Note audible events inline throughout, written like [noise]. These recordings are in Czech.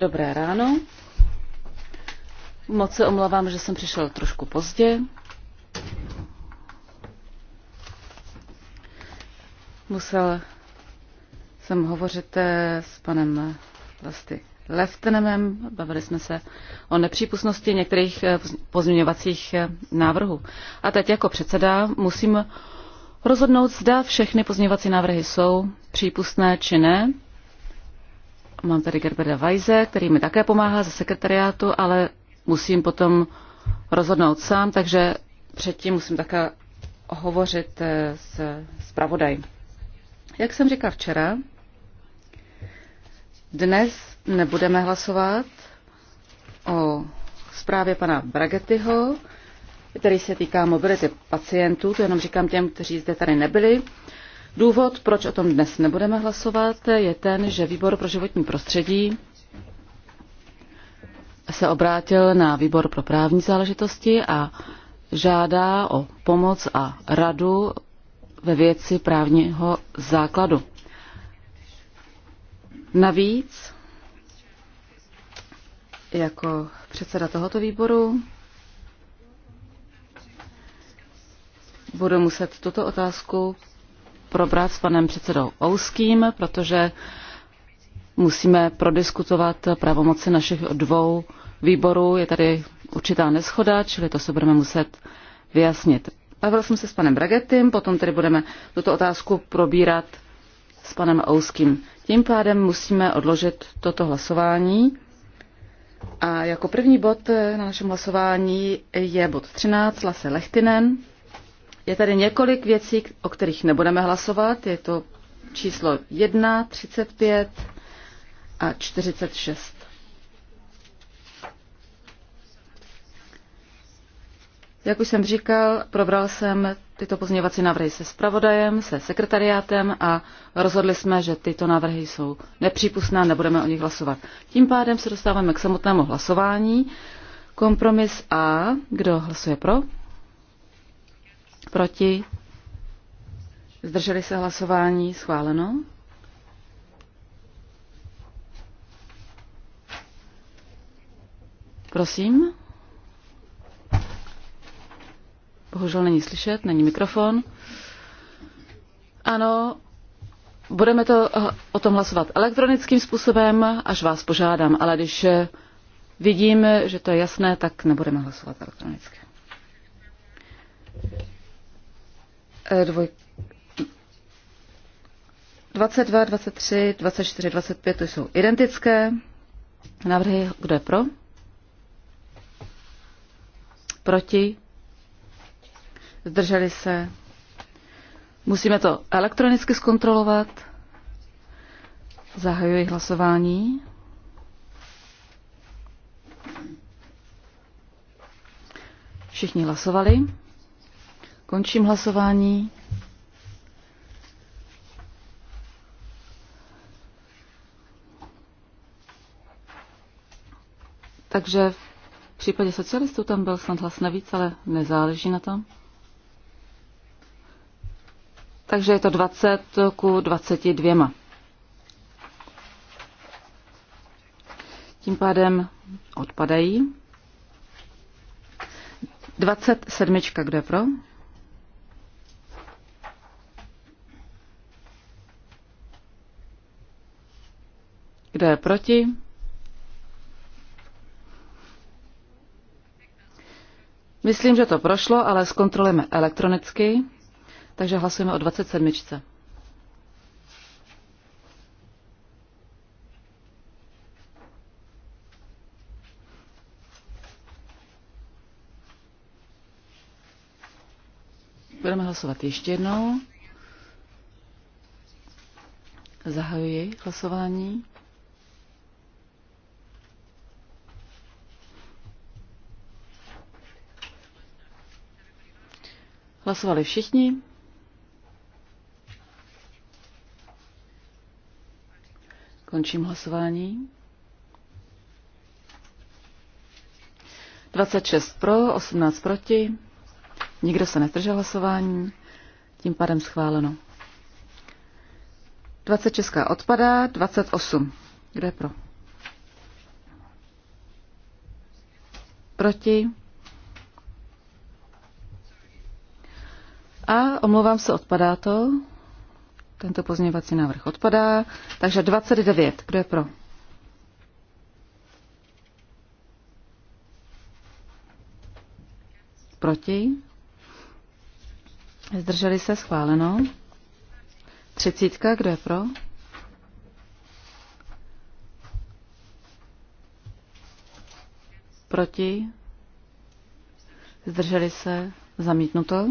Dobré ráno. Moc se omlouvám, že jsem přišel trošku pozdě. Musel jsem hovořit eh, s panem Plasty eh, Leftenemem. Bavili jsme se o nepřípustnosti některých eh, pozměňovacích návrhů. A teď jako předseda musím rozhodnout, zda všechny pozměňovací návrhy jsou přípustné či ne. Mám tady Gerberda Weise, který mi také pomáhá ze sekretariátu, ale musím potom rozhodnout sám, takže předtím musím také hovořit eh, s zpravodajem. Jak jsem říkal včera, dnes nebudeme hlasovat o zprávě pana Bragetyho, který se týká mobility pacientů, to jenom říkám těm, kteří zde tady nebyli. Důvod, proč o tom dnes nebudeme hlasovat, je ten, že výbor pro životní prostředí se obrátil na výbor pro právní záležitosti a žádá o pomoc a radu ve věci právního základu. Navíc, jako předseda tohoto výboru, budu muset tuto otázku probrat s panem předsedou Ouským, protože musíme prodiskutovat pravomoci našich dvou výborů. Je tady určitá neschoda, čili to se budeme muset vyjasnit. Bavil jsem se s panem Bragetym, potom tedy budeme tuto otázku probírat s panem Ouským. Tím pádem musíme odložit toto hlasování. A jako první bod na našem hlasování je bod 13, Lase Lechtinen. Je tady několik věcí, o kterých nebudeme hlasovat. Je to číslo 1, 35 a 46. Jak už jsem říkal, probral jsem tyto pozměňovací návrhy se spravodajem, se sekretariátem a rozhodli jsme, že tyto návrhy jsou nepřípustné, nebudeme o nich hlasovat. Tím pádem se dostáváme k samotnému hlasování. Kompromis A. Kdo hlasuje pro? Proti? Zdrželi se hlasování? Schváleno? Prosím. Bohužel není slyšet, není mikrofon. Ano, budeme to eh, o tom hlasovat elektronickým způsobem, až vás požádám, ale když eh, vidím, že to je jasné, tak nebudeme hlasovat elektronicky. Eh, dvoj, 22, 23, 24, 25 to jsou identické. Návrhy, kdo je pro? Proti? Zdrželi se? Musíme to elektronicky zkontrolovat. Zahajuji hlasování. Všichni hlasovali. Končím hlasování. Takže v případě socialistů tam byl snad hlas navíc, ale nezáleží na tom. Takže je to 20 ku 22. Tím pádem odpadají. 27. Kdo je pro? Kdo je proti? Myslím, že to prošlo, ale zkontrolujeme elektronicky, takže hlasujeme o 27. Budeme hlasovat ještě jednou. Zahajuji hlasování. Hlasovali všichni. Končím hlasování. 26 pro, 18 proti. Nikdo se nezdržel hlasování. Tím pádem schváleno. 26 odpadá, 28. Kdo je pro? Proti? A omlouvám se, odpadá to. Tento pozměňovací návrh odpadá. Takže 29. Kdo je pro? Proti? Zdrželi se schváleno. Třicítka, kdo je pro? Proti? Zdrželi se zamítnuto.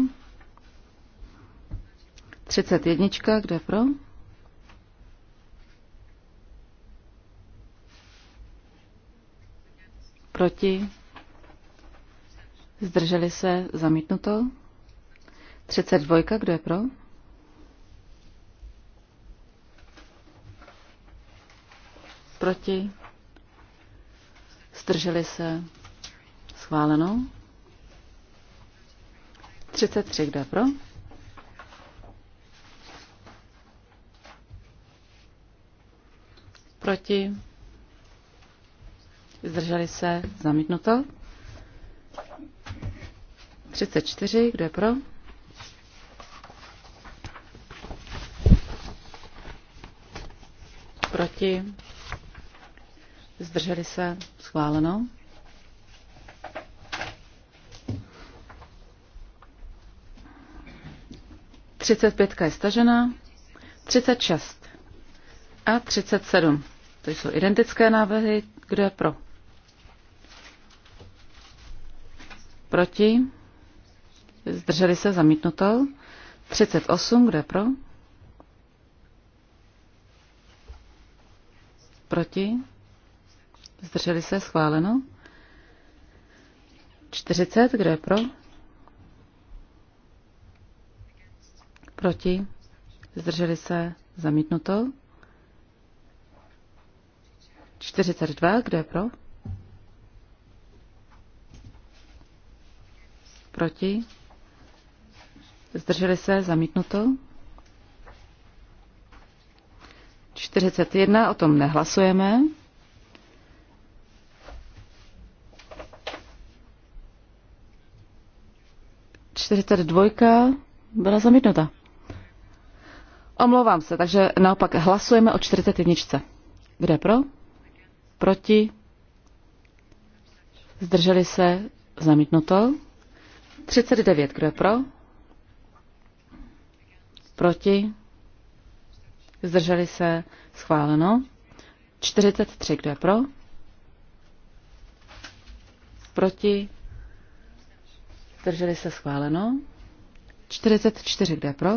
31. Kde pro? Proti? Zdrželi se? Zamítnuto? 32. Kdo je pro? Proti? Zdrželi se? Schváleno? 33. Kdo je pro? Proti? Zdrželi se? Zamítnuto. 34. Kdo je pro? Proti? Zdrželi se? Schváleno. Třicet pětka je stažena, třicet šest a třicet sedm. To jsou identické návrhy. Kdo je pro? Proti? Zdrželi se zamítnuto. 38. Kdo je pro? Proti? Zdrželi se schváleno. 40. Kdo je pro? Proti? Zdrželi se zamítnuto. 42, kdo je pro? Proti? Zdrželi se, zamítnuto. 41, o tom nehlasujeme. Čtyřicet dvojka byla zamítnuta. Omlouvám se, takže naopak hlasujeme o 41. Kde pro? Proti? Zdrželi se? Zamítnuto. 39. Kdo je pro? Proti? Zdrželi se? Schváleno. 43. Kdo je pro? Proti? Zdrželi se? Schváleno. 44. Kdo je pro?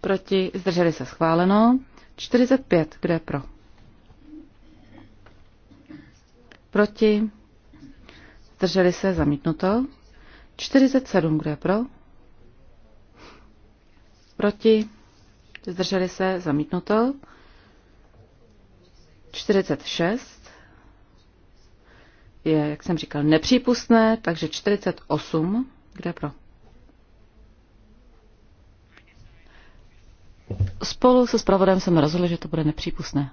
Proti? Zdrželi se? Schváleno. 45. Kdo je pro? Proti? Zdrželi se? Zamítnuto. 47. Kdo je pro? Proti? Zdrželi se? Zamítnuto. 46 je, jak jsem říkal, nepřípustné, takže 48, kde pro? Spolu se zpravodem jsem rozhodl, že to bude nepřípustné.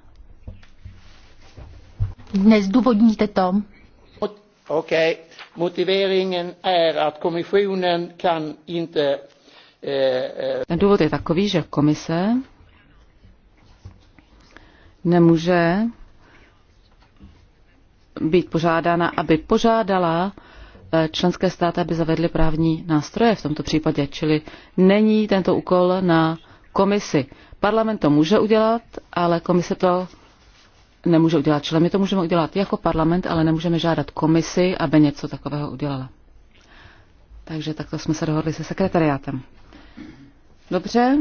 Nezdůvodníte to? Ok, Motiveringen er kommissionen kan inte... Eh, eh, Ten důvod je takový, že komise nemůže být požádána, aby požádala eh, členské státy, aby zavedly právní nástroje v tomto případě, čili není tento úkol na komisi. Parlament to může udělat, ale komise to nemůže udělat člen. My to můžeme udělat jako parlament, ale nemůžeme žádat komisi, aby něco takového udělala. Takže takto jsme se dohodli se sekretariátem. Dobře.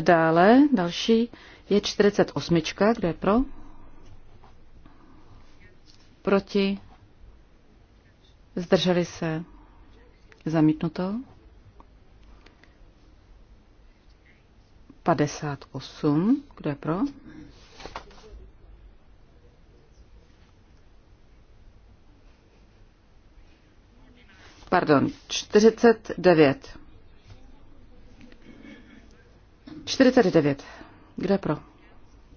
Dále, další je 48. Kdo je pro? Proti? Zdrželi se? Zamítnuto? 58. Kdo je pro? Pardon, 49. 49. Kdo je pro?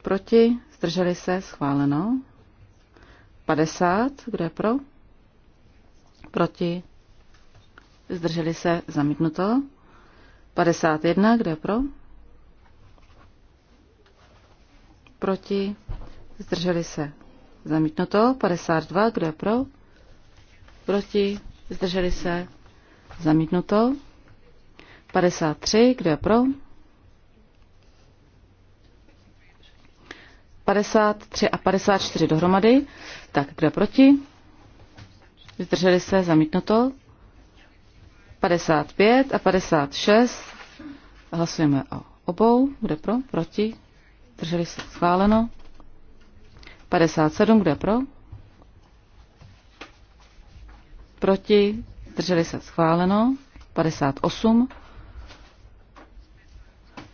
Proti? Zdrželi se? Schváleno. 50. Kdo je pro? Proti? Zdrželi se? Zamítnuto. 51. Kdo je pro? proti, zdrželi se. Zamítnuto 52, kdo je pro, proti, zdrželi se. Zamítnuto 53, kdo je pro, 53 a 54 dohromady. Tak, kdo je proti? Zdrželi se, zamítnuto. 55 a 56. Hlasujeme o obou. Kdo je pro? Proti? Drželi se schváleno. 57, kde pro? Proti, drželi se schváleno. 58,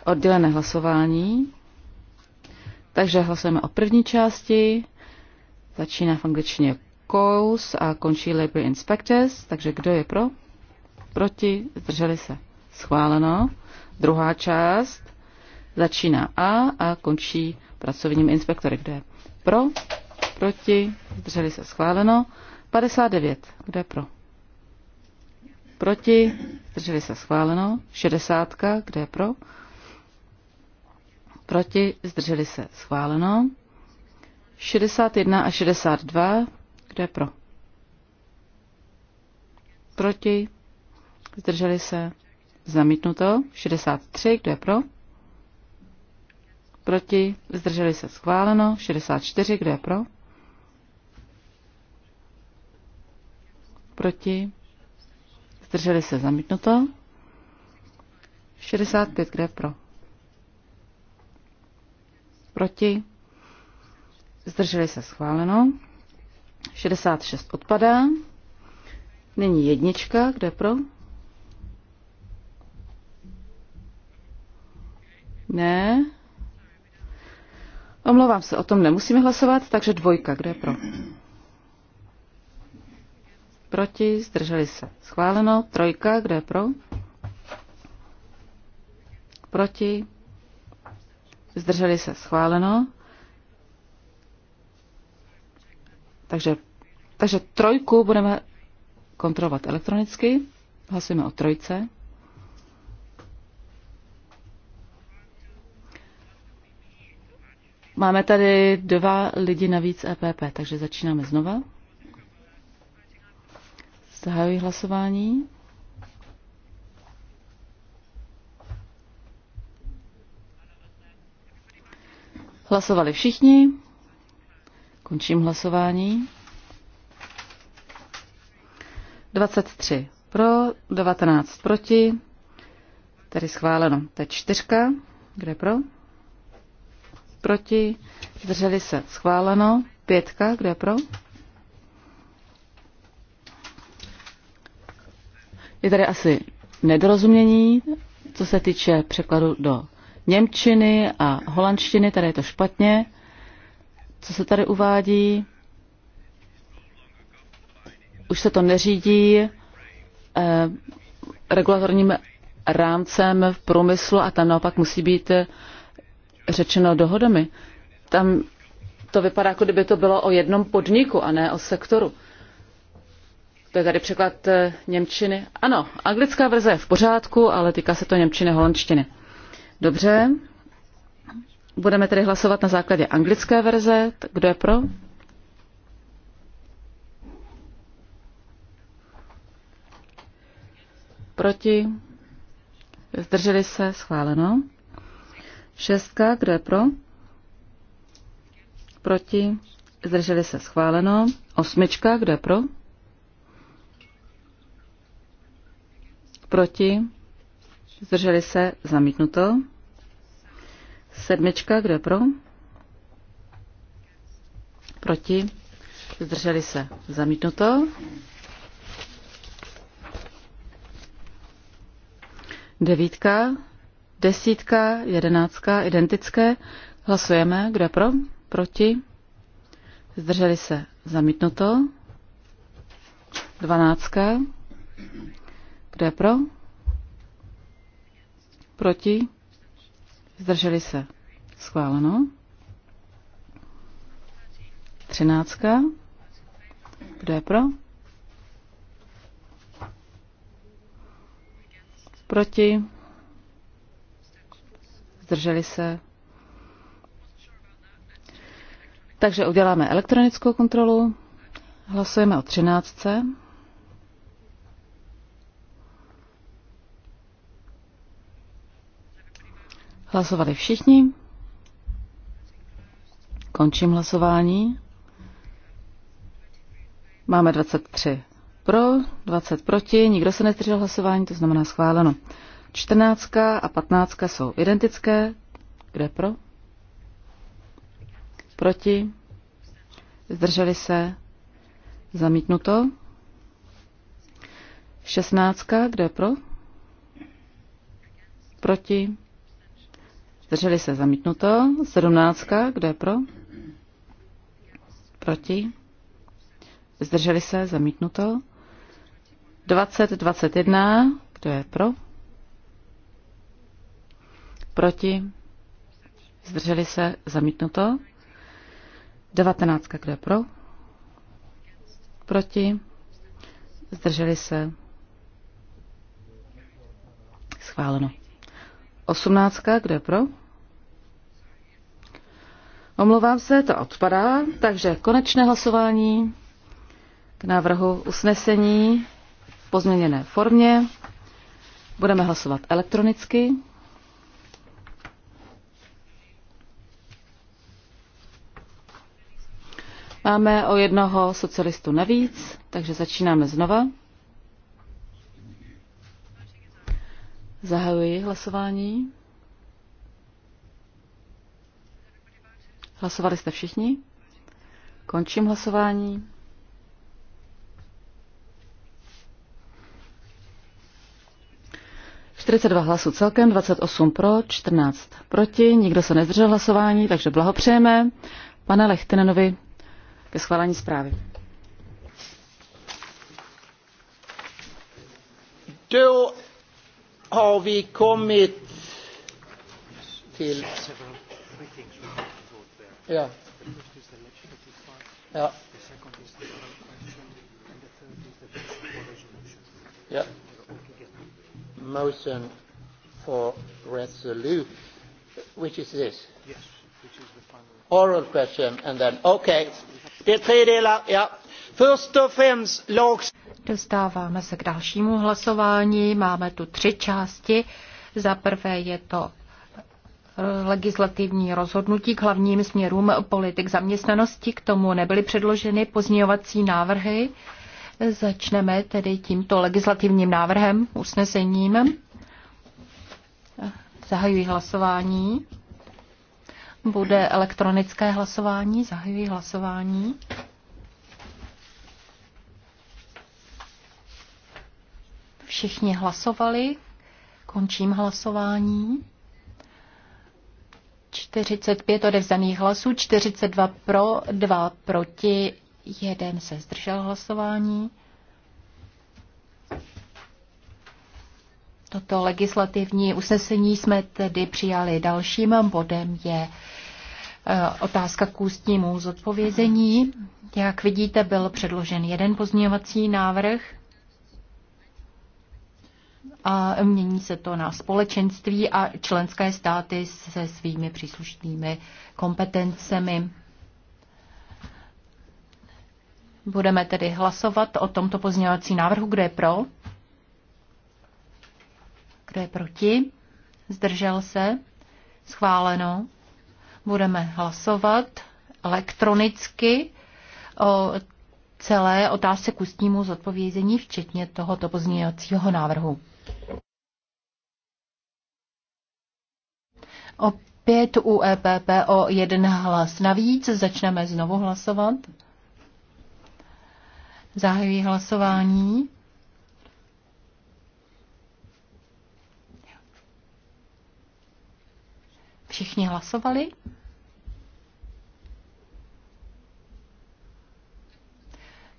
oddělené hlasování. Takže hlasujeme o první části. Začíná v angličtině calls a končí labor inspectors. Takže kdo je pro? Proti, zdrželi se. Schváleno. Druhá část začíná A a končí pracovním inspektory. Kdo je pro? Proti? Zdrželi se schváleno. 59. Kdo je pro? Proti? Zdrželi se schváleno. 60. Kdo je pro? Proti? Zdrželi se schváleno. 61 a 62. Kdo je pro? Proti? Zdrželi se. Zamítnuto. 63. Kdo je pro? Proti? Zdrželi se schváleno. 64. Kdo je pro? Proti? Zdrželi se zamítnuto. 65. Kdo je pro? Proti? Zdrželi se schváleno. 66 odpadá. Nyní jednička, kde pro? Ne. Omlouvám se, o tom nemusíme hlasovat, takže dvojka, kde je pro? Proti, zdrželi se. Schváleno, trojka, kde je pro? Proti, zdrželi se. Schváleno. Takže, takže trojku budeme kontrolovat elektronicky. Hlasujeme o trojce. Máme tady dva lidi navíc EPP, takže začínáme znova. Zahajuji hlasování. Hlasovali všichni. Končím hlasování. 23 pro, 19 proti, Tady schváleno. Teď čtyřka. Kde pro? proti, zdrželi se, schváleno. Pětka, kde je pro? Je tady asi nedorozumění, co se týče překladu do Němčiny a holandštiny, tady je to špatně. Co se tady uvádí? Už se to neřídí eh, regulatorním rámcem v průmyslu a tam naopak musí být řečeno dohodami. Tam to vypadá, jako kdyby to bylo o jednom podniku a ne o sektoru. To je tady překlad eh, Němčiny. Ano, anglická verze je v pořádku, ale týká se to Němčiny, holandštiny. Dobře. Budeme tedy hlasovat na základě anglické verze. Kdo je pro? Proti? Zdrželi se? Schváleno. Šestka, kdo je pro? Proti? Zdrželi se schváleno. Osmička, kdo je pro? Proti? Zdrželi se zamítnuto. Sedmička, kdo je pro? Proti? Zdrželi se zamítnuto. Devítka, Desítka, jedenáctka, identické. Hlasujeme. Kdo je pro? Proti? Zdrželi se. Zamítnuto. Dvanáctka. Kdo je pro? Proti? Zdrželi se. Schváleno. Třináctka. Kdo je pro? Proti? zdrželi se. Takže uděláme elektronickou kontrolu. Hlasujeme o 13. Hlasovali všichni. Končím hlasování. Máme 23 pro, 20 proti, nikdo se nezdržel hlasování, to znamená schváleno. 14 a 15 jsou identické. Kde pro? Proti? Zdrželi se? Zamítnuto. 16. kde pro? Proti? Zdrželi se? Zamítnuto. 17. kde pro? Proti? Zdrželi se? Zamítnuto. 20, 21, kdo je pro? Proti? Zdrželi se? Zamítnuto. 19. Kdo je pro? Proti? Zdrželi se? Schváleno. 18. Kdo je pro? Omlouvám se, to odpadá. Takže konečné hlasování k návrhu usnesení v pozměněné formě. Budeme hlasovat elektronicky. Máme o jednoho socialistu navíc, takže začínáme znova. Zahajuji hlasování. Hlasovali jste všichni? Končím hlasování. dva hlasů celkem, 28 pro, 14 proti, nikdo se nezdržel hlasování, takže blahopřejeme. Pane Lechtinenovi, ke schválení zprávy. Motion for resolution. Which is this? Yes. Which is the final. Oral question and then, okay. Dostáváme se k dalšímu hlasování. Máme tu tři části. Za prvé je to legislativní rozhodnutí k hlavním směrům politik zaměstnanosti. K tomu nebyly předloženy pozměňovací návrhy. Začneme tedy tímto legislativním návrhem, usnesením. Zahajuji hlasování bude elektronické hlasování. Zahajuji hlasování. Všichni hlasovali. Končím hlasování. 45 odevzdaných hlasů, 42 pro, 2 proti, jeden se zdržel hlasování. Toto legislativní usnesení jsme tedy přijali dalším bodem je Eh, otázka k ústnímu zodpovězení. Jak vidíte, byl předložen jeden pozměňovací návrh a mění se to na společenství a členské státy se svými příslušnými kompetencemi. Budeme tedy hlasovat o tomto pozměňovací návrhu. Kdo je pro? Kdo je proti? Zdržel se? Schváleno. Budeme hlasovat elektronicky o celé otázce k ústnímu zodpovězení, včetně tohoto pozměňovacího návrhu. Opět u EPP o jeden hlas navíc. Začneme znovu hlasovat. Zahajuji hlasování. Všichni hlasovali?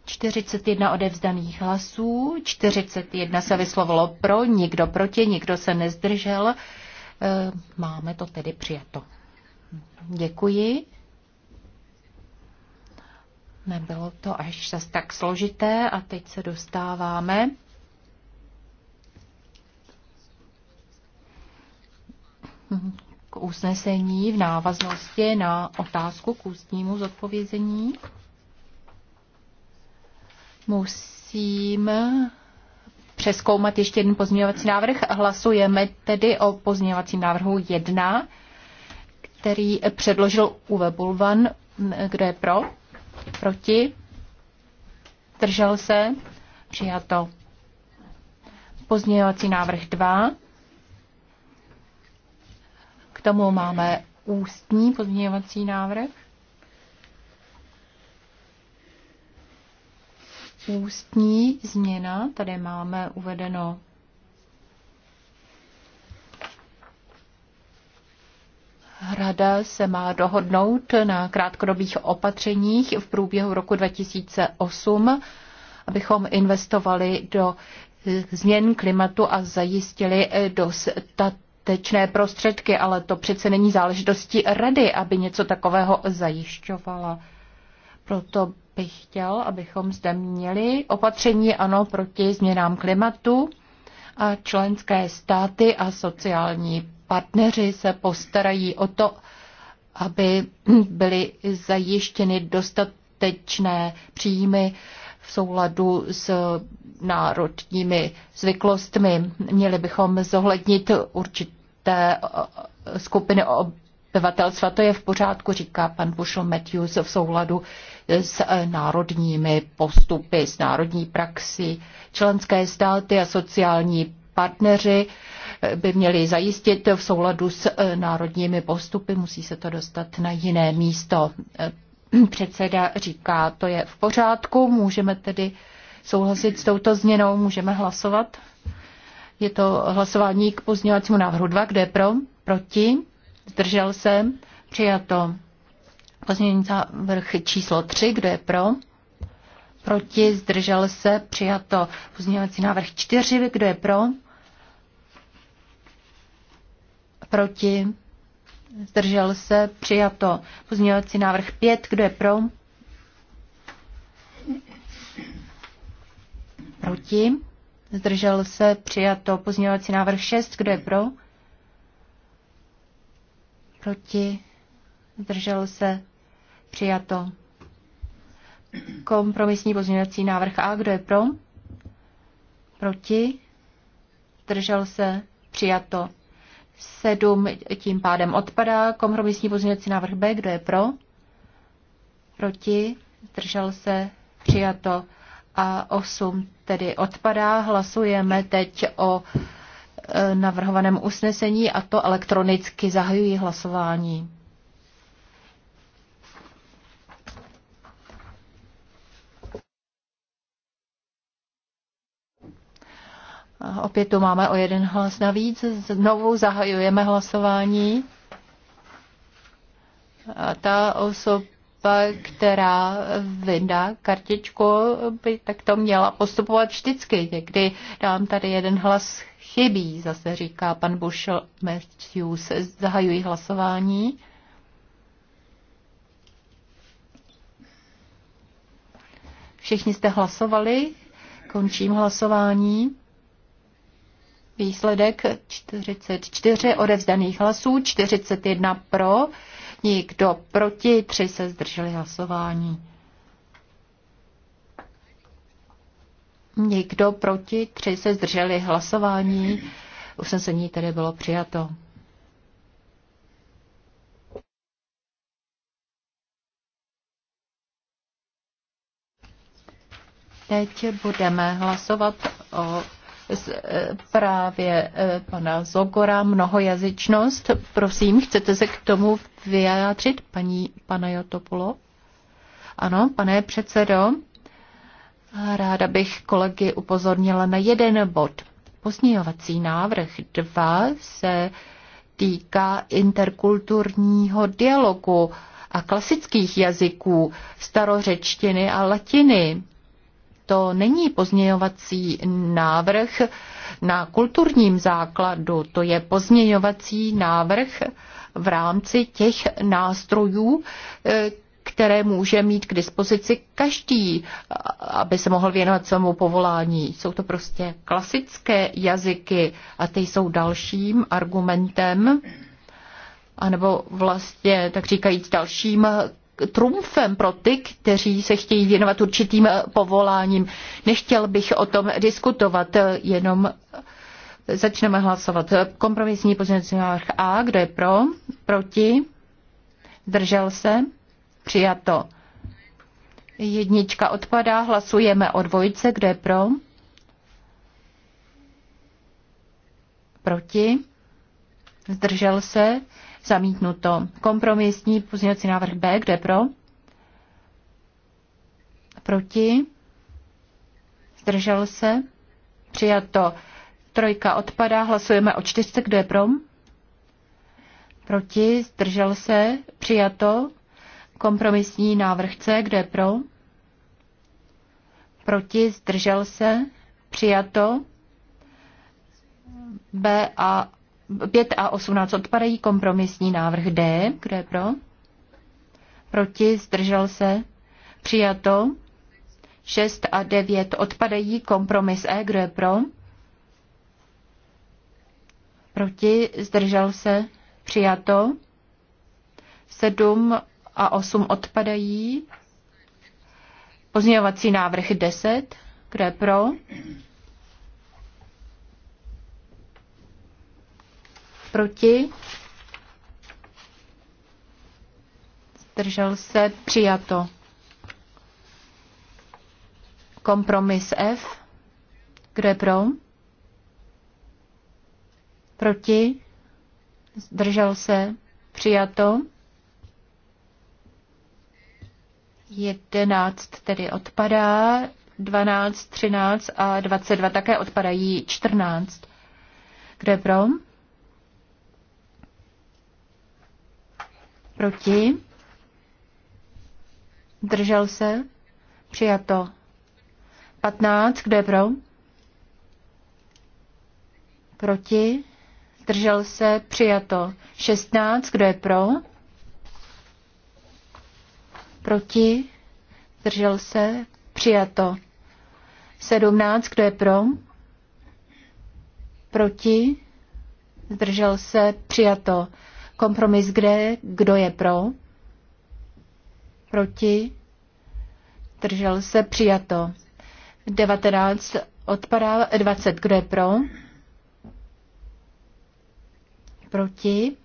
Čtyřicet jedna odevzdaných hlasů, čtyřicet jedna se vyslovilo pro, nikdo proti, nikdo se nezdržel. E, máme to tedy přijato. Děkuji. Nebylo to až zase tak složité a teď se dostáváme k usnesení v návaznosti na otázku k ústnímu zodpovězení. Musím přeskoumat ještě jeden pozměňovací návrh. Hlasujeme tedy o pozměňovacím návrhu 1, který předložil Uwe Bulvan. Kdo je pro? Proti? Držel se? Přijato. Pozměňovací návrh 2 tomu máme ústní pozměňovací návrh. Ústní změna, tady máme uvedeno Rada se má dohodnout na krátkodobých opatřeních v průběhu roku 2008, abychom investovali do změn klimatu a zajistili dostat dostatečné prostředky, ale to přece není záležitostí rady, aby něco takového zajišťovala. Proto bych chtěl, abychom zde měli opatření ano proti změnám klimatu a členské státy a sociální partneři se postarají o to, aby byly zajištěny dostatečné příjmy v souladu s národními zvyklostmi. Měli bychom zohlednit určité eh, skupiny obyvatelstva. To je v pořádku, říká pan Bushel Matthews v souladu s eh, národními postupy, s národní praxi. Členské státy a sociální partneři eh, by měli zajistit v souladu s národními postupy, musí se to dostat na jiné místo. [clears throat] Předseda říká, to je v pořádku, můžeme tedy souhlasit s touto změnou, můžeme hlasovat. Je to hlasování k pozměňovacímu návrhu 2, kde je pro, proti, zdržel se, přijato. Pozměňovací návrh číslo 3, kde je pro, proti, zdržel se, přijato. Pozměňovací návrh 4, kde je pro, proti, Zdržel se? Přijato. Pozměňovací návrh 5. Kdo je pro? Proti? Zdržel se? Přijato. Pozměňovací návrh 6. Kdo je pro? Proti? Zdržel se? Přijato. Kompromisní pozměňovací návrh A. Kdo je pro? Proti? Zdržel se? Přijato. 7 tím pádem odpadá. Kompromisní pozměňovací návrh B, kdo je pro? Proti? Zdržel se? Přijato. A 8 tedy odpadá. Hlasujeme teď o e, navrhovaném usnesení a to elektronicky zahajují hlasování. Opět tu máme o jeden hlas navíc. Znovu zahajujeme hlasování. A ta osoba, která vydá kartičku, by tak to měla postupovat vždycky. Někdy dám tady jeden hlas chybí, zase říká pan Bushel Matthews. Zahajují hlasování. Všichni jste hlasovali? Končím hlasování. Výsledek 44 odevzdaných hlasů, 41 pro, nikdo proti, 3 se zdrželi hlasování. Nikdo proti, 3 se zdrželi hlasování. Usnesení tedy bylo přijato. Teď budeme hlasovat o E, právě e, pana Zogora, mnohojazyčnost. Prosím, chcete se k tomu vyjádřit, paní Jotopolo? Ano, pane předsedo, ráda bych kolegy upozornila na jeden bod. Pozměňovací návrh 2 se týká interkulturního dialogu a klasických jazyků, starořečtiny a latiny to není pozměňovací návrh na kulturním základu, to je pozměňovací návrh v rámci těch nástrojů, eh, které může mít k dispozici každý, aby se mohl věnovat svému povolání. Jsou to prostě klasické jazyky a ty jsou dalším argumentem, anebo vlastně, tak říkajíc, dalším trumfem pro ty, kteří se chtějí věnovat určitým eh, povoláním. Nechtěl bych o tom diskutovat, eh, jenom eh, začneme hlasovat. Kompromisní pozměňovací návrh A, kdo je pro, proti, zdržel se, přijato. Jednička odpadá, hlasujeme o dvojce, kdo je pro, proti, zdržel se, zamítnuto. Kompromisní pozměňovací návrh B, kde pro? Proti? Zdržel se? Přijato. Trojka odpadá, hlasujeme o čtyřce, kdo je pro? Proti? Zdržel se? Přijato. Kompromisní návrh C, kde je pro? Proti? Zdržel se? Přijato. B a 5 a 18 odpadají. Kompromisní návrh D. Kdo je pro? Proti? Zdržel se? Přijato. 6 a 9 odpadají. Kompromis E. Kdo je pro? Proti? Zdržel se? Přijato. 7 a 8 odpadají. Pozměňovací návrh 10. Kdo je pro? Proti? Zdržel se? Přijato. Kompromis F. Kdo je pro? Proti? Zdržel se? Přijato. 11 tedy odpadá, 12, 13 a 22 také odpadají 14. Kdo je pro? Proti? Držel se? Přijato. 15. Kdo je pro? Proti? Zdržel se? Přijato. 16. Kdo je pro? Proti? Zdržel se? Přijato. 17. Kdo je pro? Proti? Zdržel se? Přijato. Kompromis kde? Kdo je pro? Proti? Držel se? Přijato. 19 odpadá. 20. Kdo je pro? Proti?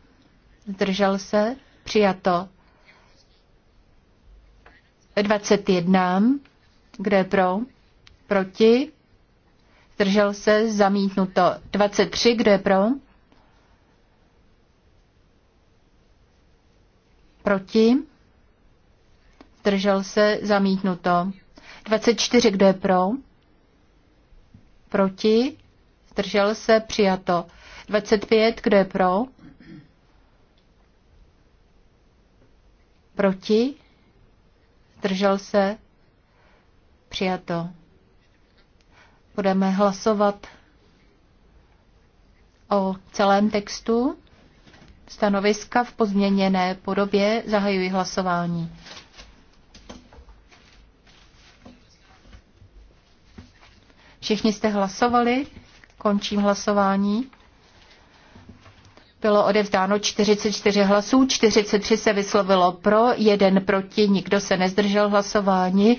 Zdržel se? Přijato. 21. Kdo je pro? Proti? Zdržel se? Zamítnuto. 23. Kdo je pro? Proti? Zdržel se zamítnuto. 24, kdo je pro? Proti? Zdržel se přijato. 25, kdo je pro? Proti? Zdržel se přijato. Budeme hlasovat o celém textu stanoviska v pozměněné podobě. Zahajuji hlasování. Všichni jste hlasovali, končím hlasování. Bylo odevzdáno 44 hlasů, 43 se vyslovilo pro, jeden proti, nikdo se nezdržel hlasování.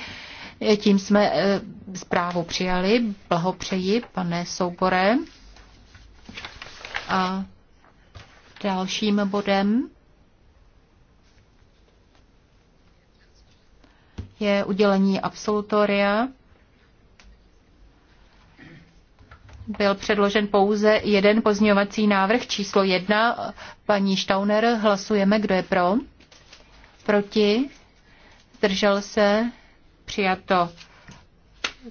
Tím jsme eh, zprávu přijali. Blahopřeji, pane Soubore. A Dalším bodem je udělení absolutoria. Byl předložen pouze jeden pozňovací návrh číslo jedna. Paní Štauner, hlasujeme, kdo je pro. Proti. Zdržel se. Přijato.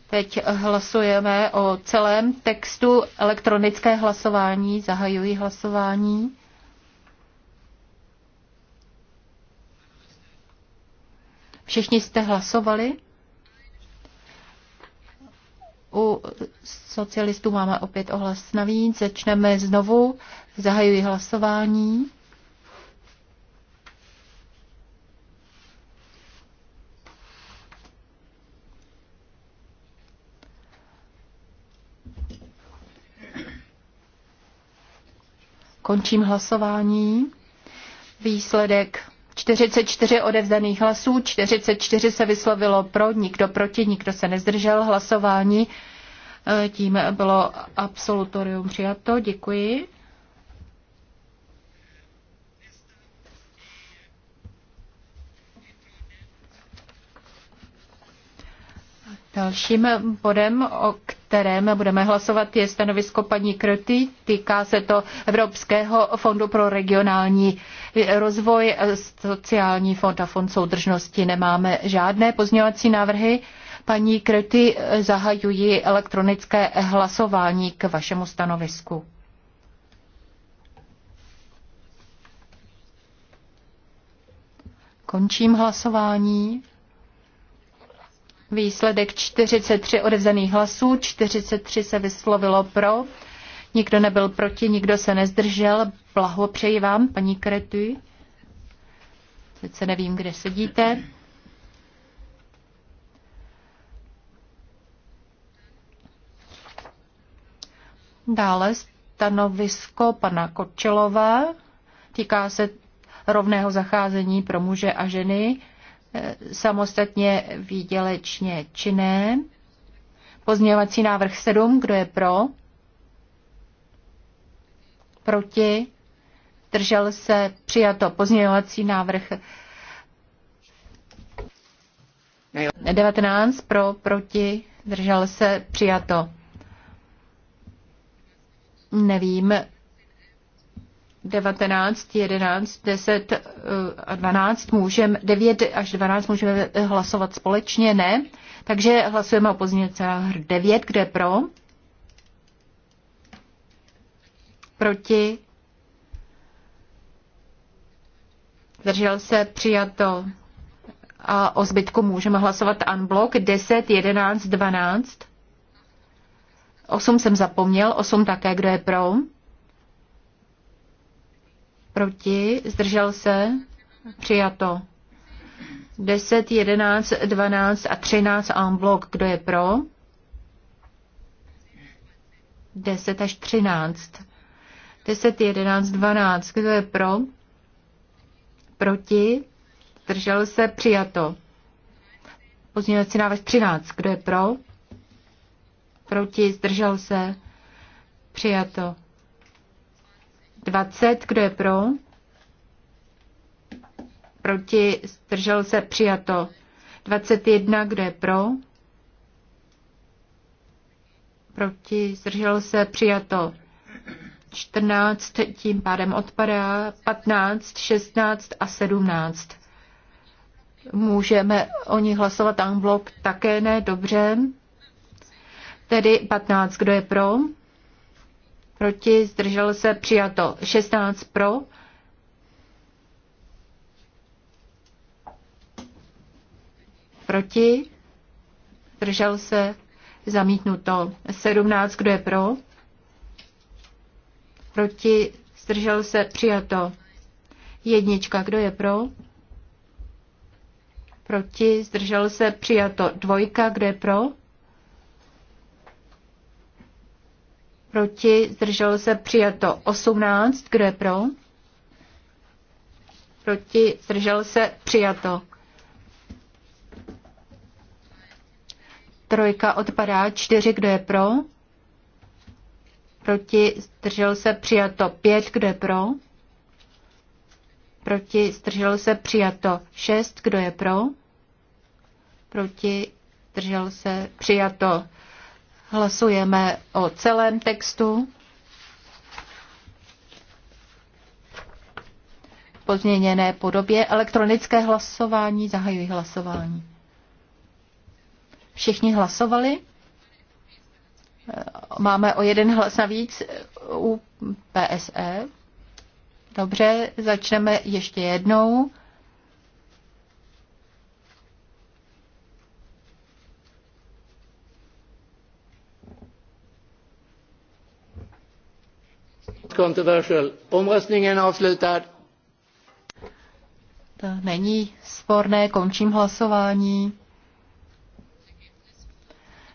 Teď hlasujeme o celém textu elektronické hlasování. Zahajuji hlasování. Všichni jste hlasovali? U socialistů máme opět ohlas navíc. Začneme znovu. Zahajuji hlasování. Končím hlasování. Výsledek 44 odevzdaných hlasů, 44 se vyslovilo pro, nikdo proti, nikdo se nezdržel hlasování. E, tím bylo absolutorium přijato. Děkuji. Dalším bodem, o kterém budeme hlasovat, je stanovisko paní Krty. Týká se to Evropského fondu pro regionální rozvoj, sociální fond a fond soudržnosti. Nemáme žádné pozměňovací návrhy. Paní Krty, zahajuji elektronické hlasování k vašemu stanovisku. Končím hlasování. Výsledek 43 odezených hlasů, 43 se vyslovilo pro, nikdo nebyl proti, nikdo se nezdržel. Blahopřeji vám, paní Kretu. se nevím, kde sedíte. Dále stanovisko pana Kočelova. Týká se rovného zacházení pro muže a ženy samostatně výdělečně činné. Pozměňovací návrh 7, kdo je pro? Proti? Držel se přijato pozměňovací návrh 19 pro, proti, držel se přijato. Nevím, 19, 11, 10 a 12 můžeme, 9 až 12 můžeme hlasovat společně, ne? Takže hlasujeme o pozměnce 9, kde pro? Proti? Držel se přijato. A o zbytku můžeme hlasovat unblock 10, 11, 12. 8 jsem zapomněl, 8 také, kdo je pro? proti, zdržel se, přijato. 10, 11, 12 a 13 en blok, kdo je pro? 10 až 13. 10, 11, 12, kdo je pro? Proti, zdržel se, přijato. Pozměňovací návrh 13, kdo je pro? Proti, zdržel se, přijato. 20, kdo je pro? Proti, zdržel se, přijato. 21, kdo je pro? Proti, zdržel se, přijato. 14, tím pádem odpadá. 15, 16 a 17. Můžeme o nich hlasovat en bloc? Také ne, dobře. Tedy 15, kdo je pro? proti, zdržel se, přijato 16 pro, proti, zdržel se, zamítnuto 17, kdo je pro, proti, zdržel se, přijato jednička, kdo je pro, proti, zdržel se, přijato dvojka, kdo je pro, Proti? Zdrželo se přijato 18. Kdo je pro? Proti? Zdrželo se přijato. Trojka odpadá. Čtyři. Kdo je pro? Proti? Zdrželo se přijato. Pět. Kdo je pro? Proti? Zdrželo se přijato. Šest. Kdo je pro? Proti? Zdrželo se přijato. Hlasujeme o celém textu. pozměněné podobě. Elektronické hlasování, zahajuji hlasování. Všichni hlasovali? Máme o jeden hlas navíc u PSE. Dobře, začneme ještě jednou. Er to není sporné, končím hlasování.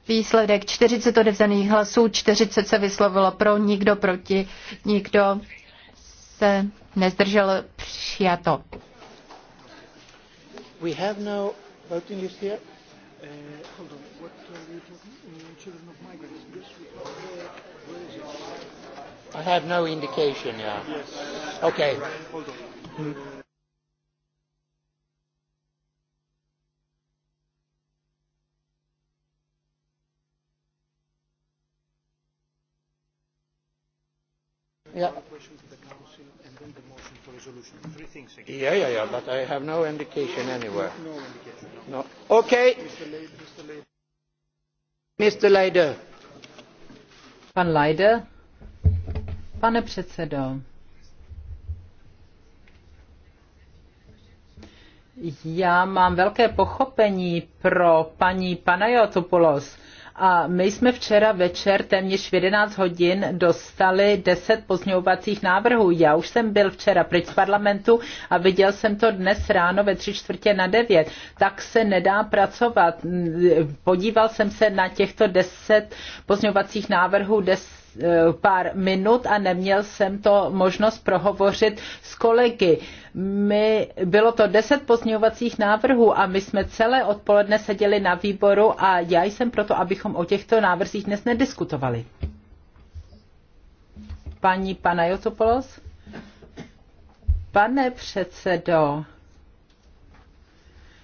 Výsledek 40 odevzdaných hlasů, 40 se vyslovilo pro, nikdo proti, nikdo se nezdržel přijato. We have no voting list here. Uh, hold on. What are we talking? Uh, children of I have no indication, yeah. Yes. Okay. Right, hold on. Hmm. Yeah. Yeah, yeah, yeah, but I have no indication anywhere. No, no. no. Okay. Mr. Leider. Pan Leider. Pane předsedo, já mám velké pochopení pro paní Panajotopoulos. A my jsme včera večer téměř v 11 hodin dostali 10 pozňovacích návrhů. Já už jsem byl včera pryč z parlamentu a viděl jsem to dnes ráno ve tři čtvrtě na 9. Tak se nedá pracovat. Podíval jsem se na těchto 10 pozňovacích návrhů, 10 Eh, pár minut a neměl jsem to možnost prohovořit s kolegy. My, bylo to deset pozměňovacích návrhů a my jsme celé odpoledne seděli na výboru a já jsem proto, abychom o těchto návrzích dnes nediskutovali. Paní panajotopolos, Pane předsedo,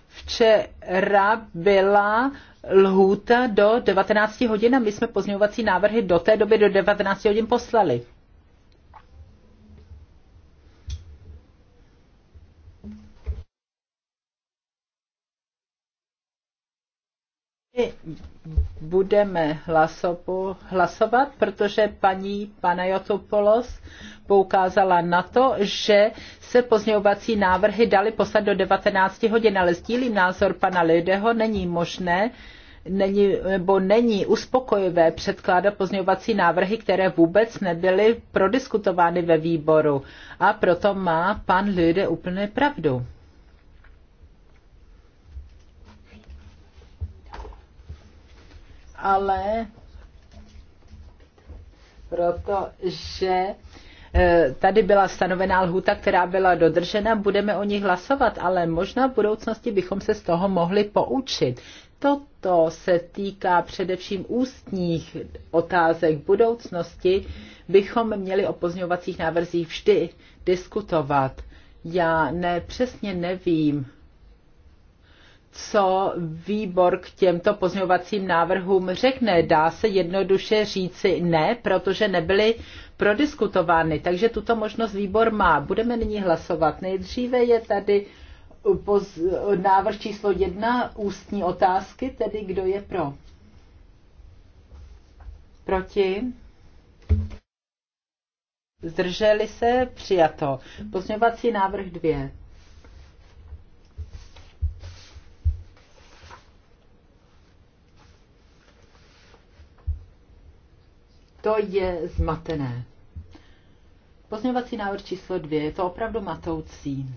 včera byla lhůta do 19 hodin a my jsme pozměňovací návrhy do té doby do 19 hodin poslali. budeme hlasopu, hlasovat, protože paní Panajotopoulos poukázala na to, že se pozměňovací návrhy dali poslat do 19 hodin, ale sdílím názor pana Lideho, není možné, není, nebo není uspokojivé předkládat pozměňovací návrhy, které vůbec nebyly prodiskutovány ve výboru. A proto má pan Lide úplně pravdu. ale protože eh, tady byla stanovená lhuta, která byla dodržena, budeme o ní hlasovat, ale možná v budoucnosti bychom se z toho mohli poučit. Toto se týká především ústních otázek budoucnosti, bychom měli o pozňovacích návrzích vždy diskutovat. Já ne, přesně nevím, co výbor k těmto pozměňovacím návrhům řekne. Dá se jednoduše říci ne, protože nebyly prodiskutovány, takže tuto možnost výbor má. Budeme nyní hlasovat. Nejdříve je tady poz, návrh číslo jedna ústní otázky, tedy kdo je pro. Proti? Zdrželi se? Přijato. Pozměňovací návrh dvě. To je zmatené. Pozměňovací návrh číslo dvě. Je to opravdu matoucí.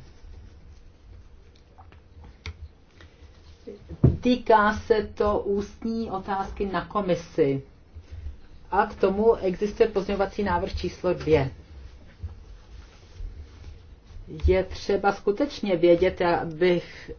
Týká se to ústní otázky na komisi. A k tomu existuje pozměňovací návrh číslo dvě. Je třeba skutečně vědět, abych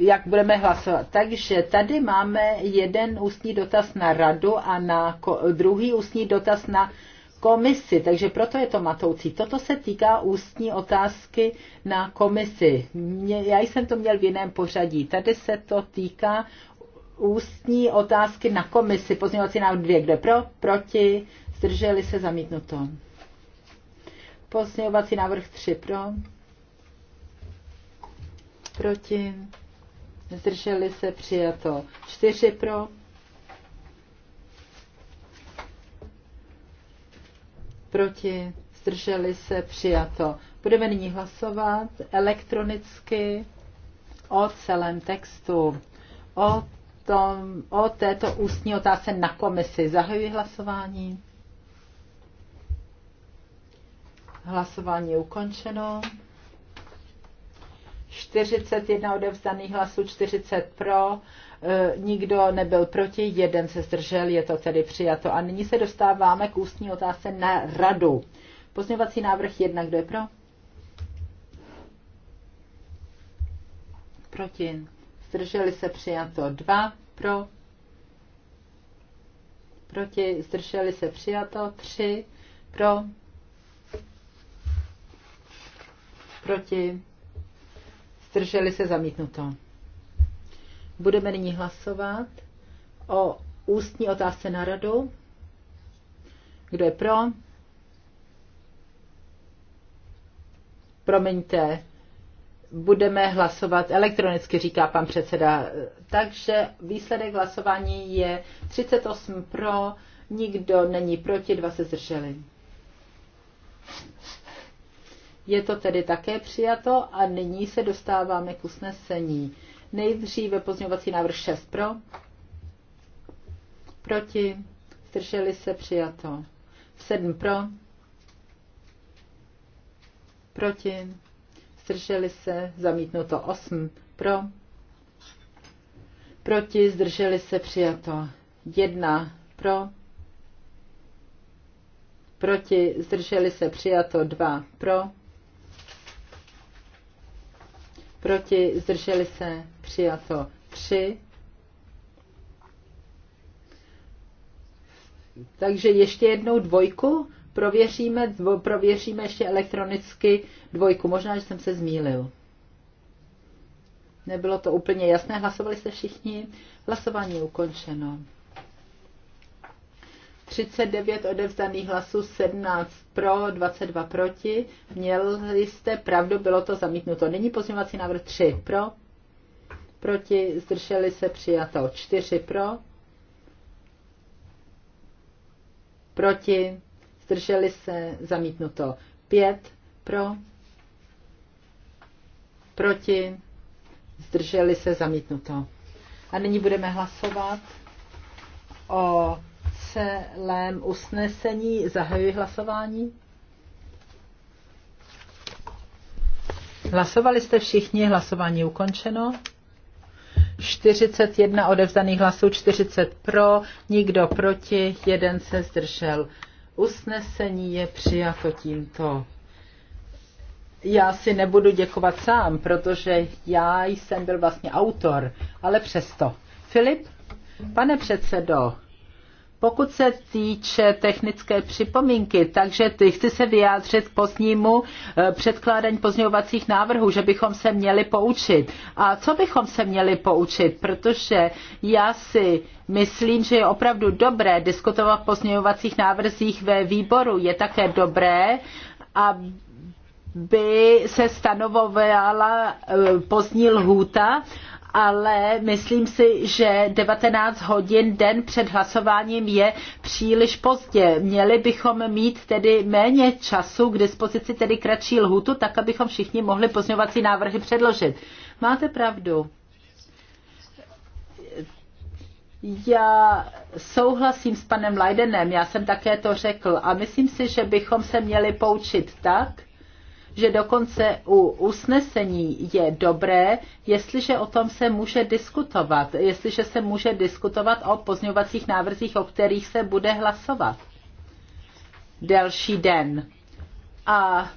jak budeme hlasovat. Takže tady máme jeden ústní dotaz na radu a na druhý ústní dotaz na komisi, takže proto je to matoucí. Toto se týká ústní otázky na komisi. Mě, já jsem to měl v jiném pořadí. Tady se to týká ústní otázky na komisi. Pozměňovací návrh dvě. kde pro? Proti? Zdrželi se zamítnuto. Pozměňovací návrh tři pro. Proti? zdrželi se přijato 4 pro, proti, zdrželi se přijato. Budeme nyní hlasovat elektronicky o celém textu, o, tom, o této ústní otázce na komisi. Zahajuji hlasování. Hlasování je ukončeno. 41 odevzdaných hlasů, 40 pro, e, nikdo nebyl proti, jeden se zdržel, je to tedy přijato. A nyní se dostáváme k ústní otázce na radu. Pozměvací návrh 1, kdo je pro? Proti. Zdrželi se přijato 2, pro. Proti. Zdrželi se přijato 3, pro. Proti zdrželi se zamítnuto. Budeme nyní hlasovat o ústní otázce na radu. Kdo je pro? Promiňte, budeme hlasovat elektronicky, říká pan předseda. Takže výsledek hlasování je 38 pro, nikdo není proti, dva se zdrželi. Je to tedy také přijato a nyní se dostáváme k usnesení. Nejdříve pozměňovací návrh 6 pro, proti, zdrželi se přijato. 7 pro, proti, zdrželi se, zamítnuto 8 pro, proti, zdrželi se přijato. 1 pro, proti, zdrželi se přijato 2 pro, proti, zdrželi se, přijato 3. Takže ještě jednou dvojku prověříme, dvo, prověříme ještě elektronicky dvojku. Možná, že jsem se zmýlil. Nebylo to úplně jasné, hlasovali jste všichni. Hlasování je ukončeno. 39 odevzdaných hlasů, 17 pro, 22 proti. Měli jste pravdu, bylo to zamítnuto. Nyní pozměňovací návrh 3 pro, proti, zdrželi se přijato 4 pro, proti, zdrželi se zamítnuto 5 pro, proti, zdrželi se zamítnuto. A nyní budeme hlasovat o celém usnesení. Zahajuji hlasování. Hlasovali jste všichni, hlasování ukončeno. 41 odevzdaných hlasů, 40 pro, nikdo proti, jeden se zdržel. Usnesení je přijato tímto. Já si nebudu děkovat sám, protože já jsem byl vlastně autor, ale přesto. Filip, pane předsedo, pokud se týče technické připomínky, takže chci se vyjádřit k poznímu eh, předkládání pozměňovacích návrhů, že bychom se měli poučit. A co bychom se měli poučit? Protože já si myslím, že je opravdu dobré diskutovat o pozměňovacích návrzích ve výboru. Je také dobré, aby by se stanovovala eh, pozdní lhůta ale myslím si, že 19 hodin den před hlasováním je příliš pozdě. Měli bychom mít tedy méně času k dispozici, tedy kratší lhutu, tak abychom všichni mohli pozňovací návrhy předložit. Máte pravdu. Já souhlasím s panem Leidenem, já jsem také to řekl a myslím si, že bychom se měli poučit tak, že dokonce u usnesení je dobré, jestliže o tom se může diskutovat, jestliže se může diskutovat o pozňovacích návrzích, o kterých se bude hlasovat delší den. A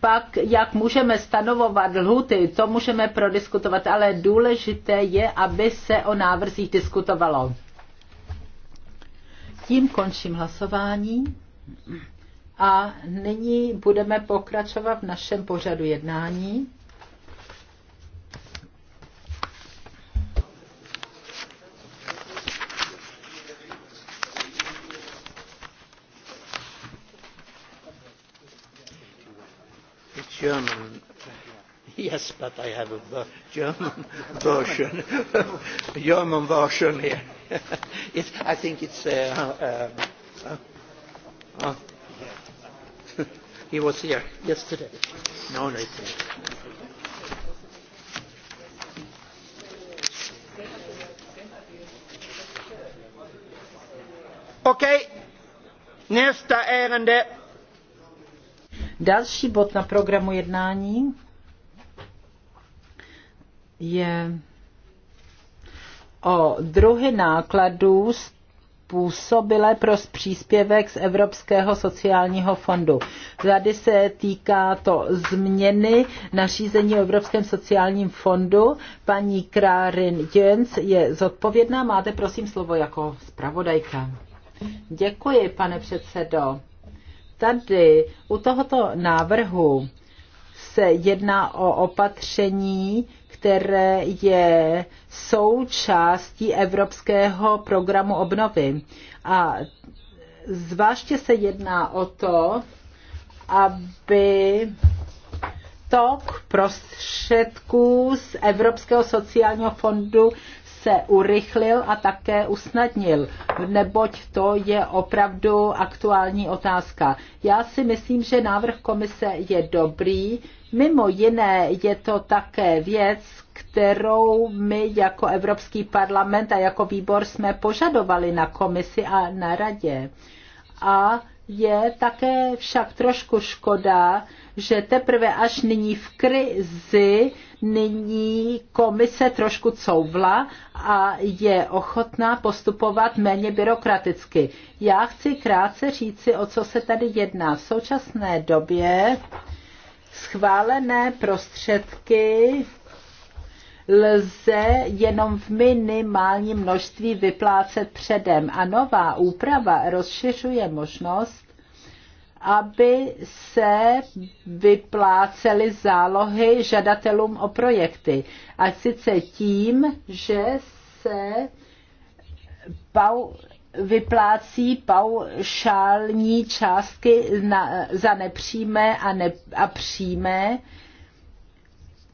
pak, jak můžeme stanovovat lhuty, to můžeme prodiskutovat, ale důležité je, aby se o návrzích diskutovalo. Tím končím hlasování. A nyní budeme pokračovat v našem pořadu jednání. German. Yes, but I have a German version. [laughs] German version here. [laughs] it, I think it's. Uh, uh, uh, uh. He was here yesterday. No, no, here. okay. nästa ärende. Další bod na programu jednání je o druhy nákladů z způsobile pro příspěvek z Evropského sociálního fondu. Tady se týká to změny nařízení o Evropském sociálním fondu. Paní Krárin Jens je zodpovědná. Máte prosím slovo jako zpravodajka. Děkuji, pane předsedo. Tady u tohoto návrhu se jedná o opatření, které je součástí Evropského programu obnovy. A zvláště se jedná o to, aby tok prostředků z Evropského sociálního fondu se urychlil a také usnadnil, neboť to je opravdu aktuální otázka. Já si myslím, že návrh komise je dobrý, Mimo jiné je to také věc, kterou my jako Evropský parlament a jako výbor jsme požadovali na komisi a na radě. A je také však trošku škoda, že teprve až nyní v krizi nyní komise trošku couvla a je ochotná postupovat méně byrokraticky. Já chci krátce říci, o co se tady jedná. V současné době schválené prostředky lze jenom v minimálním množství vyplácet předem. A nová úprava rozšiřuje možnost, aby se vyplácely zálohy žadatelům o projekty. A sice tím, že se vyplácí paušální částky na, za nepřímé a, ne, a přímé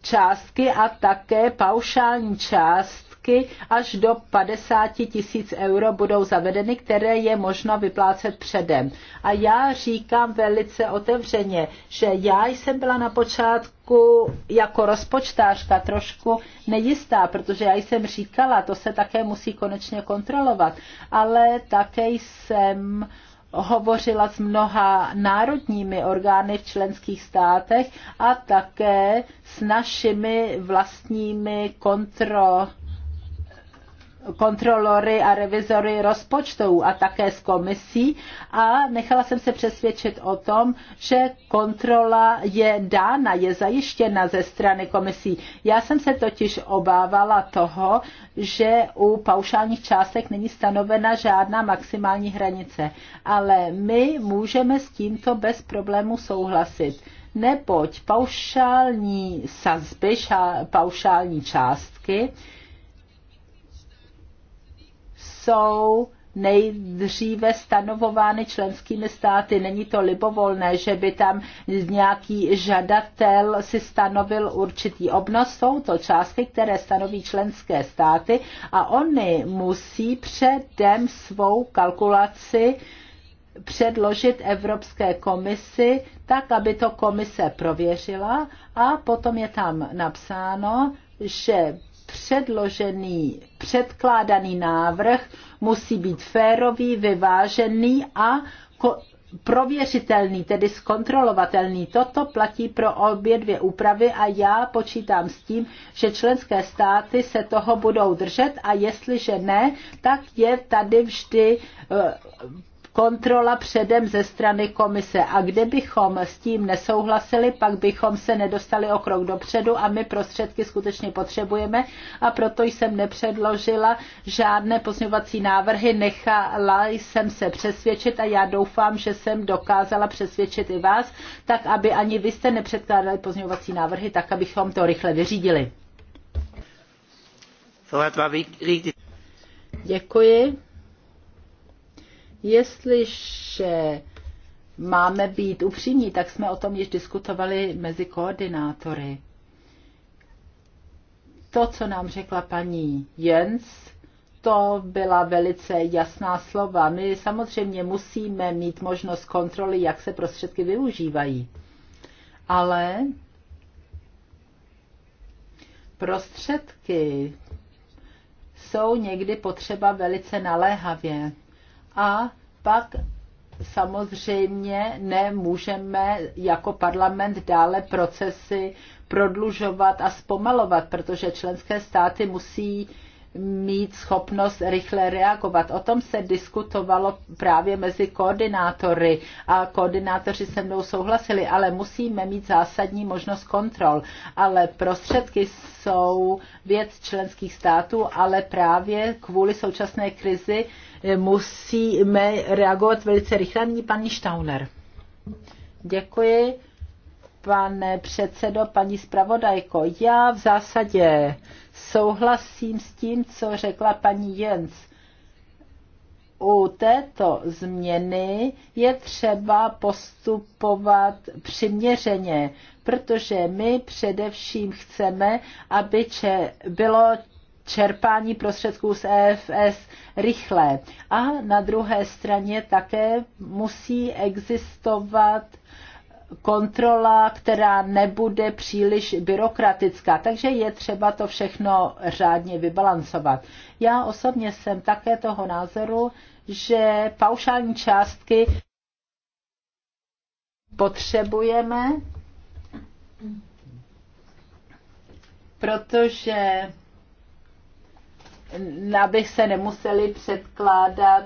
částky a také paušální část částky až do 50 tisíc euro budou zavedeny, které je možno vyplácet předem. A já říkám velice otevřeně, že já jsem byla na počátku jako rozpočtářka trošku nejistá, protože já jsem říkala, to se také musí konečně kontrolovat, ale také jsem hovořila s mnoha národními orgány v členských státech a také s našimi vlastními kontrolami kontrolory a revizory rozpočtů a také s komisí a nechala jsem se přesvědčit o tom, že kontrola je dána, je zajištěna ze strany komisí. Já jsem se totiž obávala toho, že u paušálních částek není stanovena žádná maximální hranice, ale my můžeme s tímto bez problému souhlasit neboť paušální sazby, paušální částky jsou nejdříve stanovovány členskými státy. Není to libovolné, že by tam nějaký žadatel si stanovil určitý obnos. Jsou to částky, které stanoví členské státy a oni musí předem svou kalkulaci předložit Evropské komisi, tak aby to komise prověřila a potom je tam napsáno, že předložený, předkládaný návrh musí být férový, vyvážený a prověřitelný, tedy zkontrolovatelný. Toto platí pro obě dvě úpravy a já počítám s tím, že členské státy se toho budou držet a jestliže ne, tak je tady vždy eh, kontrola předem ze strany komise. A kdybychom s tím nesouhlasili, pak bychom se nedostali o krok dopředu a my prostředky skutečně potřebujeme a proto jsem nepředložila žádné pozměňovací návrhy, nechala jsem se přesvědčit a já doufám, že jsem dokázala přesvědčit i vás, tak aby ani vy jste nepředkládali pozměňovací návrhy, tak abychom to rychle vyřídili. Děkuji. Jestliže máme být upřímní, tak jsme o tom již diskutovali mezi koordinátory. To, co nám řekla paní Jens, to byla velice jasná slova. My samozřejmě musíme mít možnost kontroly, jak se prostředky využívají. Ale prostředky jsou někdy potřeba velice naléhavě a pak samozřejmě nemůžeme jako parlament dále procesy prodlužovat a zpomalovat, protože členské státy musí mít schopnost rychle reagovat. O tom se diskutovalo právě mezi koordinátory a koordinátoři se mnou souhlasili, ale musíme mít zásadní možnost kontrol. Ale prostředky jsou věc členských států, ale právě kvůli současné krizi musíme reagovat velice rychle. Nyní paní Štauner. Děkuji, pane předsedo, paní zpravodajko. Já v zásadě souhlasím s tím, co řekla paní Jens u této změny je třeba postupovat přiměřeně, protože my především chceme, aby če, bylo čerpání prostředků z EFS rychlé. A na druhé straně také musí existovat kontrola, která nebude příliš byrokratická. Takže je třeba to všechno řádně vybalancovat. Já osobně jsem také toho názoru, že paušální částky potřebujeme, protože aby se nemuseli předkládat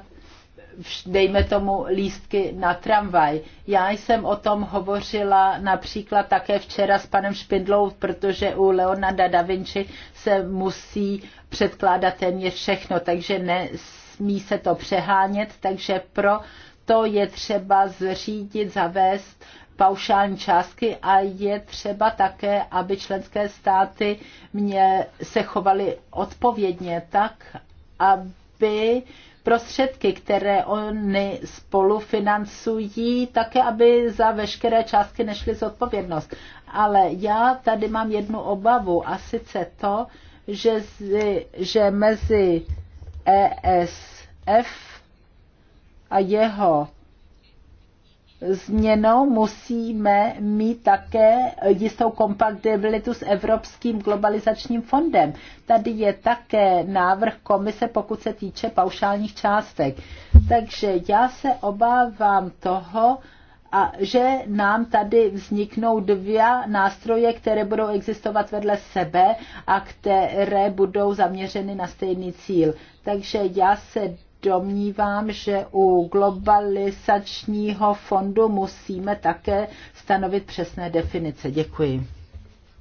dejme tomu lístky na tramvaj. Já jsem o tom hovořila například také včera s panem Špindlou, protože u Leonarda da Vinci se musí předkládat téměř všechno, takže nesmí se to přehánět, takže pro to je třeba zřídit, zavést paušální částky a je třeba také, aby členské státy mě se chovaly odpovědně tak, aby prostředky, které oni spolufinancují, také aby za veškeré částky nešly zodpovědnost. Ale já tady mám jednu obavu a sice to, že, že mezi ESF a jeho změnou musíme mít také jistou kompatibilitu s Evropským globalizačním fondem. Tady je také návrh komise, pokud se týče paušálních částek. Takže já se obávám toho, a že nám tady vzniknou dvě nástroje, které budou existovat vedle sebe a které budou zaměřeny na stejný cíl. Takže já se domnívám, že u globalizačního fondu musíme také stanovit přesné definice. Děkuji.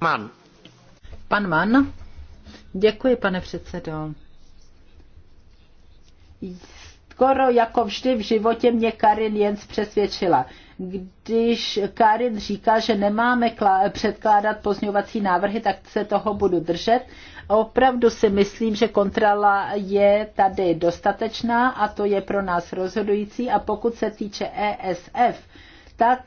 Man. Pan man. Děkuji, pane předsedo skoro jako vždy v životě mě Karin Jens přesvědčila. Když Karin říká, že nemáme předkládat pozňovací návrhy, tak se toho budu držet. Opravdu si myslím, že kontrola je tady dostatečná a to je pro nás rozhodující. A pokud se týče ESF, tak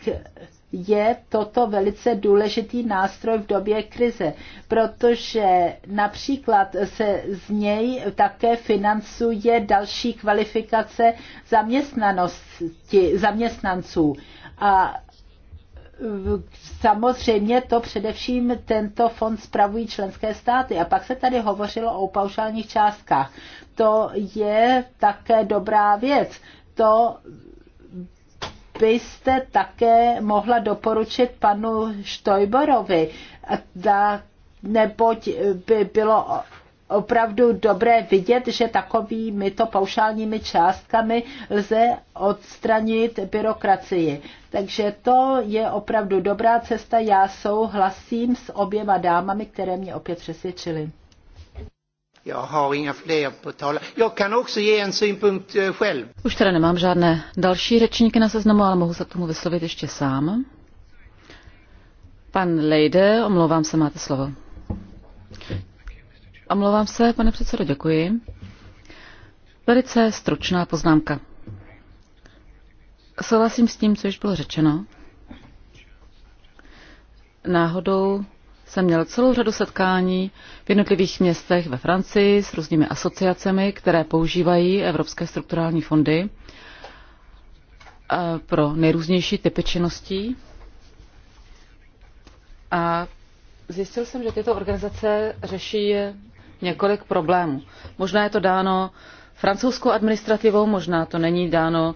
je toto velice důležitý nástroj v době krize, protože například se z něj také financuje další kvalifikace zaměstnanosti, zaměstnanců. A samozřejmě to především tento fond spravují členské státy. A pak se tady hovořilo o paušálních částkách. To je také dobrá věc. To byste také mohla doporučit panu Štojborovi, neboť by bylo opravdu dobré vidět, že takovými to paušálními částkami lze odstranit byrokracii. Takže to je opravdu dobrá cesta. Já souhlasím s oběma dámami, které mě opět přesvědčily har inga fler på tala. kan också ge en synpunkt eh, själv. Už teda nemám žádné další řečníky na seznamu, ale mohu se k tomu vyslovit ještě sám. Pan Lejde, omlouvám se, máte slovo. Omlouvám se, pane předsedo, děkuji. Velice stručná poznámka. Souhlasím s tím, co již bylo řečeno. Náhodou jsem měl celou řadu setkání v jednotlivých městech ve Francii s různými asociacemi, které používají evropské strukturální fondy eh, pro nejrůznější typy činností. A zjistil jsem, že tyto organizace řeší několik problémů. Možná je to dáno francouzskou administrativou, možná to není dáno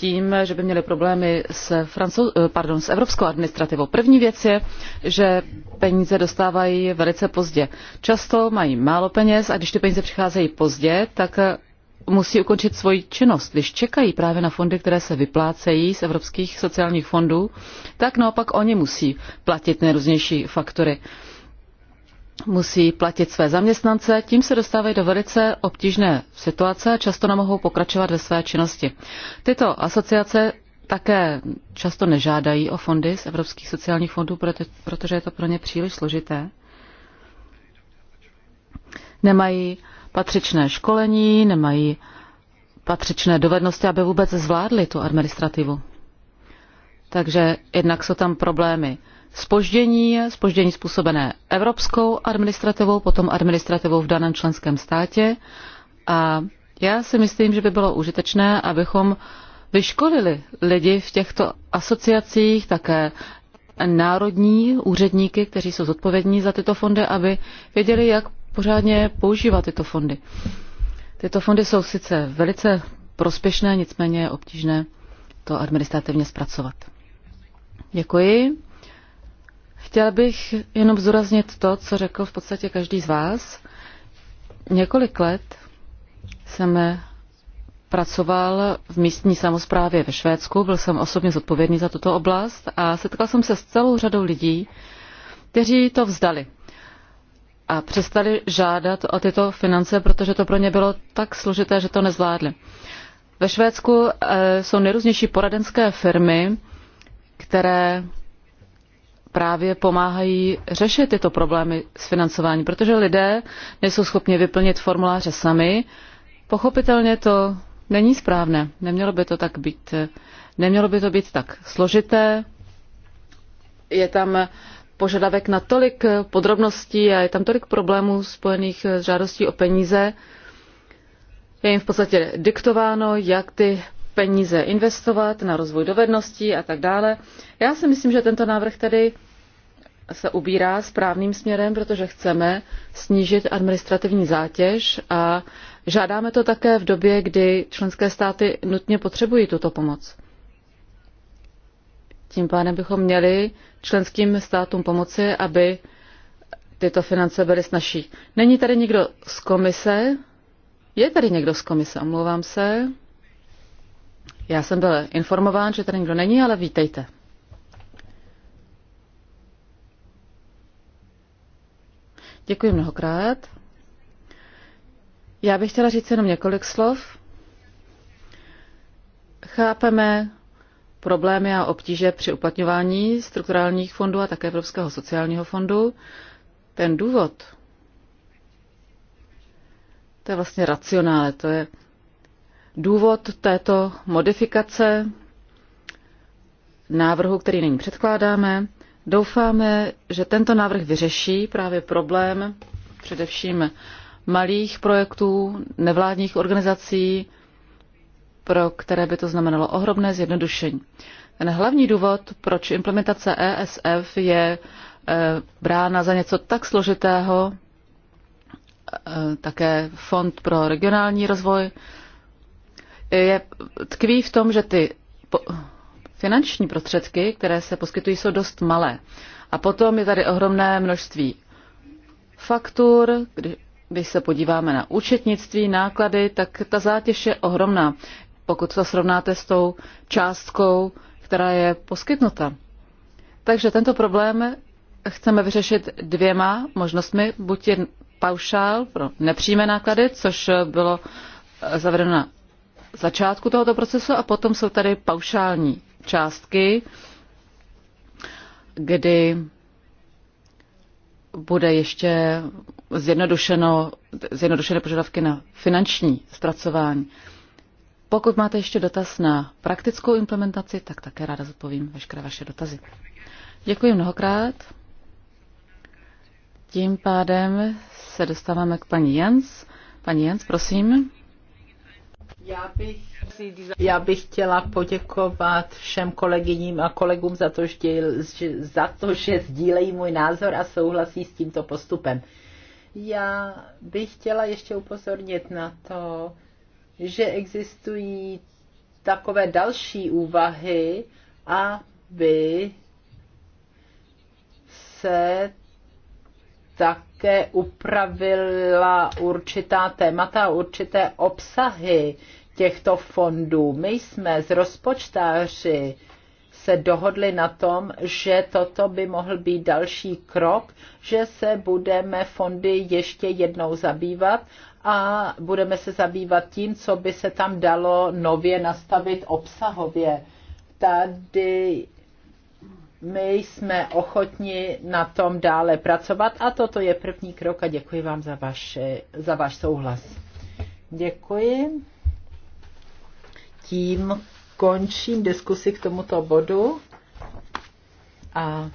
tím, že by měli problémy s, Francouz- eh, pardon, s evropskou administrativou. První věc je, že peníze dostávají velice pozdě. Často mají málo peněz a když ty peníze přicházejí pozdě, tak eh, musí ukončit svoji činnost. Když čekají právě na fondy, které se vyplácejí z evropských sociálních fondů, tak naopak oni musí platit nejrůznější faktory musí platit své zaměstnance, tím se dostávají do velice obtížné situace a často nemohou pokračovat ve své činnosti. Tyto asociace také často nežádají o fondy z Evropských sociálních fondů, protože je to pro ně příliš složité. Nemají patřičné školení, nemají patřičné dovednosti, aby vůbec zvládli tu administrativu. Takže jednak jsou tam problémy spoždění, spoždění způsobené evropskou administrativou, potom administrativou v daném členském státě. A já si myslím, že by bylo užitečné, abychom vyškolili lidi v těchto asociacích, také národní úředníky, kteří jsou zodpovědní za tyto fondy, aby věděli, jak pořádně používat tyto fondy. Tyto fondy jsou sice velice prospěšné, nicméně je obtížné to administrativně zpracovat. Děkuji. Chtěl bych jenom zdůraznit to, co řekl v podstatě každý z vás. Několik let jsem pracoval v místní samozprávě ve Švédsku, byl jsem osobně zodpovědný za tuto oblast a setkal jsem se s celou řadou lidí, kteří to vzdali a přestali žádat o tyto finance, protože to pro ně bylo tak složité, že to nezvládli. Ve Švédsku eh, jsou nejrůznější poradenské firmy, které právě pomáhají řešit tyto problémy s financováním, protože lidé nejsou schopni vyplnit formuláře sami. Pochopitelně to není správné. Nemělo by to tak být. Nemělo by to být tak složité. Je tam požadavek na tolik podrobností a je tam tolik problémů spojených s žádostí o peníze. Je jim v podstatě diktováno, jak ty peníze investovat na rozvoj dovedností a tak dále. Já si myslím, že tento návrh tedy se ubírá správným směrem, protože chceme snížit administrativní zátěž a žádáme to také v době, kdy členské státy nutně potřebují tuto pomoc. Tím pádem bychom měli členským státům pomoci, aby tyto finance byly snažší. Není tady někdo z komise? Je tady někdo z komise, omlouvám se. Já jsem byl informován, že tady nikdo není, ale vítejte. Děkuji mnohokrát. Já bych chtěla říct jenom několik slov. Chápeme problémy a obtíže při uplatňování strukturálních fondů a také Evropského sociálního fondu. Ten důvod, to je vlastně racionále, to je důvod této modifikace návrhu, který nyní předkládáme. Doufáme, že tento návrh vyřeší právě problém především malých projektů, nevládních organizací, pro které by to znamenalo ohromné zjednodušení. Ten hlavní důvod, proč implementace ESF je eh, brána za něco tak složitého, eh, také Fond pro regionální rozvoj je, tkví v tom, že ty po, finanční prostředky, které se poskytují, jsou dost malé. A potom je tady ohromné množství faktur, kdy, když se podíváme na účetnictví, náklady, tak ta zátěž je ohromná, pokud to srovnáte s tou částkou, která je poskytnuta. Takže tento problém chceme vyřešit dvěma možnostmi. Buď je paušál pro nepřímé náklady, což bylo zavedeno na začátku tohoto procesu a potom jsou tady paušální částky, kdy bude ještě zjednodušeno, zjednodušené požadavky na finanční zpracování. Pokud máte ještě dotaz na praktickou implementaci, tak také ráda zodpovím veškeré vaše dotazy. Děkuji mnohokrát. Tím pádem se dostáváme k paní Jens. Paní Jens, prosím. Já bych, já bych chtěla poděkovat všem kolegyním a kolegům za to, že, za to, že sdílejí můj názor a souhlasí s tímto postupem. Já bych chtěla ještě upozornit na to, že existují takové další úvahy, aby se také upravila určitá témata, určité obsahy těchto fondů. My jsme z rozpočtáři se dohodli na tom, že toto by mohl být další krok, že se budeme fondy ještě jednou zabývat a budeme se zabývat tím, co by se tam dalo nově nastavit obsahově. Tady my jsme ochotni na tom dále pracovat a toto je první krok a děkuji vám za, vaše, za váš souhlas. Děkuji tím končím diskusi k tomuto bodu a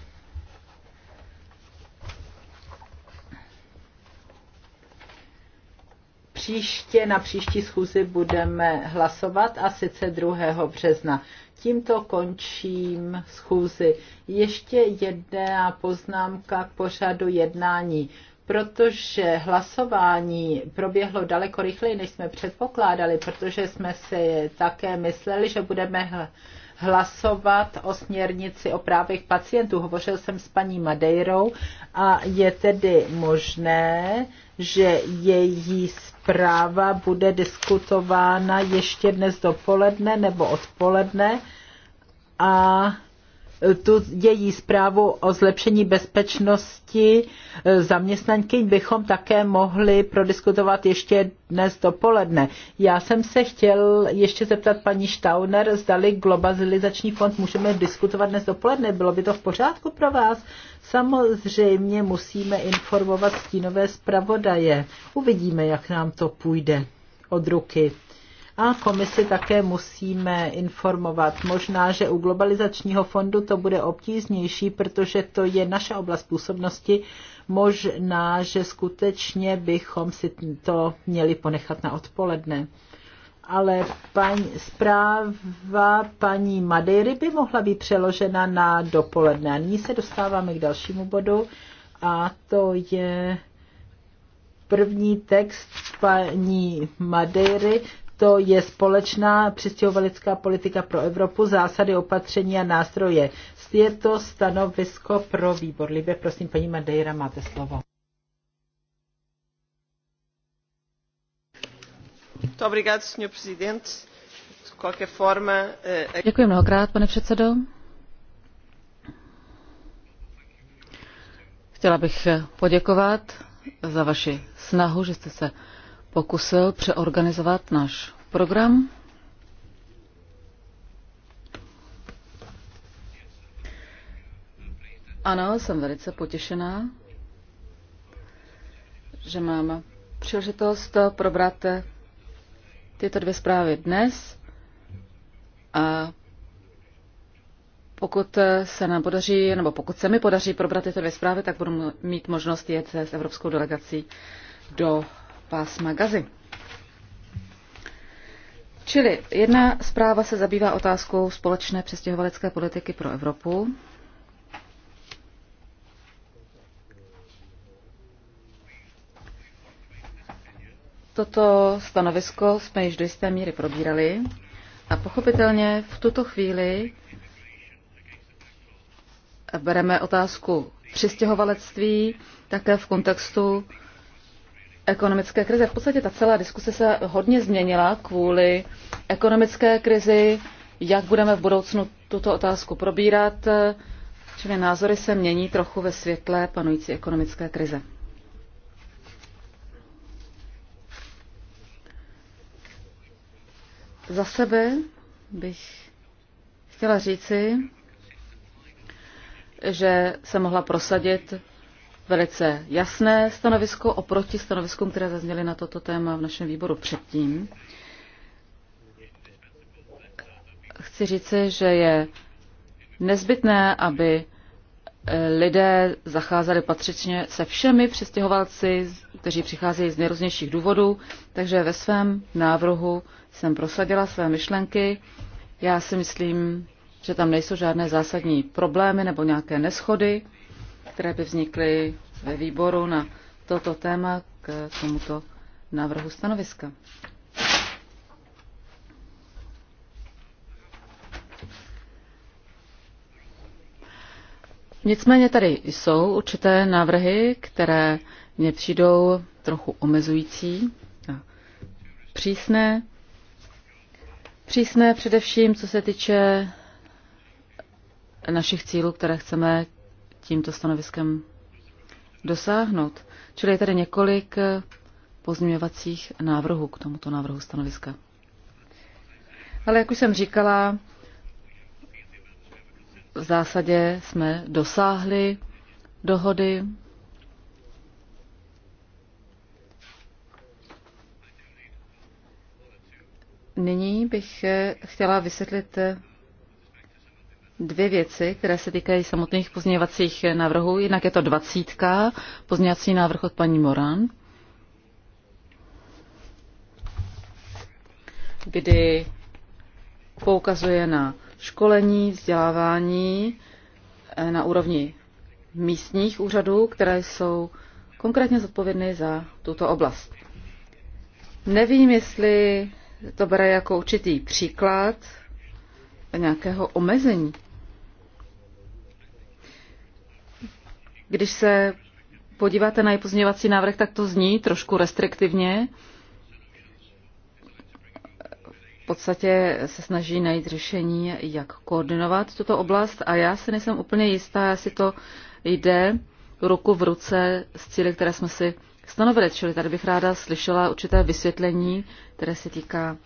příště, na příští schůzi budeme hlasovat a sice 2. března. Tímto končím schůzi. Ještě jedna poznámka k pořadu jednání protože hlasování proběhlo daleko rychleji, než jsme předpokládali, protože jsme si také mysleli, že budeme hlasovat o směrnici o právech pacientů. Hovořil jsem s paní Madejrou a je tedy možné, že její zpráva bude diskutována ještě dnes dopoledne nebo odpoledne a tu její zprávu o zlepšení bezpečnosti e, zaměstnanky bychom také mohli prodiskutovat ještě dnes dopoledne. Já jsem se chtěl ještě zeptat paní Štauner, zdali globalizační fond můžeme diskutovat dnes dopoledne. Bylo by to v pořádku pro vás? Samozřejmě musíme informovat stínové zpravodaje. Uvidíme, jak nám to půjde od ruky a komisi také musíme informovat. Možná, že u globalizačního fondu to bude obtížnější, protože to je naše oblast působnosti. Možná, že skutečně bychom si to měli ponechat na odpoledne. Ale paň, zpráva paní Madery by mohla být přeložena na dopoledne. A nyní se dostáváme k dalšímu bodu a to je první text paní Madery to je společná přistěhovalická politika pro Evropu, zásady, opatření a nástroje. Je to stanovisko pro výbor. Libě, prosím, paní Madeira, máte slovo. Eh, Děkuji mnohokrát, pane předsedo. Chtěla bych poděkovat za vaši snahu, že jste se pokusil přeorganizovat náš program. Ano, jsem velice potěšená, že mám příležitost probrat tyto dvě zprávy dnes a pokud se nám podaří, nebo pokud se mi podaří probrat tyto dvě zprávy, tak budu mít možnost jet se s evropskou delegací do pásma Gazy. Čili jedna zpráva se zabývá otázkou společné přestěhovalecké politiky pro Evropu. Toto stanovisko jsme již do jisté míry probírali a pochopitelně v tuto chvíli bereme otázku přistěhovalectví také v kontextu ekonomické krize. V podstatě ta celá diskuse se hodně změnila kvůli ekonomické krizi, jak budeme v budoucnu tuto otázku probírat, čili názory se mění trochu ve světle panující ekonomické krize. Za sebe bych chtěla říci, že se mohla prosadit velice jasné stanovisko oproti stanoviskům, které zazněly na toto téma v našem výboru předtím. Chci říci, že je nezbytné, aby eh, lidé zacházeli patřičně se všemi přistěhovalci, kteří přicházejí z nejrůznějších důvodů, takže ve svém návrhu jsem prosadila své myšlenky. Já si myslím, že tam nejsou žádné zásadní problémy nebo nějaké neschody které by vznikly ve výboru na toto téma k tomuto návrhu stanoviska. Nicméně tady jsou určité návrhy, které mně přijdou trochu omezující a přísné. Přísné především, co se týče našich cílů, které chceme tímto stanoviskem dosáhnout. Čili je tady několik eh, pozměňovacích návrhů k tomuto návrhu stanoviska. Ale jak už jsem říkala, v zásadě jsme dosáhli dohody. Nyní bych eh, chtěla vysvětlit eh, dvě věci, které se týkají samotných pozměňovacích návrhů. Jednak je to dvacítka, pozměňovací návrh od paní Moran, kdy poukazuje na školení, vzdělávání eh, na úrovni místních úřadů, které jsou konkrétně zodpovědné za tuto oblast. Nevím, jestli to bere jako určitý příklad nějakého omezení Když se podíváte na její pozměňovací návrh, tak to zní trošku restriktivně. V podstatě se snaží najít řešení, jak koordinovat tuto oblast a já si nejsem úplně jistá, jestli to jde ruku v ruce s cíly, které jsme si stanovili. Čili tady bych ráda slyšela určité vysvětlení, které se týká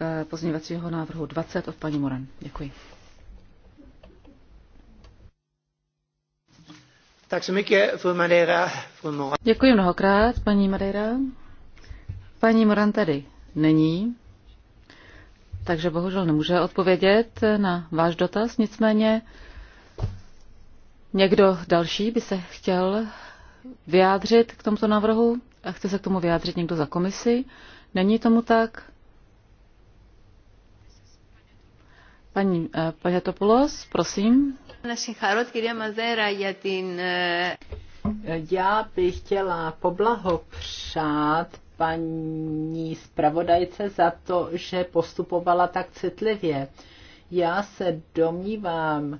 eh, pozměňovacího návrhu 20 od paní Moran. Děkuji. Děkuji mnohokrát, paní Madeira. Paní Moran tady není, takže bohužel nemůže odpovědět na váš dotaz. Nicméně někdo další by se chtěl vyjádřit k tomuto návrhu a chce se k tomu vyjádřit někdo za komisi. Není tomu tak? Paní eh, Pajatopoulos, prosím. Eh, eh, já bych chtěla poblahopřát paní zpravodajce za to, že postupovala tak citlivě. Já se domnívám,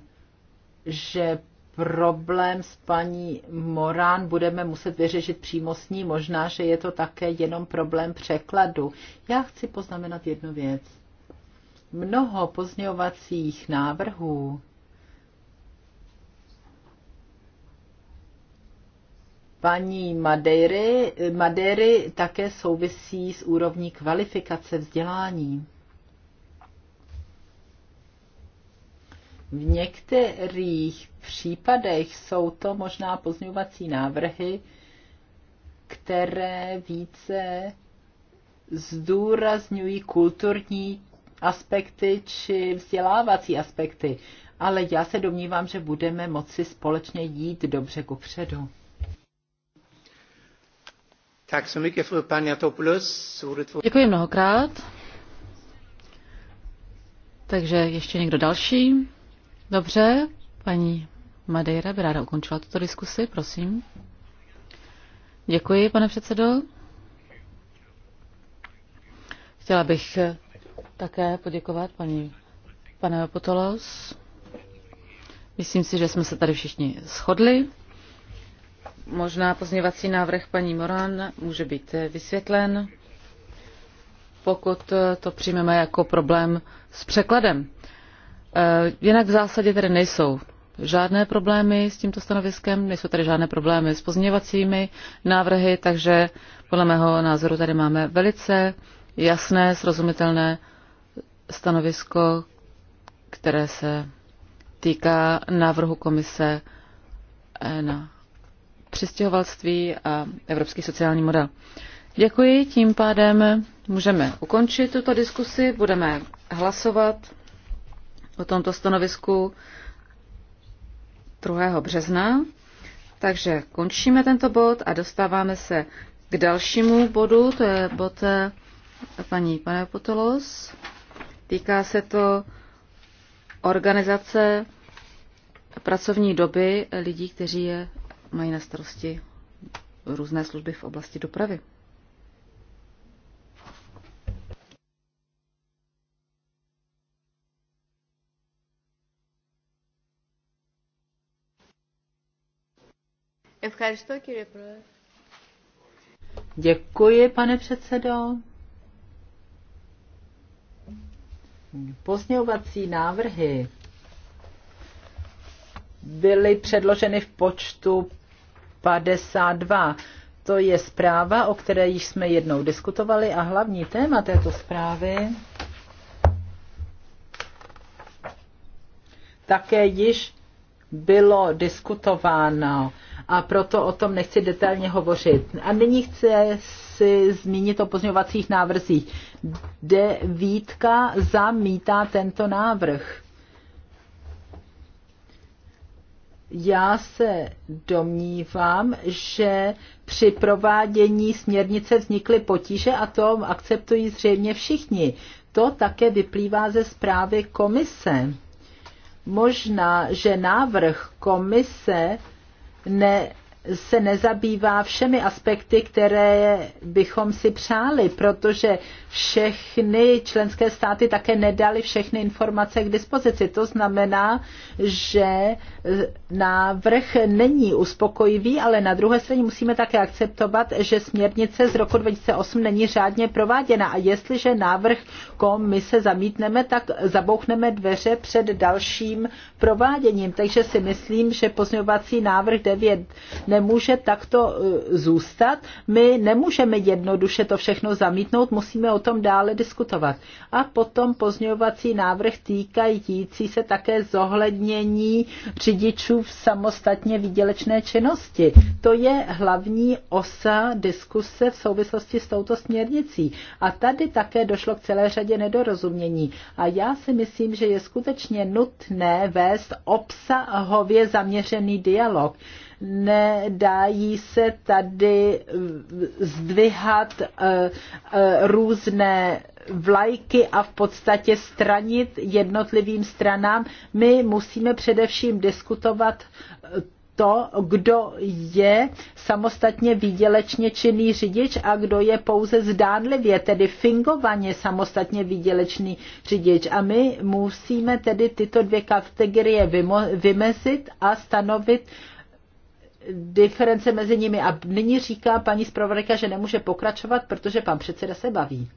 že problém s paní Morán budeme muset vyřešit přímo s ní. Možná, že je to také jenom problém překladu. Já chci poznamenat jednu věc mnoho pozňovacích návrhů paní Madeiry, Madeiry také souvisí s úrovní kvalifikace vzdělání. V některých případech jsou to možná pozňovací návrhy, které více zdůrazňují kulturní aspekty či vzdělávací aspekty, ale já se domnívám, že budeme moci společně jít dobře ku předu. Děkuji mnohokrát. Takže ještě někdo další? Dobře, paní Madeira by ráda ukončila tuto diskusi, prosím. Děkuji, pane předsedo. Chtěla bych také poděkovat paní, pane Potolos. Myslím si, že jsme se tady všichni shodli. Možná pozněvací návrh paní Moran může být vysvětlen, pokud to přijmeme jako problém s překladem. Eh, jinak v zásadě tady nejsou žádné problémy s tímto stanoviskem, nejsou tady žádné problémy s pozměňovacími návrhy, takže podle mého názoru tady máme velice jasné, srozumitelné stanovisko, které se týká návrhu komise eh, na přistěhovalství a evropský sociální model. Děkuji, tím pádem můžeme ukončit tuto diskusi, budeme hlasovat o tomto stanovisku 2. března. Takže končíme tento bod a dostáváme se k dalšímu bodu, to je bod eh, paní Pane Potolos. Týká se to organizace pracovní doby lidí, kteří je mají na starosti různé služby v oblasti dopravy. Děkuji, pane předsedo. Pozměňovací návrhy byly předloženy v počtu 52. To je zpráva, o které již jsme jednou diskutovali a hlavní téma této zprávy také již bylo diskutováno a proto o tom nechci detailně hovořit. A nyní chci chci zmínit o pozměňovacích návrzích. Devítka zamítá tento návrh. Já se domnívám, že při provádění směrnice vznikly potíže a to akceptují zřejmě všichni. To také vyplývá ze zprávy komise. Možná, že návrh komise ne se nezabývá všemi aspekty, které bychom si přáli, protože všechny členské státy také nedali všechny informace k dispozici. To znamená, že návrh není uspokojivý, ale na druhé straně musíme také akceptovat, že směrnice z roku 2008 není řádně prováděna a jestliže návrh komise zamítneme, tak zabouchneme dveře před dalším prováděním. Takže si myslím, že pozměňovací návrh 9 nemůže takto e, zůstat. My nemůžeme jednoduše to všechno zamítnout, musíme o tom dále diskutovat. A potom pozměňovací návrh týkající se také zohlednění řidičů v samostatně výdělečné činnosti. To je hlavní osa diskuse v souvislosti s touto směrnicí. A tady také došlo k celé řadě nedorozumění. A já si myslím, že je skutečně nutné vést obsahově zaměřený dialog nedají se tady zdvihat eh, eh, různé vlajky a v podstatě stranit jednotlivým stranám. My musíme především diskutovat eh, to, kdo je samostatně výdělečně činný řidič a kdo je pouze zdánlivě, tedy fingovaně samostatně výdělečný řidič. A my musíme tedy tyto dvě kategorie vymezit a stanovit diference mezi nimi. A nyní říká paní zpravodajka, že nemůže pokračovat, protože pan předseda se baví.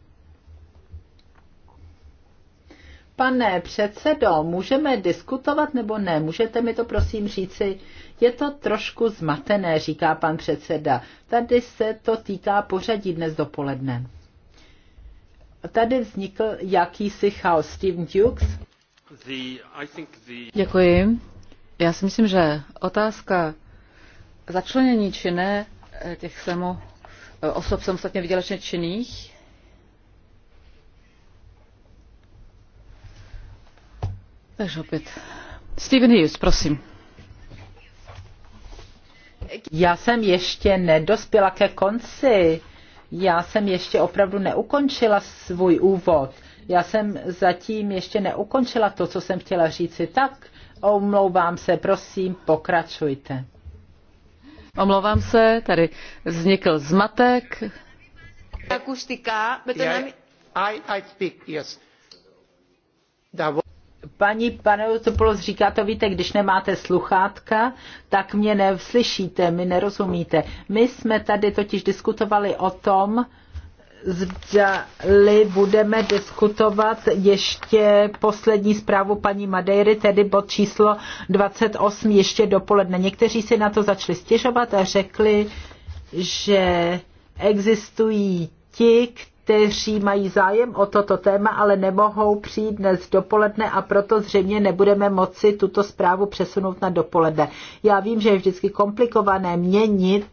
Pane předsedo, můžeme diskutovat nebo ne? Můžete mi to prosím říci? Je to trošku zmatené, říká pan předseda. Tady se to týká pořadí dnes dopoledne. Tady vznikl jakýsi chaos. Steven Dukes? The, the... Děkuji. Já si myslím, že otázka začlenění či ne eh, těch samo, eh, osob samostatně vydělečně činných. Takže opět. Steven Hughes, prosím. Já jsem ještě nedospěla ke konci. Já jsem ještě opravdu neukončila svůj úvod. Já jsem zatím ještě neukončila to, co jsem chtěla říci. Tak omlouvám se, prosím, pokračujte. Omlouvám se, tady vznikl zmatek. Akustika, I, I speak, yes. Paní pane říká to, víte, když nemáte sluchátka, tak mě neslyšíte, mi nerozumíte. My jsme tady totiž diskutovali o tom, zdali budeme diskutovat ještě poslední zprávu paní Madejry, tedy bod číslo 28 ještě dopoledne. Někteří si na to začali stěžovat a řekli, že existují ti, kteří mají zájem o toto téma, ale nemohou přijít dnes dopoledne a proto zřejmě nebudeme moci tuto zprávu přesunout na dopoledne. Já vím, že je vždycky komplikované měnit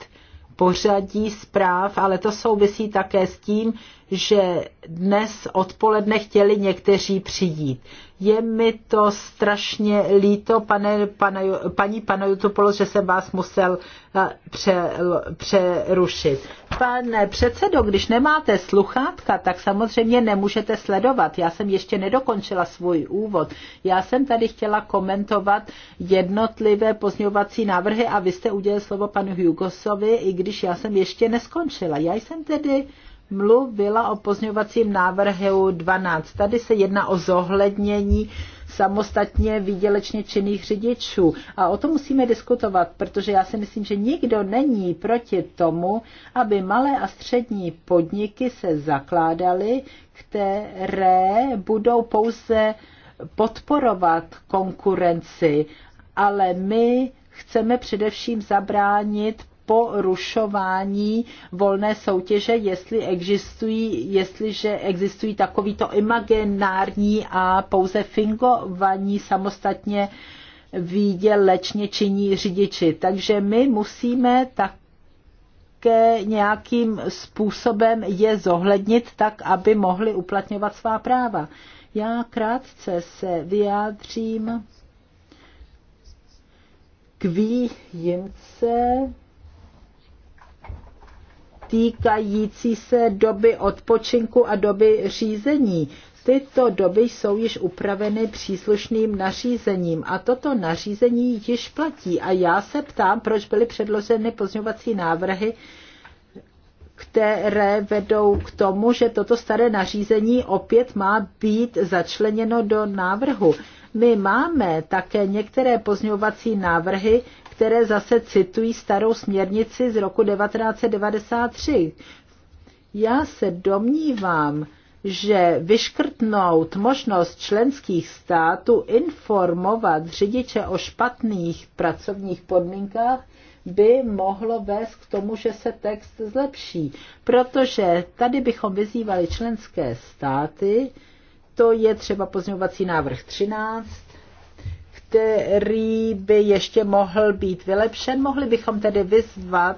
pořadí zpráv, ale to souvisí také s tím, že dnes odpoledne chtěli někteří přijít. Je mi to strašně líto, pane, pane, paní Panajutopolo, že jsem vás musel eh, pře, přerušit. Pane předsedo, když nemáte sluchátka, tak samozřejmě nemůžete sledovat. Já jsem ještě nedokončila svůj úvod. Já jsem tady chtěla komentovat jednotlivé pozňovací návrhy a vy jste udělal slovo panu Hugosovi, i když já jsem ještě neskončila. Já jsem tedy mluvila o pozňovacím návrhu 12. Tady se jedná o zohlednění samostatně výdělečně činných řidičů. A o tom musíme diskutovat, protože já si myslím, že nikdo není proti tomu, aby malé a střední podniky se zakládaly, které budou pouze podporovat konkurenci, ale my chceme především zabránit porušování volné soutěže, jestli existují, jestliže existují takovýto imaginární a pouze fingovaní samostatně výdělečně činí řidiči. Takže my musíme tak také nějakým způsobem je zohlednit tak, aby mohli uplatňovat svá práva. Já krátce se vyjádřím k výjimce týkající se doby odpočinku a doby řízení. Tyto doby jsou již upraveny příslušným nařízením a toto nařízení již platí. A já se ptám, proč byly předloženy pozňovací návrhy, které vedou k tomu, že toto staré nařízení opět má být začleněno do návrhu. My máme také některé pozňovací návrhy, které zase citují starou směrnici z roku 1993. Já se domnívám, že vyškrtnout možnost členských států informovat řidiče o špatných pracovních podmínkách by mohlo vést k tomu, že se text zlepší. Protože tady bychom vyzývali členské státy, to je třeba pozměňovací návrh 13, který by ještě mohl být vylepšen. Mohli bychom tedy vyzvat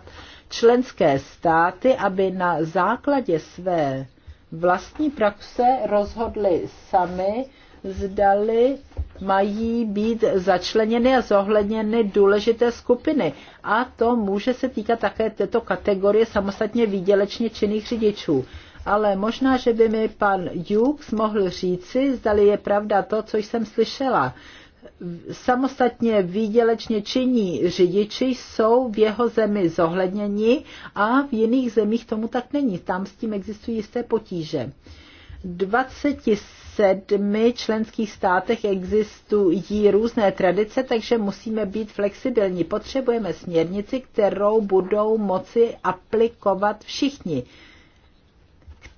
členské státy, aby na základě své vlastní praxe rozhodli sami, zdali mají být začleněny a zohledněny důležité skupiny. A to může se týkat také této kategorie samostatně výdělečně činných řidičů ale možná, že by mi pan Jukes mohl říci, zdali je pravda to, co jsem slyšela. Samostatně výdělečně činní řidiči jsou v jeho zemi zohledněni a v jiných zemích tomu tak není. Tam s tím existují jisté potíže. 27 členských státech existují různé tradice, takže musíme být flexibilní. Potřebujeme směrnici, kterou budou moci aplikovat všichni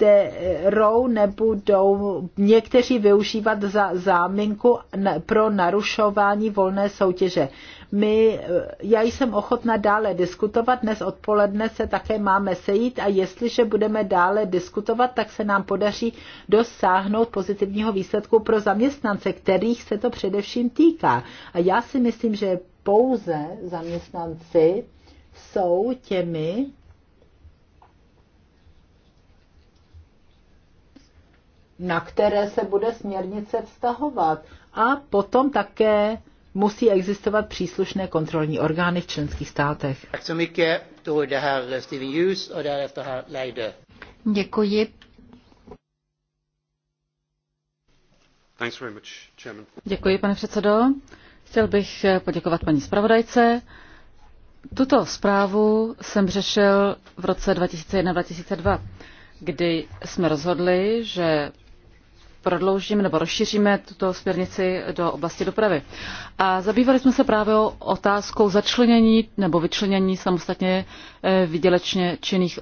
kterou nebudou někteří využívat za záminku pro narušování volné soutěže. My, já jsem ochotna dále diskutovat, dnes odpoledne se také máme sejít a jestliže budeme dále diskutovat, tak se nám podaří dosáhnout pozitivního výsledku pro zaměstnance, kterých se to především týká. A já si myslím, že pouze zaměstnanci jsou těmi, na které se bude směrnice vztahovat. A potom také musí existovat příslušné kontrolní orgány v členských státech. Děkuji. Děkuji, pane předsedo. Chtěl bych poděkovat paní zpravodajce. Tuto zprávu jsem řešil v roce 2001-2002, kdy jsme rozhodli, že prodloužíme nebo rozšíříme tuto směrnici do oblasti dopravy. A zabývali jsme se právě o otázkou začlenění nebo vyčlenění samostatně eh, vydělečně činných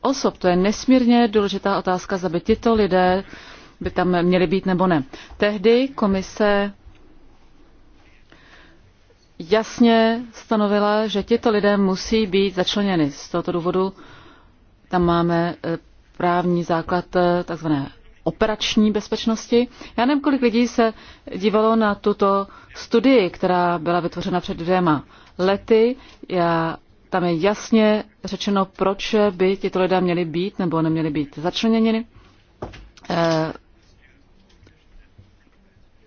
osob. To je nesmírně důležitá otázka, zda by tyto lidé by tam měli být nebo ne. Tehdy komise jasně stanovila, že tyto lidé musí být začleněni. Z tohoto důvodu tam máme eh, právní základ eh, takzvané operační bezpečnosti. Já nevím, kolik lidí se dívalo na tuto studii, která byla vytvořena před dvěma lety. Já, tam je jasně řečeno, proč by tito lidé měli být nebo neměli být začleněni. E,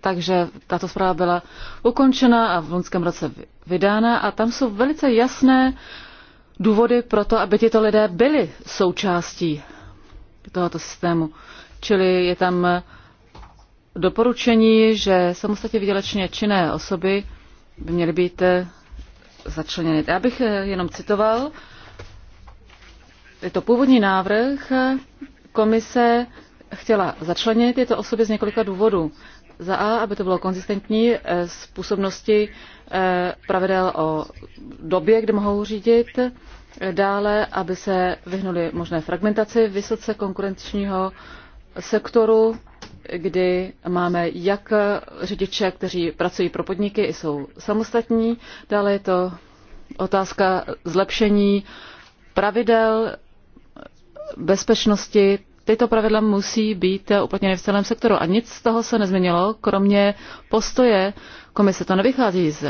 takže tato zpráva byla ukončena a v loňském roce vydána a tam jsou velice jasné důvody pro to, aby tito lidé byli součástí tohoto systému čili je tam doporučení, že samostatně vydělečně činné osoby by měly být eh, začleněny. Já bych eh, jenom citoval, je to původní návrh, komise chtěla začlenit tyto osoby z několika důvodů. Za A, aby to bylo konzistentní s eh, působností pravidel o době, kdy mohou řídit, dále, aby se vyhnuli možné fragmentaci vysoce konkurenčního sektoru, kdy máme jak řidiče, kteří pracují pro podniky i jsou samostatní, dále je to otázka zlepšení pravidel bezpečnosti. Tyto pravidla musí být uplatněny v celém sektoru a nic z toho se nezměnilo, kromě postoje komise. To nevychází z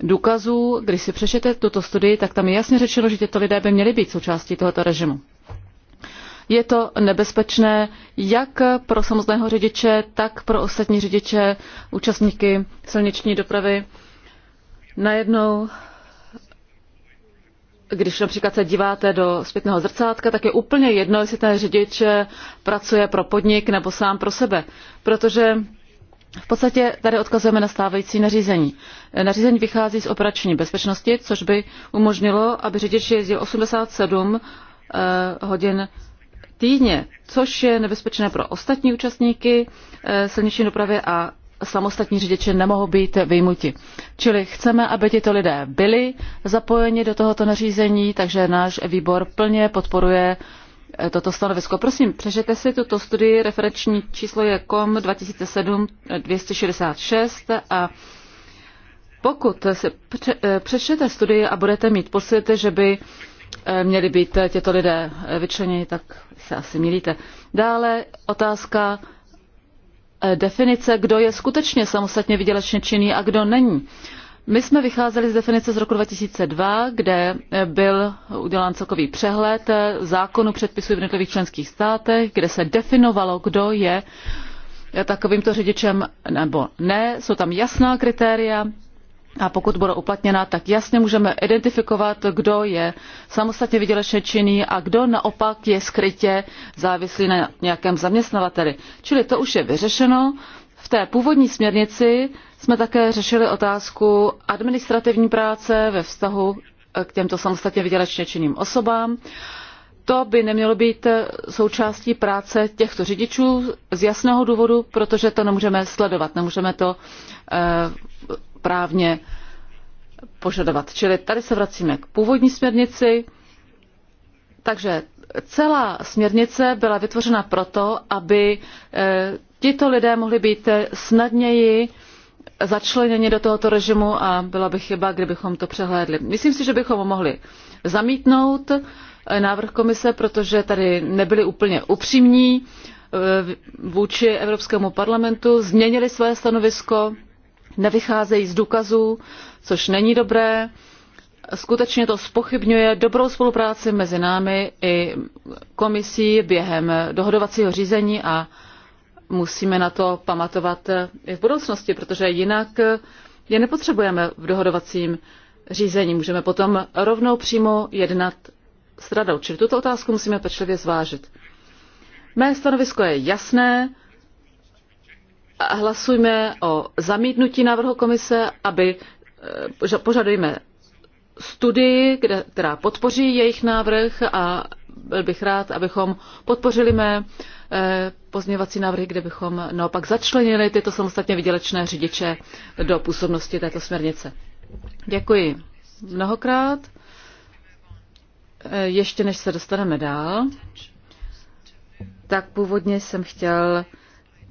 důkazů. Když si přečete tuto studii, tak tam je jasně řečeno, že tyto lidé by měli být součástí tohoto režimu. Je to nebezpečné jak pro samotného řidiče, tak pro ostatní řidiče, účastníky silniční dopravy. Najednou když například se díváte do zpětného zrcátka, tak je úplně jedno, jestli ten řidič pracuje pro podnik nebo sám pro sebe, protože v podstatě tady odkazujeme na stávající nařízení. Nařízení vychází z operační bezpečnosti, což by umožnilo, aby řidič jezdil 87 eh, hodin týdně, což je nebezpečné pro ostatní účastníky eh, silniční dopravy a samostatní řidiči nemohou být vyjmuti. Čili chceme, aby tyto lidé byli zapojeni do tohoto nařízení, takže náš výbor plně podporuje eh, toto stanovisko. Prosím, přežete si tuto studii, referenční číslo je KOM 2007-266 eh, a pokud si přečtete studii a budete mít pocit, že by Eh, měli být eh, těto lidé eh, vyčleněni, tak se asi mílíte. Dále otázka definice, kdo je skutečně samostatně vydělečně činný a kdo není. My jsme vycházeli z definice z roku 2002, kde byl udělán celkový přehled zákonu předpisů v jednotlivých členských státech, kde se definovalo, kdo je takovýmto řidičem nebo ne. Jsou tam jasná kritéria, a pokud budou uplatněna, tak jasně můžeme identifikovat, kdo je samostatně vydělečně činný a kdo naopak je skrytě závislý na nějakém zaměstnavateli. Čili to už je vyřešeno. V té původní směrnici jsme také řešili otázku administrativní práce ve vztahu eh, k těmto samostatně vydělečně činným osobám. To by nemělo být eh, součástí práce těchto řidičů z jasného důvodu, protože to nemůžeme sledovat, nemůžeme to eh, právně požadovat. Čili tady se vracíme k původní směrnici. Takže celá směrnice byla vytvořena proto, aby eh, tito lidé mohli být snadněji začleněni do tohoto režimu a byla by chyba, kdybychom to přehlédli. Myslím si, že bychom mohli zamítnout eh, návrh komise, protože tady nebyli úplně upřímní eh, vůči Evropskému parlamentu, změnili své stanovisko nevycházejí z důkazů, což není dobré. Skutečně to zpochybňuje dobrou spolupráci mezi námi i komisí během dohodovacího řízení a musíme na to pamatovat i v budoucnosti, protože jinak je nepotřebujeme v dohodovacím řízení. Můžeme potom rovnou přímo jednat s radou. Čili tuto otázku musíme pečlivě zvážit. Mé stanovisko je jasné, hlasujme o zamítnutí návrhu komise, aby e, požadujeme studii, kde, která podpoří jejich návrh a byl bych rád, abychom podpořili mé e, pozměňovací návrhy, kde bychom naopak začlenili tyto samostatně vydělečné řidiče do působnosti této směrnice. Děkuji mnohokrát. E, ještě než se dostaneme dál, tak původně jsem chtěl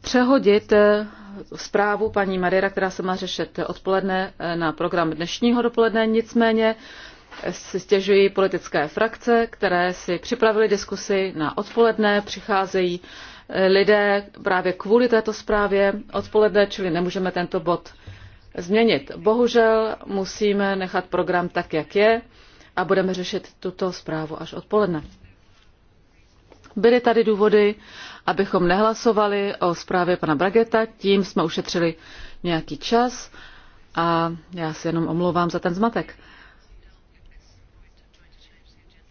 přehodit eh, zprávu paní Madeira, která se má řešit odpoledne eh, na program dnešního dopoledne. Nicméně eh, si stěžují politické frakce, které si připravily diskusy na odpoledne, přicházejí lidé právě kvůli této zprávě odpoledne, čili nemůžeme tento bod změnit. Bohužel musíme nechat program tak, jak je a budeme řešit tuto zprávu až odpoledne. Byly tady důvody, abychom nehlasovali o zprávě pana Brageta, tím jsme ušetřili nějaký čas a já se jenom omlouvám za ten zmatek.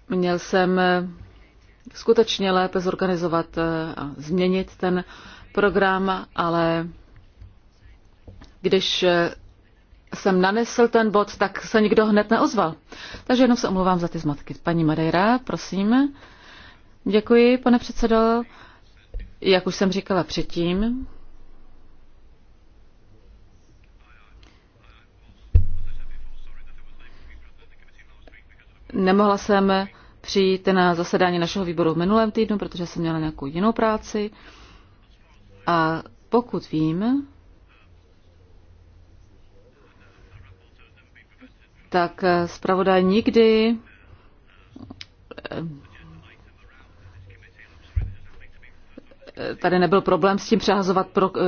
Měl jsem eh, skutečně lépe zorganizovat eh, a změnit ten program, ale když eh, jsem nanesl ten bod, tak se nikdo hned neozval. Takže jenom se omlouvám za ty zmatky. Paní Madeira, prosím. Děkuji, pane předsedo. Jak už jsem říkala předtím, nemohla jsem přijít na zasedání našeho výboru v minulém týdnu, protože jsem měla nějakou jinou práci. A pokud vím, tak zpravodaj nikdy tady nebyl problém s tím přehazovat pro, eh,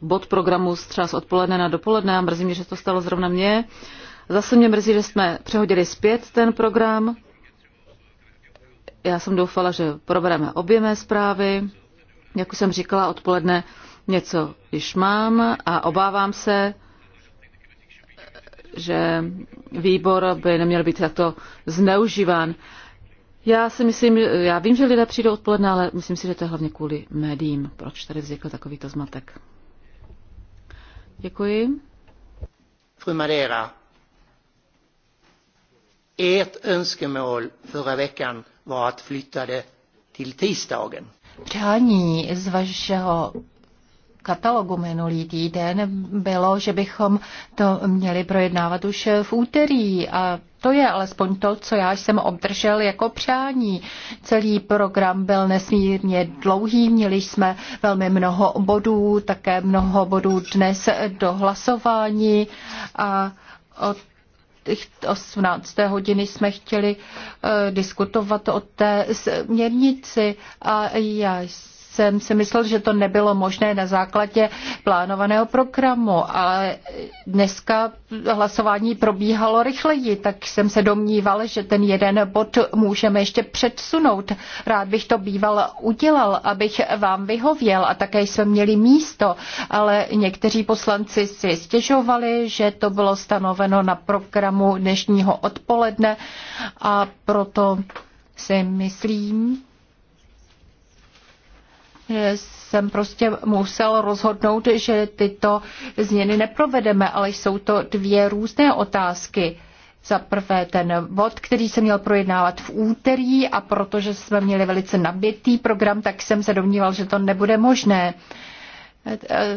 bod programu z třeba z odpoledne na dopoledne a mrzí mě, že to stalo zrovna mě. Zase mě mrzí, že jsme přehodili zpět ten program. Já jsem doufala, že probereme obě mé zprávy. Jak už jsem říkala, odpoledne něco již mám a obávám se, že výbor by neměl být takto zneužíván. Já si myslím, já vím, že lidé přijdou odpoledne, ale myslím si, že to je hlavně kvůli médiím. Proč tady vznikl takovýto zmatek? Děkuji. Fru Madeira, ert önskemål förra veckan var att flytta det till tisdagen. Přání z vašeho katalogu minulý týden bylo, že bychom to měli projednávat už v úterý a to je alespoň to, co já jsem obdržel jako přání. Celý program byl nesmírně dlouhý, měli jsme velmi mnoho bodů, také mnoho bodů dnes do hlasování a od 18. hodiny jsme chtěli eh, diskutovat o té směrnici a já jsem jsem si myslel, že to nebylo možné na základě plánovaného programu, ale dneska hlasování probíhalo rychleji, tak jsem se domníval, že ten jeden bod můžeme ještě předsunout. Rád bych to býval udělal, abych vám vyhověl a také jsme měli místo, ale někteří poslanci si stěžovali, že to bylo stanoveno na programu dnešního odpoledne a proto si myslím, jsem prostě musel rozhodnout, že tyto změny neprovedeme, ale jsou to dvě různé otázky. Za prvé ten bod, který se měl projednávat v úterý a protože jsme měli velice nabitý program, tak jsem se domníval, že to nebude možné.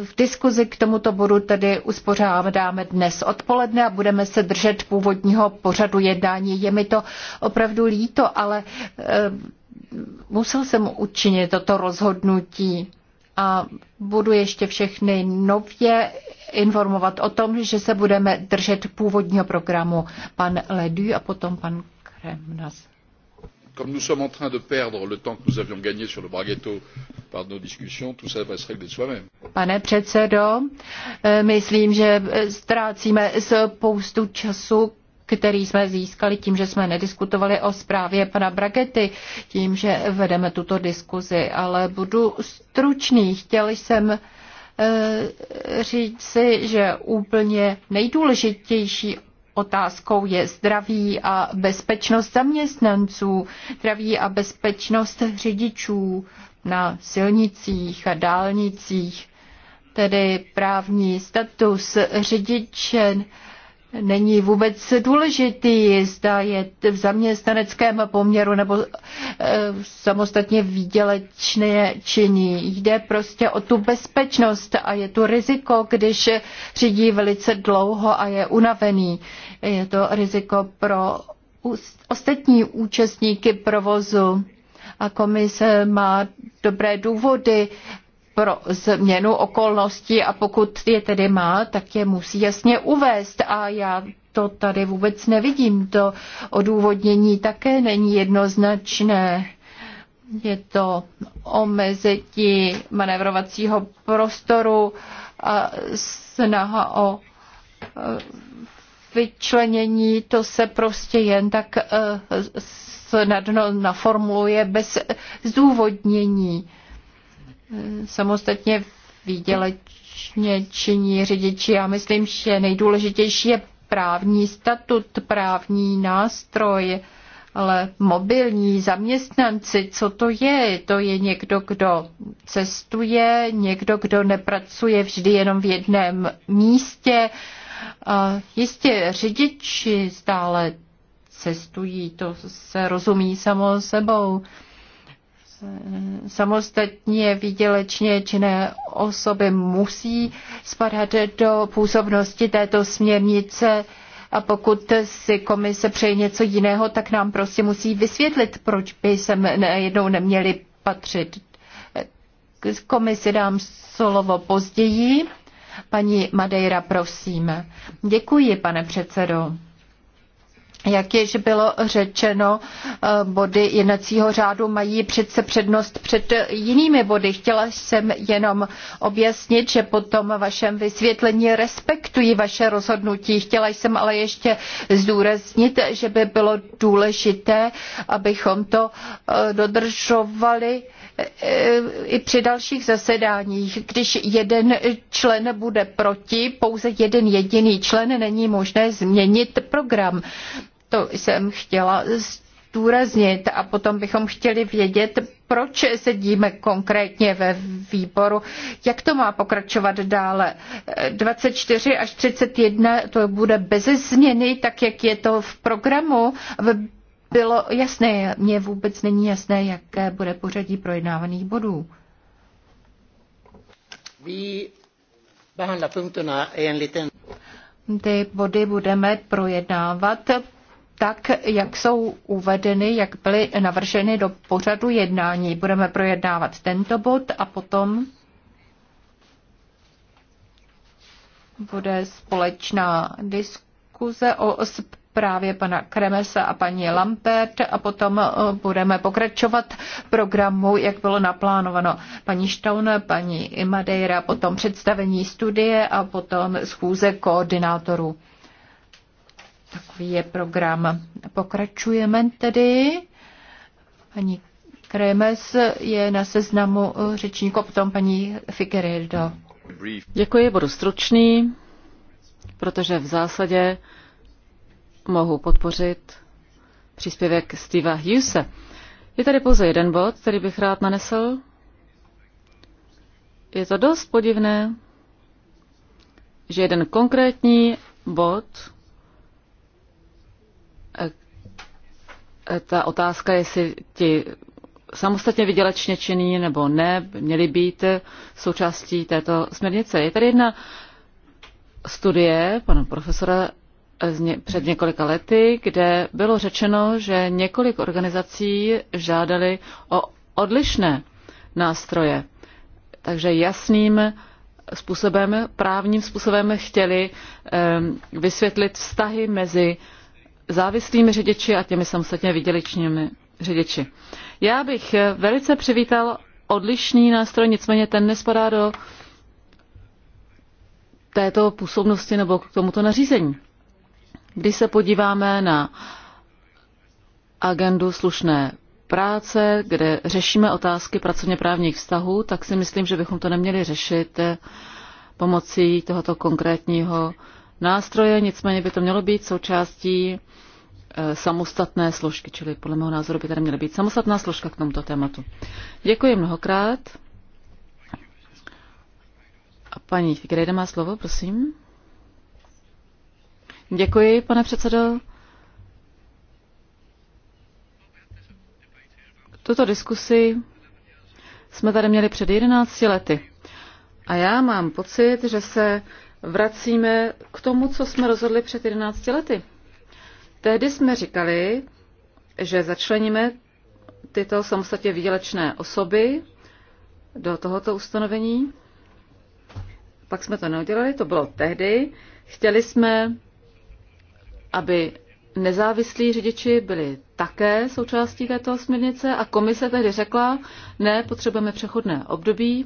V diskuzi k tomuto bodu tedy uspořádáme dnes odpoledne a budeme se držet původního pořadu jednání. Je mi to opravdu líto, ale eh, musel jsem učinit toto rozhodnutí a budu ještě všechny nově informovat o tom, že se budeme držet původního programu pan Ledu a potom pan Kremnas. Comme nous sommes en train de perdre le temps que nous avions gagné sur le braguetto par nos discussions, tout ça va se régler soi-même. Pane předsedo, eh, myslím, že eh, ztrácíme spoustu času, který jsme získali tím, že jsme nediskutovali o zprávě pana Bragety, tím, že vedeme tuto diskuzi, ale budu stručný. Chtěl jsem eh, říct si, že úplně nejdůležitější otázkou je zdraví a bezpečnost zaměstnanců, zdraví a bezpečnost řidičů na silnicích a dálnicích, tedy právní status řidiče není vůbec důležitý, zda je v zaměstnaneckém poměru nebo eh, samostatně výdělečné činí. Jde prostě o tu bezpečnost a je tu riziko, když řídí velice dlouho a je unavený. Je to riziko pro ostatní účastníky provozu a komise má dobré důvody pro změnu okolností a pokud je tedy má, tak je musí jasně uvést a já to tady vůbec nevidím. To odůvodnění také není jednoznačné. Je to omezení manevrovacího prostoru a snaha o eh, vyčlenění, to se prostě jen tak eh, snadno naformuluje bez zdůvodnění samostatně výdělečně činí řidiči. Já myslím, že nejdůležitější je právní statut, právní nástroj, ale mobilní zaměstnanci, co to je? To je někdo, kdo cestuje, někdo, kdo nepracuje vždy jenom v jedném místě. A jistě řidiči stále cestují, to se rozumí samo sebou samostatně výdělečně činné osoby musí spadat do působnosti této směrnice a pokud si komise přeje něco jiného, tak nám prostě musí vysvětlit, proč by se jednou neměli patřit. K Komisi dám slovo později. Paní Madeira, prosím. Děkuji, pane předsedo. Jak již bylo řečeno, eh, body jednacího řádu mají přece přednost před jinými body. Chtěla jsem jenom objasnit, že po tom vašem vysvětlení respektuji vaše rozhodnutí. Chtěla jsem ale ještě zdůraznit, že by bylo důležité, abychom to eh, dodržovali eh, i při dalších zasedáních. Když jeden člen bude proti, pouze jeden jediný člen, není možné změnit program to jsem chtěla zdůraznit a potom bychom chtěli vědět, proč sedíme konkrétně ve výboru, jak to má pokračovat dále. 24 až 31 to bude bez změny, tak jak je to v programu, aby bylo jasné, mně vůbec není jasné, jaké bude pořadí projednávaných bodů. Ty body budeme projednávat tak, jak jsou uvedeny, jak byly navrženy do pořadu jednání. Budeme projednávat tento bod a potom bude společná diskuze o zprávě pana Kremesa a paní Lampert a potom eh, budeme pokračovat programu, jak bylo naplánováno paní Štaun, paní Madeira, potom představení studie a potom schůze koordinátorů. Takový je program. Pokračujeme tedy. Paní Kremes je na seznamu řečníků, potom paní Figueredo. Děkuji, budu stručný, protože v zásadě mohu podpořit příspěvek Steva Huse. Je tady pouze jeden bod, který bych rád nanesl. Je to dost podivné, že jeden konkrétní bod Eh, ta otázka, jestli ti samostatně vydělečně činí nebo ne, měli být eh, součástí této směrnice. Je tady jedna studie pana profesora eh, před několika lety, kde bylo řečeno, že několik organizací žádali o odlišné nástroje. Takže jasným způsobem, právním způsobem chtěli vysvětlit vztahy mezi závislými řidiči a těmi samostatně vydělečními řidiči. Já bych eh, velice přivítal odlišný nástroj, nicméně ten nespadá do této působnosti nebo k tomuto nařízení. Když se podíváme na agendu slušné práce, kde řešíme otázky pracovně právních vztahů, tak si myslím, že bychom to neměli řešit eh, pomocí tohoto konkrétního nástroje, nicméně by to mělo být součástí eh, samostatné složky, čili podle mého názoru by tady měla být samostatná složka k tomuto tématu. Děkuji mnohokrát. A paní Figrejda má slovo, prosím. Děkuji, pane předsedo. Tuto diskusi jsme tady měli před 11 lety. A já mám pocit, že se vracíme k tomu, co jsme rozhodli před 11 lety. Tehdy jsme říkali, že začleníme tyto samostatně výdělečné osoby do tohoto ustanovení. Pak jsme to neudělali, to bylo tehdy. Chtěli jsme, aby nezávislí řidiči byli také součástí této směrnice a komise tehdy řekla, ne, potřebujeme přechodné období,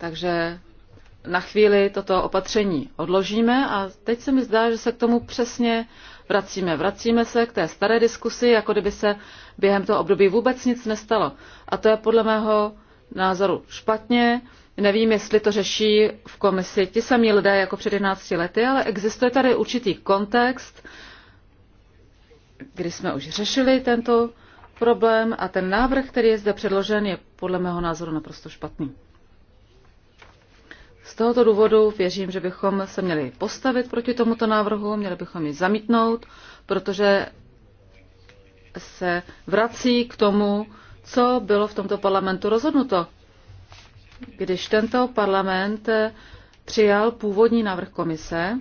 Takže na chvíli toto opatření odložíme a teď se mi zdá, že se k tomu přesně vracíme. Vracíme se k té staré diskusi, jako kdyby se během toho období vůbec nic nestalo. A to je podle mého názoru špatně. Nevím, jestli to řeší v komisi ti samí lidé jako před 11 lety, ale existuje tady určitý kontext, kdy jsme už řešili tento problém a ten návrh, který je zde předložen, je podle mého názoru naprosto špatný. Z tohoto důvodu věřím, že bychom se měli postavit proti tomuto návrhu, měli bychom ji zamítnout, protože se vrací k tomu, co bylo v tomto parlamentu rozhodnuto. Když tento parlament přijal původní návrh komise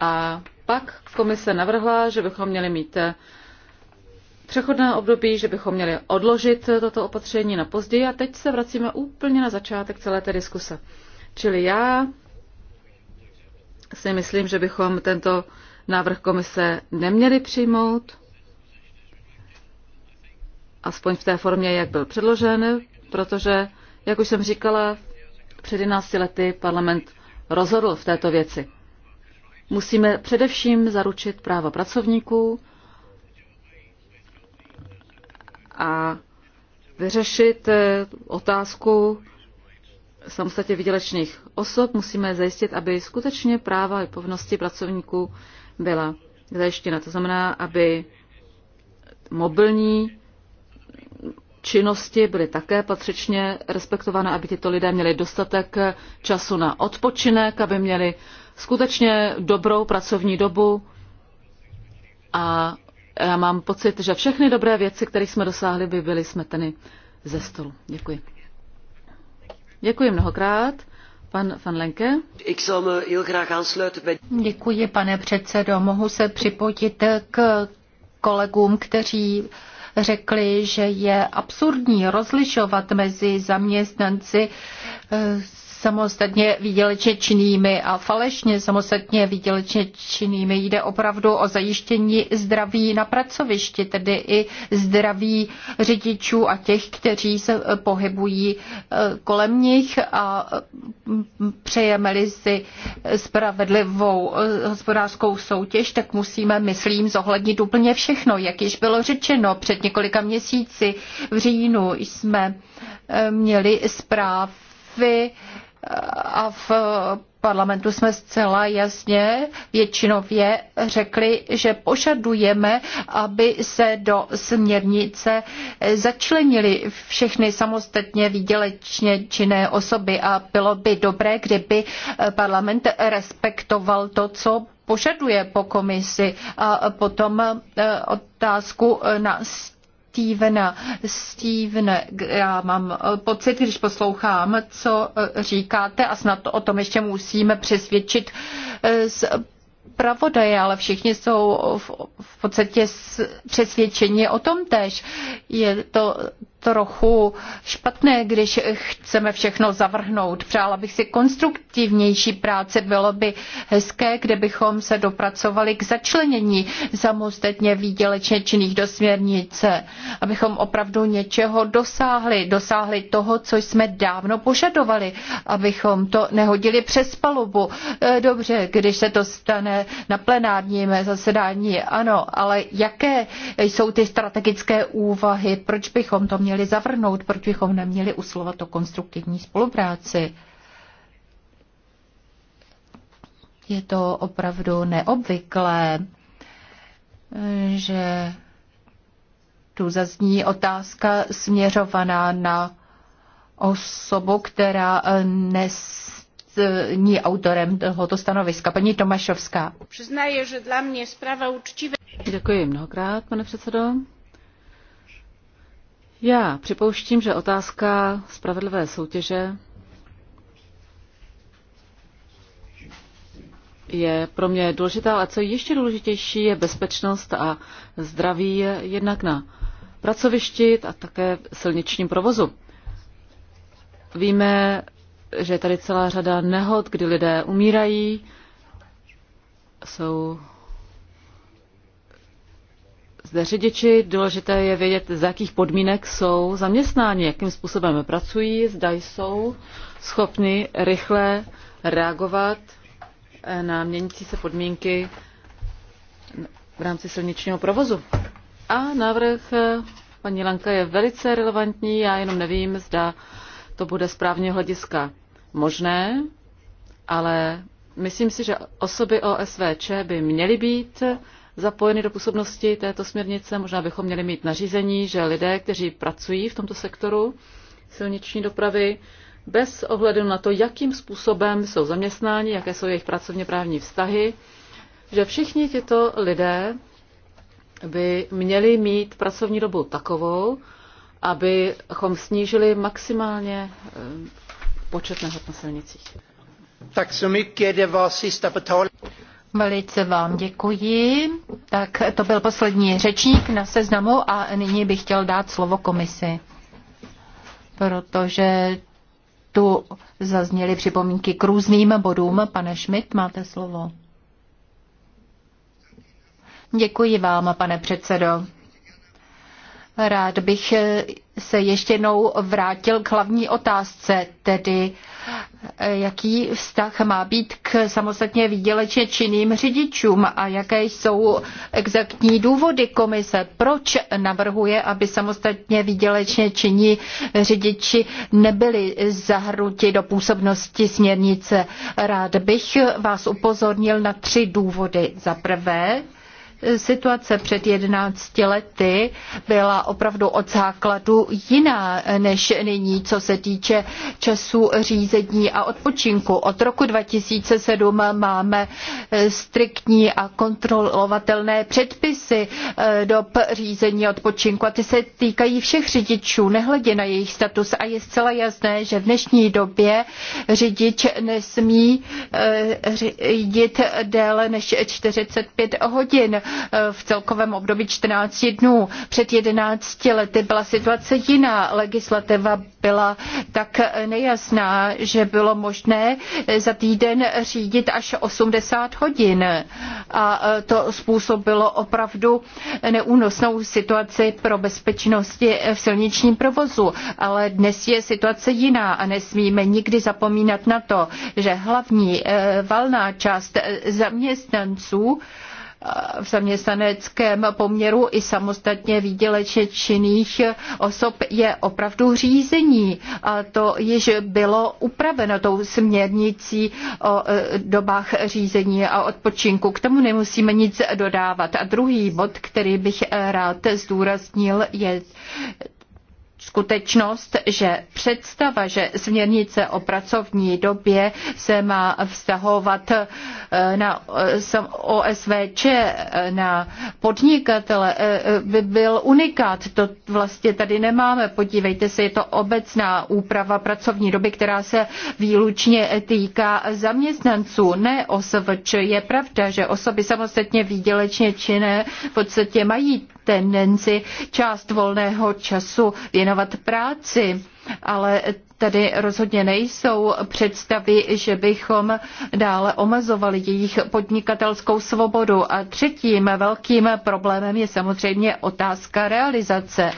a pak komise navrhla, že bychom měli mít přechodné období, že bychom měli odložit toto opatření na později a teď se vracíme úplně na začátek celé té diskuse. Čili já si myslím, že bychom tento návrh komise neměli přijmout, aspoň v té formě, jak byl předložen, protože, jak už jsem říkala, před 11 lety parlament rozhodl v této věci. Musíme především zaručit práva pracovníků a vyřešit eh, otázku samostatně vydělečných osob musíme zajistit, aby skutečně práva i povinnosti pracovníků byla zajištěna. To znamená, aby mobilní činnosti byly také patřičně respektovány, aby tyto lidé měli dostatek času na odpočinek, aby měli skutečně dobrou pracovní dobu. A já mám pocit, že všechny dobré věci, které jsme dosáhli, by byly smeteny ze stolu. Děkuji. Děkuji mnohokrát. Pan van Lenke. Děkuji, pane předsedo. Mohu se připojit k kolegům, kteří řekli, že je absurdní rozlišovat mezi zaměstnanci eh, samostatně výdělečně činnými a falešně samostatně výdělečně činnými. Jde opravdu o zajištění zdraví na pracovišti, tedy i zdraví řidičů a těch, kteří se eh, pohybují eh, kolem nich a mm, přejeme-li si spravedlivou eh, hospodářskou soutěž, tak musíme, myslím, zohlednit úplně všechno. Jak již bylo řečeno, před několika měsíci v říjnu jsme měli zprávy, a v parlamentu jsme zcela jasně většinově řekli, že požadujeme, aby se do směrnice začlenili všechny samostatně výdělečně činné osoby a bylo by dobré, kdyby parlament respektoval to, co požaduje po komisi a potom e, otázku na Stevena. Steven, já mám eh, pocit, když poslouchám, co eh, říkáte a snad o tom ještě musíme přesvědčit eh, z pravodaje, ale všichni jsou v, v podstatě přesvědčeni o tom tež. Je to trochu špatné, když chceme všechno zavrhnout. Přála bych si konstruktivnější práce. Bylo by hezké, kdybychom se dopracovali k začlenění samostatně výdělečně činných do směrnice, abychom opravdu něčeho dosáhli, dosáhli toho, co jsme dávno požadovali, abychom to nehodili přes palubu. Eh, dobře, když se to stane na plenárním zasedání, ano, ale jaké jsou ty strategické úvahy, proč bychom to měli měli zavrnout, proč bychom neměli uslovat o konstruktivní spolupráci. Je to opravdu neobvyklé, že tu zazní otázka směřovaná na osobu, která eh, nes eh, ní autorem tohoto stanoviska, paní Tomašovská. Přiznaje, že dla mě zpráva učtivé. Děkuji mnohokrát, pane předsedo. Já připouštím, že otázka spravedlivé soutěže je pro mě důležitá, ale co ještě důležitější je bezpečnost a zdraví jednak na pracovišti a také v silničním provozu. Víme, že je tady celá řada nehod, kdy lidé umírají, jsou zde řidiči. Důležité je vědět, za jakých podmínek jsou zaměstnáni, jakým způsobem pracují, zda jsou schopni rychle reagovat eh, na měnící se podmínky v rámci silničního provozu. A návrh eh, paní Lanka je velice relevantní, já jenom nevím, zda to bude z právního hlediska možné, ale myslím si, že osoby OSVČ by měly být zapojeny do působnosti této směrnice. Možná bychom měli mít nařízení, že lidé, kteří pracují v tomto sektoru silniční dopravy, bez ohledu na to, jakým způsobem jsou zaměstnáni, jaké jsou jejich pracovně právní vztahy, že všichni tyto lidé by měli mít pracovní dobu takovou, abychom snížili maximálně eh, počet nehod na silnicích. Tak så mycket, det var sista på Velice vám děkuji. Tak to byl poslední řečník na seznamu a nyní bych chtěl dát slovo komisi, protože tu zazněly připomínky k různým bodům. Pane Schmidt, máte slovo. Děkuji vám, pane předsedo. Rád bych se ještě jednou vrátil k hlavní otázce, tedy eh, jaký vztah má být k samostatně výdělečně činným řidičům a jaké jsou exaktní důvody komise, proč navrhuje, aby samostatně výdělečně činní řidiči nebyli zahrnuti do působnosti směrnice. Rád bych vás upozornil na tři důvody. Za prvé, situace před 11 lety byla opravdu od základu jiná než nyní, co se týče času řízení a odpočinku. Od roku 2007 máme striktní a kontrolovatelné předpisy eh, do řízení a odpočinku a ty se týkají všech řidičů, nehledě na jejich status a je zcela jasné, že v dnešní době řidič nesmí eh, řídit déle než 45 hodin Eh, v celkovém období 14 dnů. Před 11 lety byla situace jiná. Legislativa byla tak nejasná, že bylo možné eh, za týden řídit až 80 hodin. A eh, to způsobilo opravdu neúnosnou situaci pro bezpečnosti v silničním provozu. Ale dnes je situace jiná a nesmíme nikdy zapomínat na to, že hlavní valná část zaměstnanců v zaměstnaneckém poměru i samostatně výdělečně činných osob je opravdu řízení. A to již bylo upraveno tou směrnicí o e, dobách řízení a odpočinku. K tomu nemusíme nic dodávat. A druhý bod, který bych rád zdůraznil, je skutečnost, že představa, že směrnice o pracovní době se má vztahovat eh, na eh, OSVČ, eh, na podnikatele, by byl unikát. To vlastně tady nemáme. Podívejte se, je to obecná úprava pracovní doby, která se výlučně týká zaměstnanců, ne OSVČ. Je pravda, že osoby samostatně výdělečně činné v podstatě mají tendenci část volného času věnovat práci, ale Tady rozhodně nejsou představy, že bychom dále omezovali jejich podnikatelskou svobodu. A třetím velkým problémem je samozřejmě otázka realizace.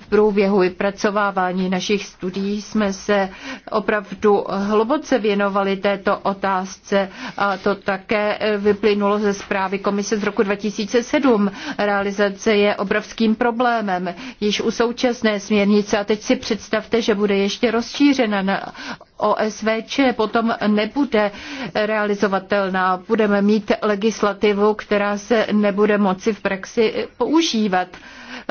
V průběhu vypracovávání našich studií jsme se opravdu hluboce věnovali této otázce a to také vyplynulo ze zprávy komise z roku 2007. Realizace je obrovským problémem. Již u současné směrnice a teď si představte, že bude ještě rozšířená rozšířena na OSVČ, potom nebude realizovatelná. Budeme mít legislativu, která se nebude moci v praxi používat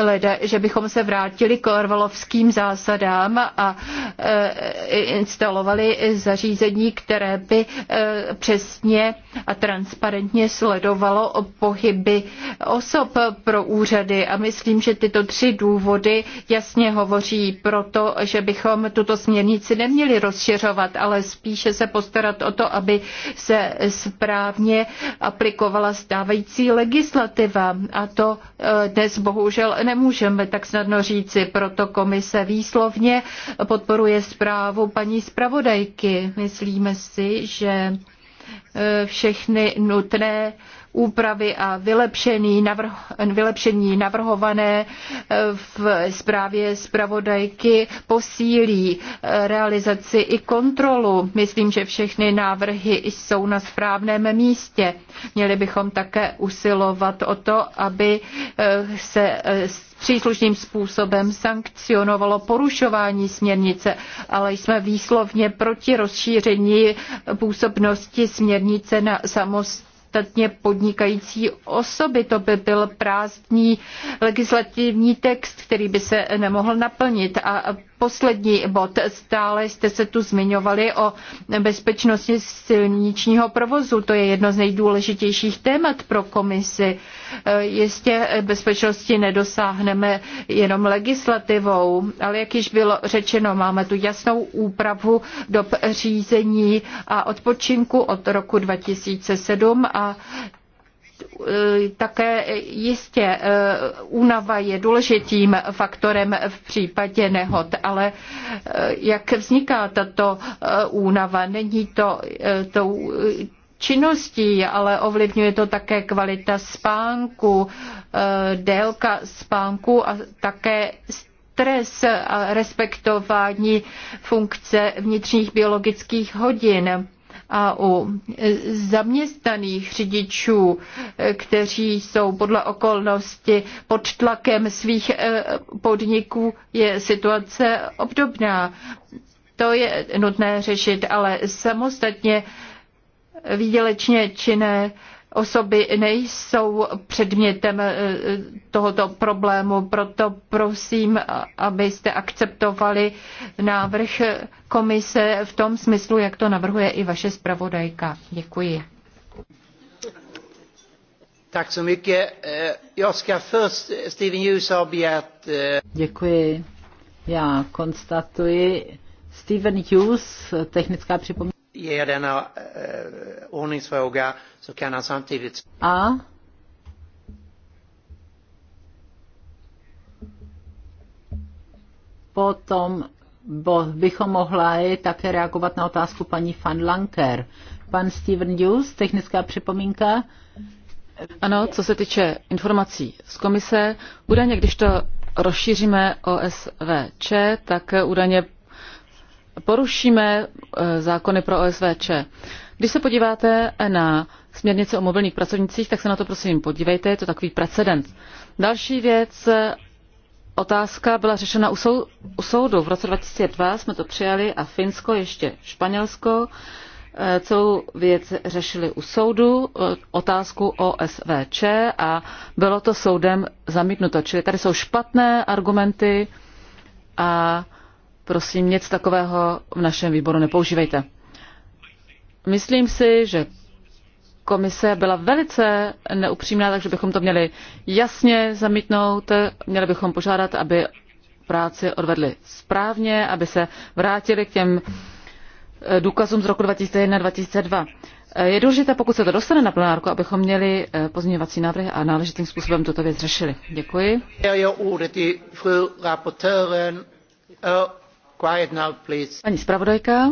leda, že bychom se vrátili k orvalovským zásadám a e, instalovali zařízení, které by e, přesně a transparentně sledovalo pohyby osob pro úřady. A myslím, že tyto tři důvody jasně hovoří proto, že bychom tuto směrnici neměli rozšiřovat, ale spíše se postarat o to, aby se správně aplikovala stávající legislativa. A to e, dnes bohužel ne nemůžeme tak snadno říci, proto komise výslovně podporuje zprávu paní zpravodajky. Myslíme si, že eh, všechny nutné úpravy a vylepšení, navrh, vylepšení navrhované eh, v zprávě zpravodajky posílí eh, realizaci i kontrolu. Myslím, že všechny návrhy jsou na správném místě. Měli bychom také usilovat o to, aby eh, se příslušným způsobem sankcionovalo porušování směrnice, ale jsme výslovně proti rozšíření působnosti směrnice na samostatné samostatně podnikající osoby. To by byl prázdný legislativní text, který by se nemohl naplnit a poslední bod. Stále jste se tu zmiňovali o bezpečnosti silničního provozu. To je jedno z nejdůležitějších témat pro komisi. Eh, jistě bezpečnosti nedosáhneme jenom legislativou, ale jak již bylo řečeno, máme tu jasnou úpravu dob řízení a odpočinku od roku 2007 a Eh, také jistě eh, únava je důležitým faktorem v případě nehod, ale eh, jak vzniká tato únava? Není to tou činností, ale ovlivňuje to také kvalita spánku, délka spánku a také stres a respektování funkce vnitřních biologických hodin a u zaměstnaných řidičů, kteří jsou podle okolnosti pod tlakem svých eh, podniků, je situace obdobná. To je nutné řešit, ale samostatně výdělečně činné osoby nejsou předmětem eh, tohoto problému. Proto prosím, abyste akceptovali návrh komise v tom smyslu, jak to navrhuje i vaše zpravodajka. Děkuji. Tak so mycket. Eh, Jag ska först, Steven Hughes har begärt... Eh, Děkuji. Já konstatuji, Steven Hughes, technická připomínka ger denna eh, ordningsfråga så kan han samtidigt... A. Potom bo, bychom mohli také reagovat na otázku paní van Lanker. Pan Steven Hughes, technická připomínka. Ano, co se týče informací z komise, údajně, když to rozšíříme OSVČ, tak údajně porušíme eh, zákony pro OSVČ. Když se podíváte na směrnice o mobilních pracovnicích, tak se na to prosím podívejte, je to takový precedent. Další věc, otázka byla řešena u, sou, u soudu. V roce 2002 jsme to přijali a Finsko, ještě Španělsko, eh, celou věc řešili u soudu, eh, otázku SVČ a bylo to soudem zamítnuto. Čili tady jsou špatné argumenty a Prosím, nic takového v našem výboru nepoužívejte. Myslím si, že komise byla velice neupřímná, takže bychom to měli jasně zamítnout. Měli bychom požádat, aby práci odvedli správně, aby se vrátili k těm eh, důkazům z roku 2001-2002. Eh, je důležité, pokud se to dostane na plenárku, abychom měli eh, pozměňovací návrhy a náležitým způsobem tuto věc řešili. Děkuji. Paní zpravodajka.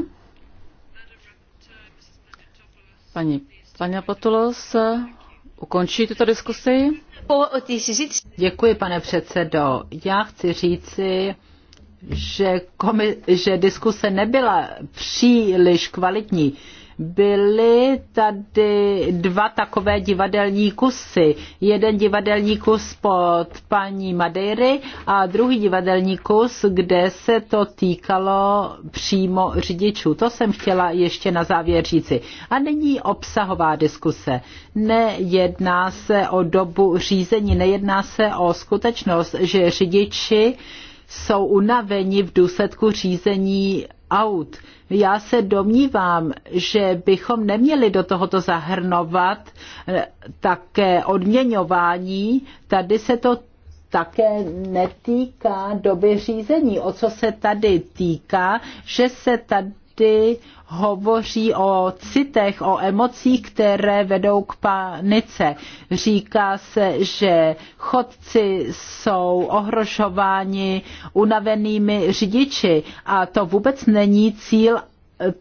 Paní Paniapotulos ukončí tuto diskusi. Děkuji, pane předsedo. Já chci říci, že, komi- že diskuse nebyla příliš kvalitní. Byly tady dva takové divadelní kusy. Jeden divadelní kus pod paní Madejry a druhý divadelní kus, kde se to týkalo přímo řidičů. To jsem chtěla ještě na závěr říci. A není obsahová diskuse. Nejedná se o dobu řízení, nejedná se o skutečnost, že řidiči jsou unaveni v důsledku řízení aut. Já se domnívám, že bychom neměli do tohoto zahrnovat eh, také odměňování. Tady se to také netýká doby řízení. O co se tady týká, že se tady vždy hovoří o citech, o emocích, které vedou k panice. Říká se, že chodci jsou ohrožováni unavenými řidiči a to vůbec není cíl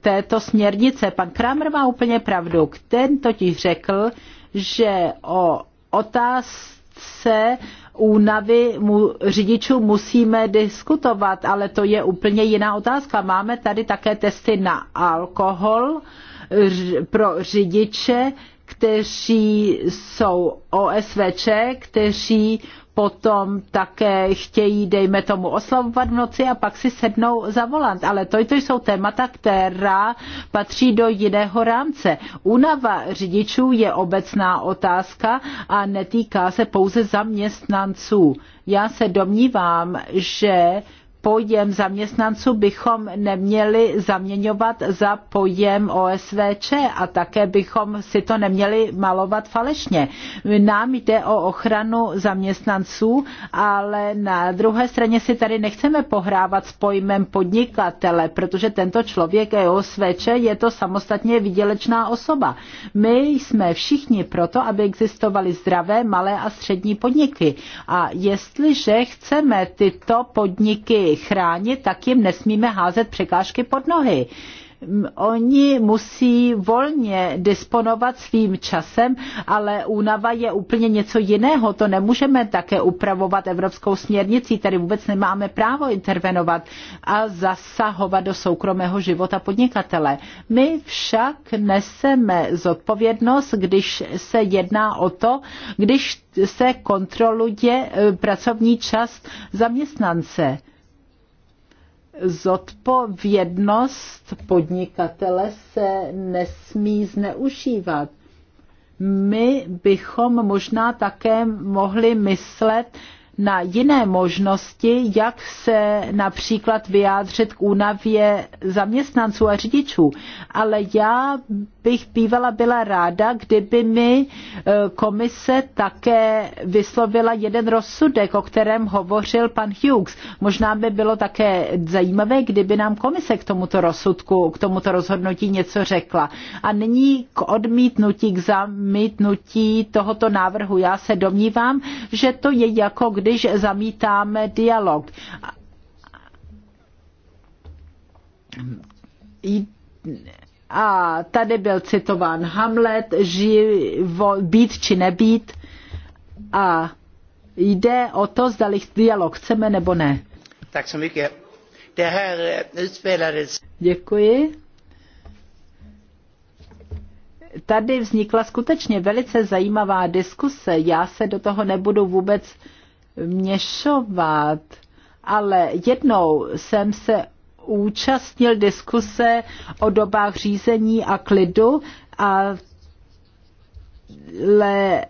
této směrnice. Pan Kramer má úplně pravdu. Ten totiž řekl, že o otázce únavy mu, řidičů musíme diskutovat, ale to je úplně jiná otázka. Máme tady také testy na alkohol pro řidiče, kteří jsou OSVČ, kteří potom také chtějí, dejme tomu, oslavovat v noci a pak si sednou za volant. Ale to, to jsou témata, která patří do jiného rámce. Únava řidičů je obecná otázka a netýká se pouze zaměstnanců. Já se domnívám, že pojem zaměstnanců bychom neměli zaměňovat za pojem OSVČ a také bychom si to neměli malovat falešně. Nám jde o ochranu zaměstnanců, ale na druhé straně si tady nechceme pohrávat s pojmem podnikatele, protože tento člověk je OSVČ, je to samostatně výdělečná osoba. My jsme všichni proto, aby existovaly zdravé malé a střední podniky. A jestliže chceme tyto podniky chránit, tak jim nesmíme házet překážky pod nohy oni musí volně disponovat svým časem, ale únava je úplně něco jiného. To nemůžeme také upravovat evropskou směrnicí, tady vůbec nemáme právo intervenovat a zasahovat do soukromého života podnikatele. My však neseme zodpovědnost, když se jedná o to, když se kontroluje e, pracovní čas zaměstnance zodpovědnost podnikatele se nesmí zneužívat. My bychom možná také mohli myslet na jiné možnosti, jak se například vyjádřit k únavě zaměstnanců a řidičů. Ale já bych bývala byla ráda, kdyby mi e, komise také vyslovila jeden rozsudek, o kterém hovořil pan Hughes. Možná by bylo také zajímavé, kdyby nám komise k tomuto rozsudku, k tomuto rozhodnutí něco řekla. A nyní k odmítnutí, k zamítnutí tohoto návrhu. Já se domnívám, že to je jako kdy když zamítáme dialog. A tady byl citován Hamlet, živo, být či nebýt. A jde o to, zda dialog chceme nebo ne. Tak så eh, Děkuji. Tady vznikla skutečně velice zajímavá diskuse. Já se do toho nebudu vůbec měšovat, ale jednou jsem se účastnil diskuse o dobách řízení a klidu a ale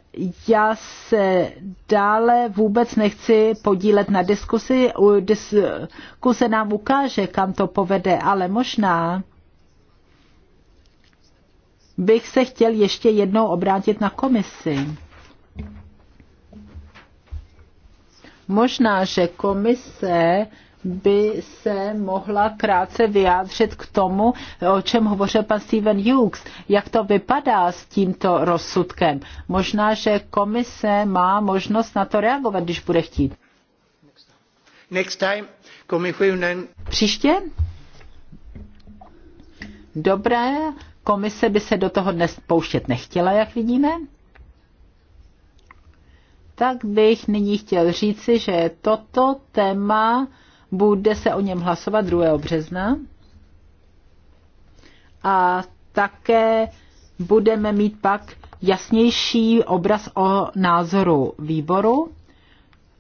já se dále vůbec nechci podílet na diskusi. Diskuse nám ukáže, kam to povede, ale možná bych se chtěl ještě jednou obrátit na komisi. Možná, že komise by se mohla krátce vyjádřit k tomu, o čem hovořil pan Steven Hughes, jak to vypadá s tímto rozsudkem. Možná, že komise má možnost na to reagovat, když bude chtít. Next time, Příště? Dobré, komise by se do toho dnes pouštět nechtěla, jak vidíme tak bych nyní chtěl říci, že toto téma bude se o něm hlasovat 2. března a také budeme mít pak jasnější obraz o názoru výboru.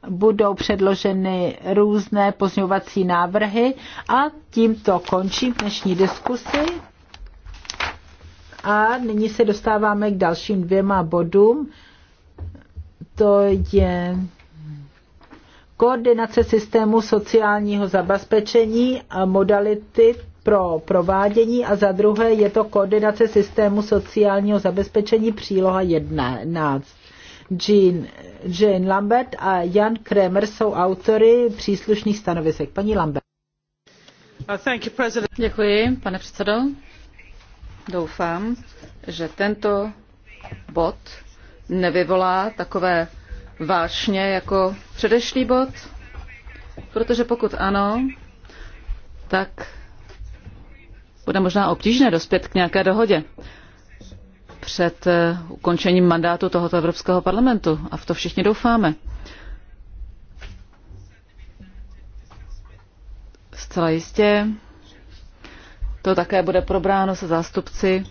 Budou předloženy různé pozňovací návrhy a tímto končím dnešní diskusi. A nyní se dostáváme k dalším dvěma bodům to je koordinace systému sociálního zabezpečení a modality pro provádění a za druhé je to koordinace systému sociálního zabezpečení příloha 11. Jean, Jean Lambert a Jan Kremer jsou autory příslušných stanovisek. Paní Lambert. Uh, Děkuji, pane předsedo. Doufám, že tento bod nevyvolá takové vášně jako předešlý bod? Protože pokud ano, tak bude možná obtížné dospět k nějaké dohodě před eh, ukončením mandátu tohoto Evropského parlamentu. A v to všichni doufáme. Zcela jistě to také bude probráno se zástupci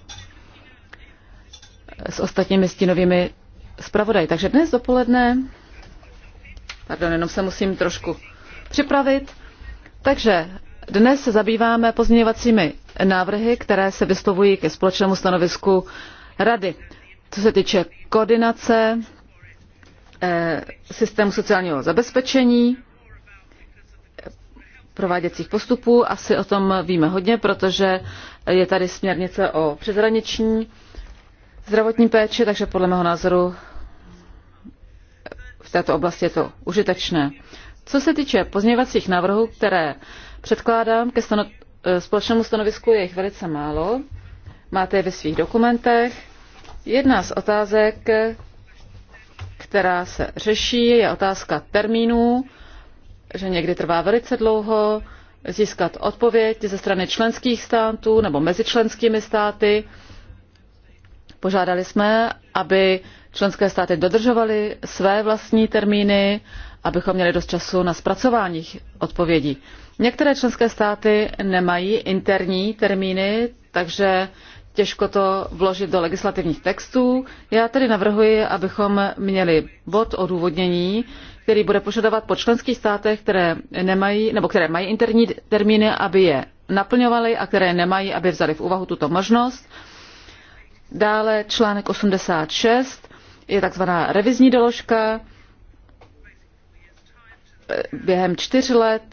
s ostatními stínovými zpravodaj. Takže dnes dopoledne, pardon, jenom se musím trošku připravit. Takže dnes se zabýváme pozměňovacími návrhy, které se vyslovují ke společnému stanovisku Rady. Co se týče koordinace eh, systému sociálního zabezpečení, prováděcích postupů. Asi o tom víme hodně, protože je tady směrnice o přeshraniční zdravotní péči, takže podle mého názoru v této oblasti je to užitečné. Co se týče pozměňovacích návrhů, které předkládám ke stano- e, společnému stanovisku, je jich velice málo. Máte je ve svých dokumentech. Jedna z otázek, která se řeší, je otázka termínů, že někdy trvá velice dlouho získat odpověď ze strany členských států nebo mezi členskými státy. Požádali jsme, aby členské státy dodržovaly své vlastní termíny, abychom měli dost času na zpracování odpovědí. Některé členské státy nemají interní termíny, takže těžko to vložit do legislativních textů. Já tedy navrhuji, abychom měli bod důvodnění, který bude požadovat po členských státech, které nemají, nebo které mají interní termíny, aby je naplňovaly a které nemají, aby vzali v úvahu tuto možnost. Dále článek 86 je takzvaná revizní doložka. Během čtyř let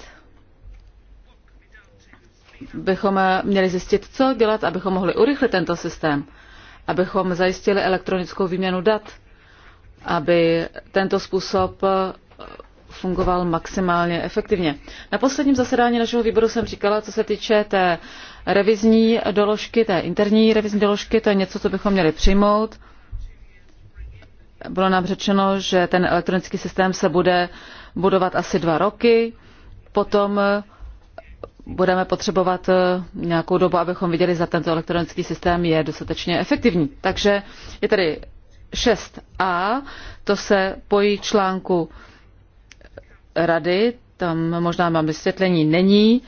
bychom měli zjistit, co dělat, abychom mohli urychlit tento systém, abychom zajistili elektronickou výměnu dat, aby tento způsob fungoval maximálně efektivně. Na posledním zasedání našeho výboru jsem říkala, co se týče té revizní doložky, té interní revizní doložky, to je něco, co bychom měli přijmout. Bylo nám řečeno, že ten elektronický systém se bude budovat asi dva roky, potom eh, budeme potřebovat eh, nějakou dobu, abychom viděli, zda tento elektronický systém je dostatečně efektivní. Takže je tady 6a, to se pojí článku rady, tam možná mám vysvětlení, není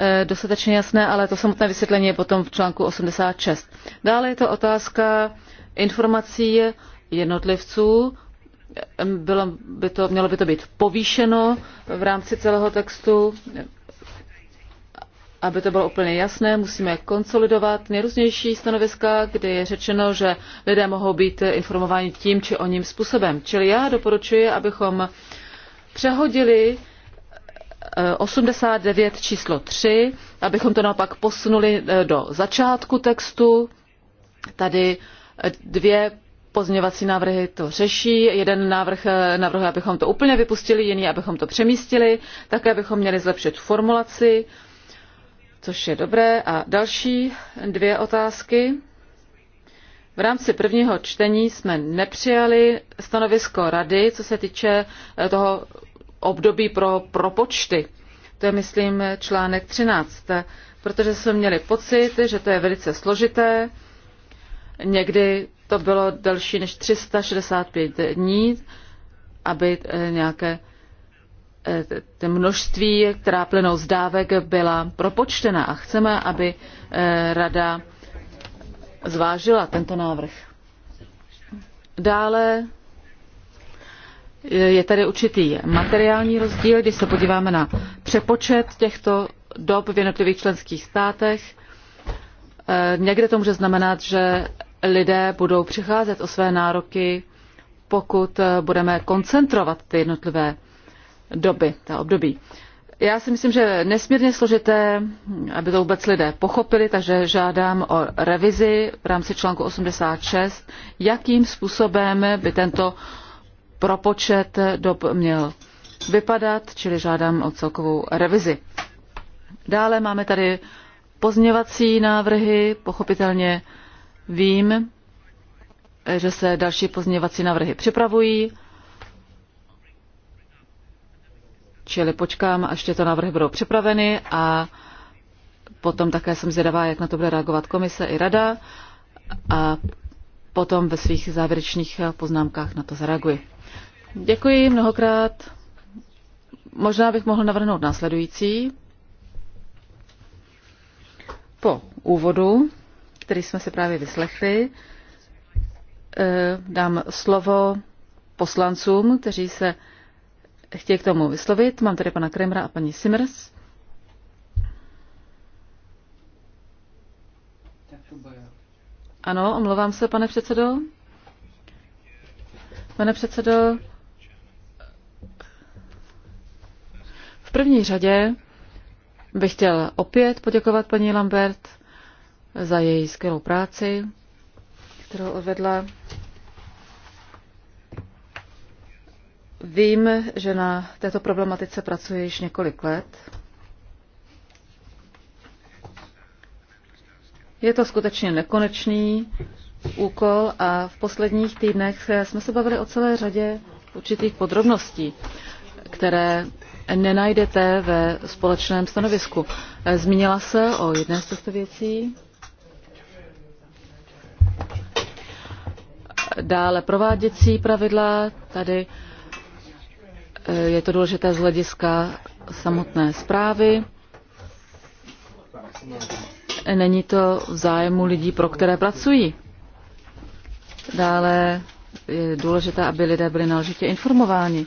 eh, dostatečně jasné, ale to samotné vysvětlení je potom v článku 86. Dále je to otázka informací jednotlivců. Bylo by to, mělo by to být povýšeno v rámci celého textu, aby to bylo úplně jasné, musíme konsolidovat nejrůznější stanoviska, kde je řečeno, že lidé mohou být informováni tím či o ním způsobem. Čili já doporučuji, abychom přehodili 89 eh, číslo 3, abychom to naopak posunuli eh, do začátku textu. Tady dvě pozměňovací návrhy to řeší. Jeden návrh eh, navrhuje, abychom to úplně vypustili, jiný, abychom to přemístili. Také bychom měli zlepšit formulaci, což je dobré. A další dvě otázky. V rámci prvního čtení jsme nepřijali stanovisko rady, co se týče eh, toho období pro propočty. To je, myslím, článek 13, eh, protože jsme měli pocit, že to je velice složité. Někdy to bylo delší než 365 dní, aby eh, nějaké eh, ty množství, která plynou z dávek, byla propočtena a chceme, aby eh, rada zvážila tento návrh. Dále je tady určitý materiální rozdíl, když se podíváme na přepočet těchto dob v jednotlivých členských státech. Někde to může znamenat, že lidé budou přicházet o své nároky, pokud eh, budeme koncentrovat ty jednotlivé doby, ta období. Já si myslím, že nesmírně složité, aby to vůbec lidé pochopili, takže žádám o revizi v rámci článku 86, jakým způsobem by tento propočet dob měl vypadat, čili žádám o celkovou revizi. Dále máme tady pozměvací návrhy, pochopitelně Vím, že se další pozměňovací návrhy připravují, čili počkám, až tyto návrhy budou připraveny a potom také jsem zvědavá, jak na to bude reagovat komise i rada a potom ve svých závěrečných poznámkách na to zareaguji. Děkuji mnohokrát. Možná bych mohl navrhnout následující. Po úvodu který jsme se právě vyslechli. Eh, dám slovo poslancům, kteří se chtějí k tomu vyslovit. Mám tady pana Kremra a paní Simers. Ano, omlouvám se, pane předsedo. Pane předsedo, v první řadě bych chtěl opět poděkovat paní Lambert za její skvělou práci, kterou odvedla. Vím, že na této problematice pracuje již několik let. Je to skutečně nekonečný úkol a v posledních týdnech jsme se bavili o celé řadě určitých podrobností, které nenajdete ve společném stanovisku. Zmínila se o jedné z těchto věcí. Dále prováděcí pravidla, tady eh, je to důležité z hlediska samotné zprávy. Není to v zájmu lidí, pro které pracují. Dále je důležité, aby lidé byli náležitě informováni.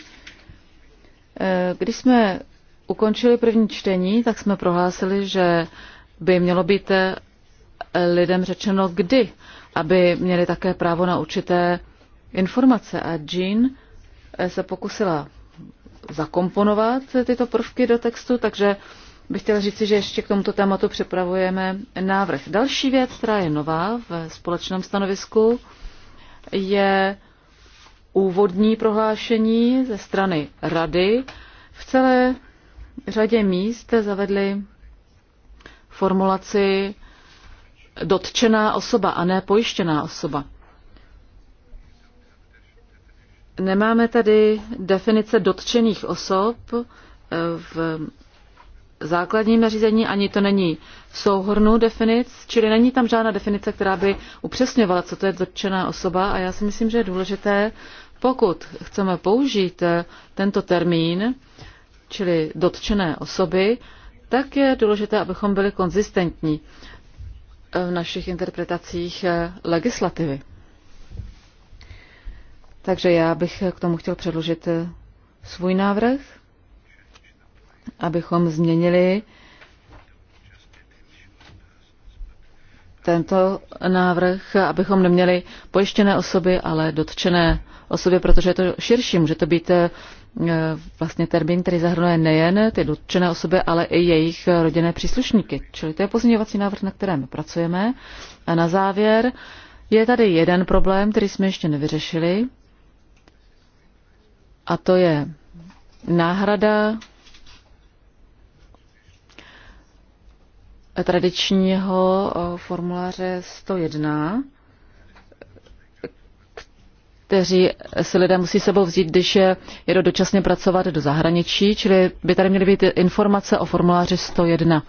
Eh, když jsme ukončili první čtení, tak jsme prohlásili, že by mělo být eh, lidem řečeno kdy, aby měli také právo na určité informace. A Jean eh, se pokusila zakomponovat tyto prvky do textu, takže bych chtěla říci, že ještě k tomuto tématu připravujeme návrh. Další věc, která je nová v společném stanovisku, je úvodní prohlášení ze strany rady. V celé řadě míst zavedli formulaci dotčená osoba a ne pojištěná osoba. Nemáme tady definice dotčených osob eh, v základním nařízení, ani to není v souhornu definic, čili není tam žádná definice, která by upřesňovala, co to je dotčená osoba a já si myslím, že je důležité, pokud chceme použít eh, tento termín, čili dotčené osoby, tak je důležité, abychom byli konzistentní v našich interpretacích eh, legislativy. Takže já bych k tomu chtěl předložit eh, svůj návrh, abychom změnili tento návrh, abychom neměli pojištěné osoby, ale dotčené osoby, protože je to širší. Může to být eh, E, vlastně termín, který zahrnuje nejen ty dotčené osoby, ale i jejich rodinné příslušníky. Čili to je pozměňovací návrh, na kterém pracujeme. A na závěr je tady jeden problém, který jsme ještě nevyřešili, a to je náhrada tradičního e, formuláře 101 kteří si lidé musí sebou vzít, když je jedou dočasně pracovat do zahraničí, čili by tady měly být informace o formuláři 101.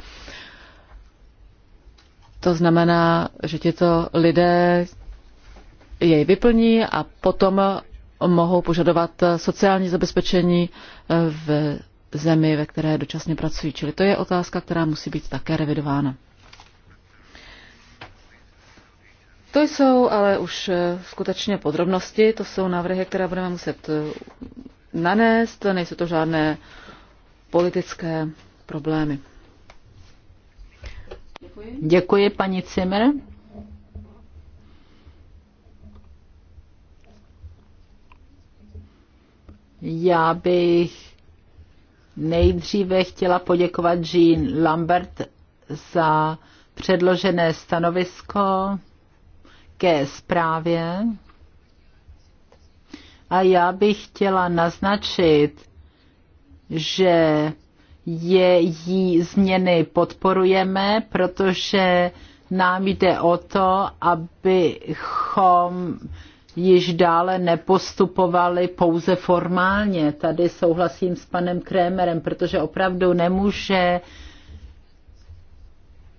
To znamená, že tito lidé jej vyplní a potom mohou požadovat sociální zabezpečení eh, v zemi, ve které dočasně pracují. Čili to je otázka, která musí být také revidována. To jsou ale už eh, skutečně podrobnosti, to jsou návrhy, které budeme muset eh, nanést, nejsou to žádné politické problémy. Děkuji, Děkuji paní Cimer. Já bych nejdříve chtěla poděkovat Jean Lambert za předložené stanovisko ke zprávě. A já bych chtěla naznačit, že je jí změny podporujeme, protože nám jde o to, abychom již dále nepostupovali pouze formálně. Tady souhlasím s panem Krémerem, protože opravdu nemůže uh,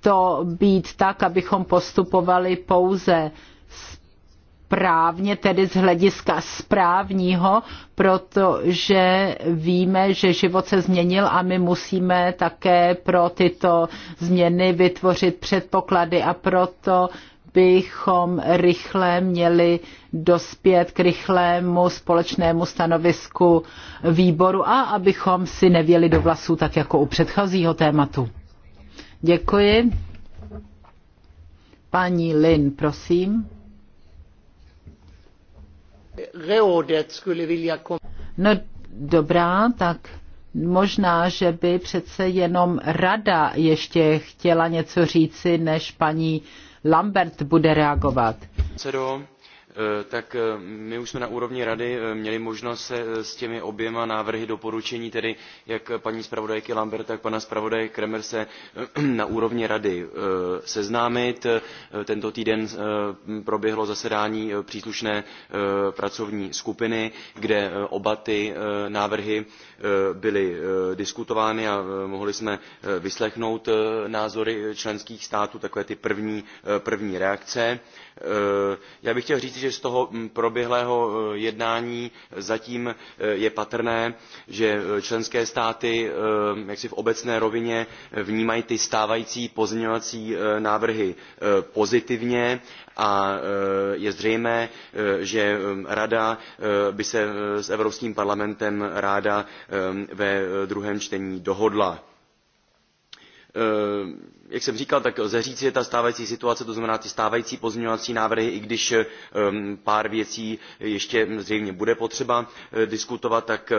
to být tak, abychom postupovali pouze správně, tedy z hlediska správního, protože víme, že život se změnil a my musíme také pro tyto změny vytvořit předpoklady a proto bychom rychle měli dospět k rychlému společnému stanovisku výboru a abychom si nevěli do vlasů tak jako u předchozího tématu. Děkuji. Paní Lin, prosím. No dobrá, tak možná, že by přece jenom rada ještě chtěla něco říci, než paní Lambert bude reagovat. Cedo. Eh, tak eh, my už jsme na úrovni rady eh, měli možnost se s těmi oběma návrhy doporučení tedy jak paní zpravodajky lambert tak pana zpravodaje kremse [clears throat] na úrovni rady seznámit. tento týden proběhlo zasedání příslušné pracovní skupiny kde oba ty návrhy byly diskutovány a mohli jsme vyslechnout názory členských států takové ty první, první reakce. Eh, já bych chtěl říci že z toho mm, proběhlého eh, jednání zatím eh, je patrné že členské státy jaksi v obecné rovině vnímají ty stávající pozměňovací návrhy pozitivně a je zřejmé že rada by se s evropským parlamentem ráda ve druhém čtení dohodla. Eh, jak jsem říkal tak lze říci že ta stávající situace to znamená ty stávající pozměňovací návrhy i když eh, mm, pár věcí ještě zřejmě bude potřeba eh, diskutovat tak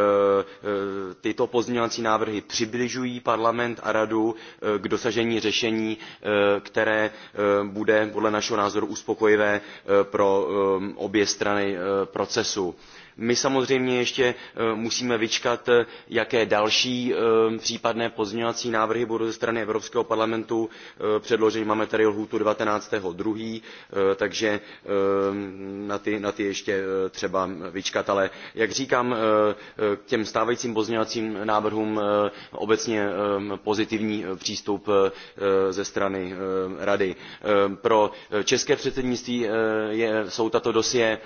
tyto pozměňovací návrhy přibližují parlament a radu k dosažení řešení které bude podle našeho názoru uspokojivé pro obě strany procesu my samozřejmě ještě eh, musíme vyčkat eh, jaké další eh, případné pozměňovací návrhy budou ze strany evropského parlamentu předloženy máme tady lhůtu. nineteen two takže na ty, ještě třeba vyčkat ale jak říkám k těm stávajícím pozměňovacím návrhům obecně pozitivní přístup ze strany rady. pro české předsednictví jsou tato dossier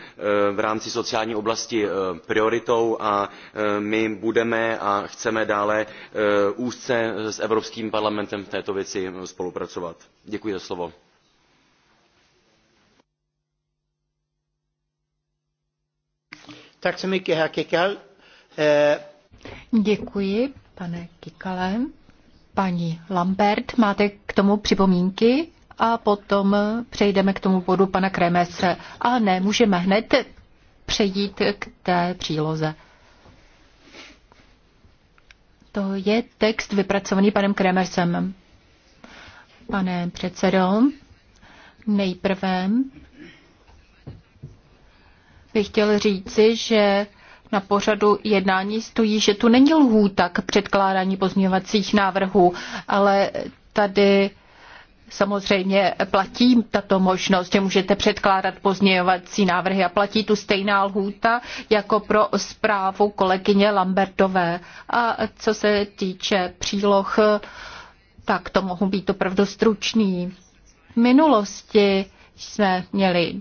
v rámci sociální oblasti Eh, prioritou a eh, my budeme a chceme dále eh, úzce s evropským parlamentem v této věci spolupracovat. děkuji za slovo. Děkuji, pane Kikale. Paní Lambert, máte k tomu připomínky? A potom přejdeme k tomu bodu pana Kremesre. A ne, můžeme hned, přejít k té příloze. To je text vypracovaný panem Kremersem. Pane předsedo, nejprve bych chtěl říci, že na pořadu jednání stojí, že tu není lhůta k předkládání pozměňovacích návrhů, ale tady samozřejmě platí tato možnost, že můžete předkládat pozměňovací návrhy a platí tu stejná lhůta jako pro zprávu kolegyně Lambertové. A co se týče příloh, tak to mohu být opravdu stručný. V minulosti jsme měli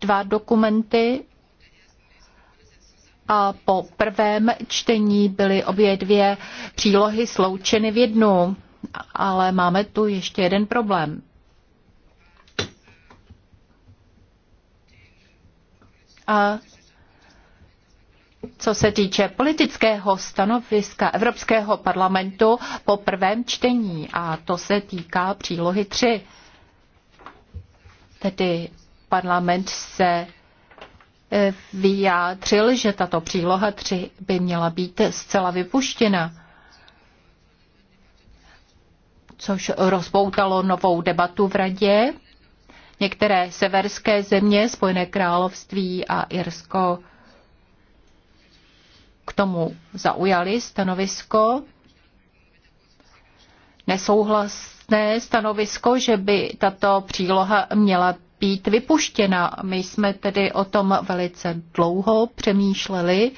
dva dokumenty a po prvém čtení byly obě dvě přílohy sloučeny v jednu ale máme tu ještě jeden problém. A co se týče politického stanoviska Evropského parlamentu po prvém čtení, a to se týká přílohy 3. Tedy parlament se eh, vyjádřil, že tato příloha 3 by měla být zcela vypuštěna což rozpoutalo novou debatu v radě. Některé severské země, Spojené království a Irsko, k tomu zaujali stanovisko. Nesouhlasné stanovisko, že by tato příloha měla být vypuštěna. My jsme tedy o tom velice dlouho přemýšleli,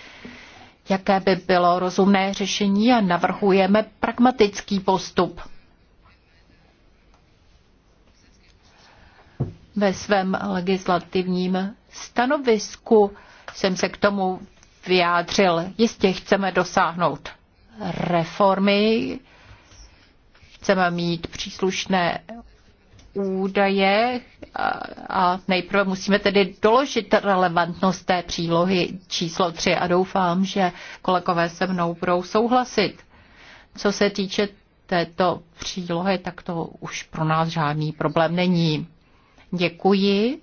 jaké by bylo rozumné řešení a navrhujeme pragmatický postup. Ve svém legislativním stanovisku jsem se k tomu vyjádřil. Jistě chceme dosáhnout reformy, chceme mít příslušné údaje a nejprve musíme tedy doložit relevantnost té přílohy číslo 3 a doufám, že kolegové se mnou budou souhlasit. Co se týče této přílohy, tak to už pro nás žádný problém není. Děkuji.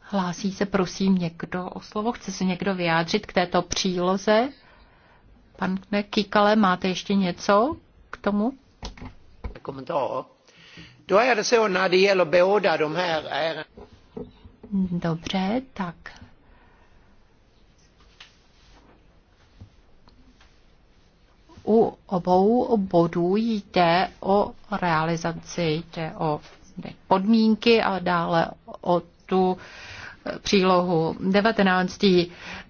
Hlásí se prosím někdo o slovo? Chce se někdo vyjádřit k této příloze? Pan Kikale, máte ještě něco k tomu? Dobře, tak. U obou bodů jde o realizaci, jde o podmínky a dále o tu eh, přílohu. 19.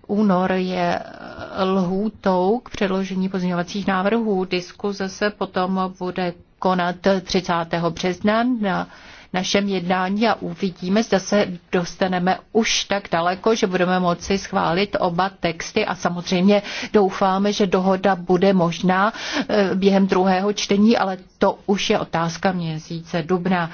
únor je eh, lhůtou k předložení pozměňovacích návrhů. Diskuze se potom bude konat 30. března na našem jednání a uvidíme, zda se dostaneme už tak daleko, že budeme moci schválit oba texty a samozřejmě doufáme, že dohoda bude možná eh, během druhého čtení, ale to už je otázka měsíce dubna.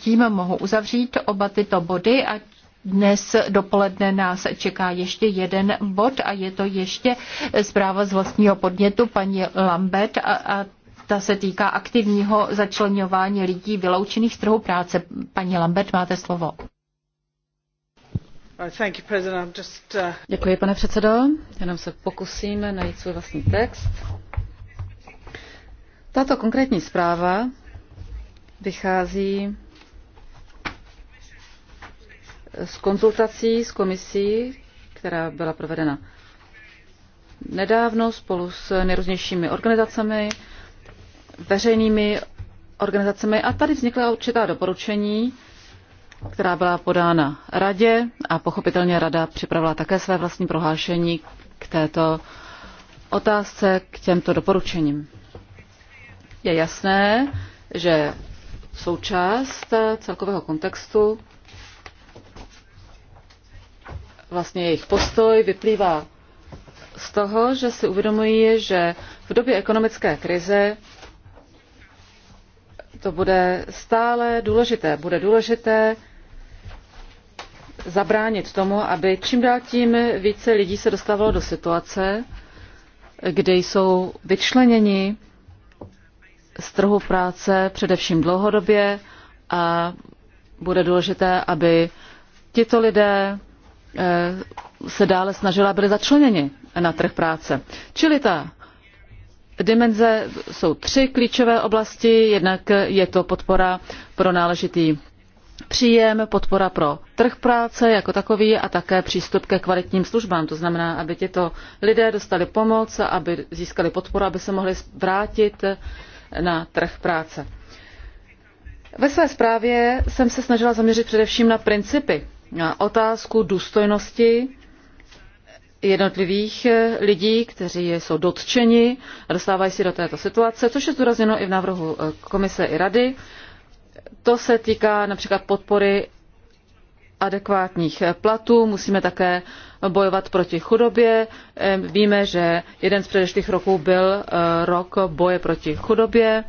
Tím mohu uzavřít oba tyto body a dnes dopoledne nás čeká ještě jeden bod a je to ještě zpráva z vlastního podnětu paní Lambert a, a ta se týká aktivního začlenování lidí vyloučených z trhu práce. Paní Lambert, máte slovo. Uh, uh, Děkuji, pane předsedo. Jenom se pokusím najít svůj vlastní text. Tato konkrétní zpráva vychází z konzultací s komisí, která byla provedena nedávno spolu s nejrůznějšími organizacemi, veřejnými organizacemi a tady vznikla určitá doporučení, která byla podána radě a pochopitelně rada připravila také své vlastní prohlášení k této otázce, k těmto doporučením. Je jasné, že součást celkového kontextu vlastně jejich postoj vyplývá z toho, že si uvědomují, že v době ekonomické krize to bude stále důležité. Bude důležité zabránit tomu, aby čím dál tím více lidí se dostávalo do situace, kde jsou vyčleněni z trhu práce především dlouhodobě a bude důležité, aby tito lidé eh, se dále snažila, byli začleněni na trh práce. Čili ta dimenze jsou tři klíčové oblasti. Jednak je to podpora pro náležitý příjem, podpora pro trh práce jako takový a také přístup ke kvalitním službám. To znamená, aby tito lidé dostali pomoc, aby získali podporu, aby se mohli vrátit na trh práce. Ve své zprávě jsem se snažila zaměřit především na principy, na otázku důstojnosti jednotlivých eh, lidí, kteří jsou dotčeni a dostávají si do této situace, což je zdůrazněno i v návrhu eh, komise i rady. To se týká například podpory adekvátních eh, platů, musíme také bojovat proti chudobě. Víme, že jeden z předešlých roků byl rok boje proti chudobě.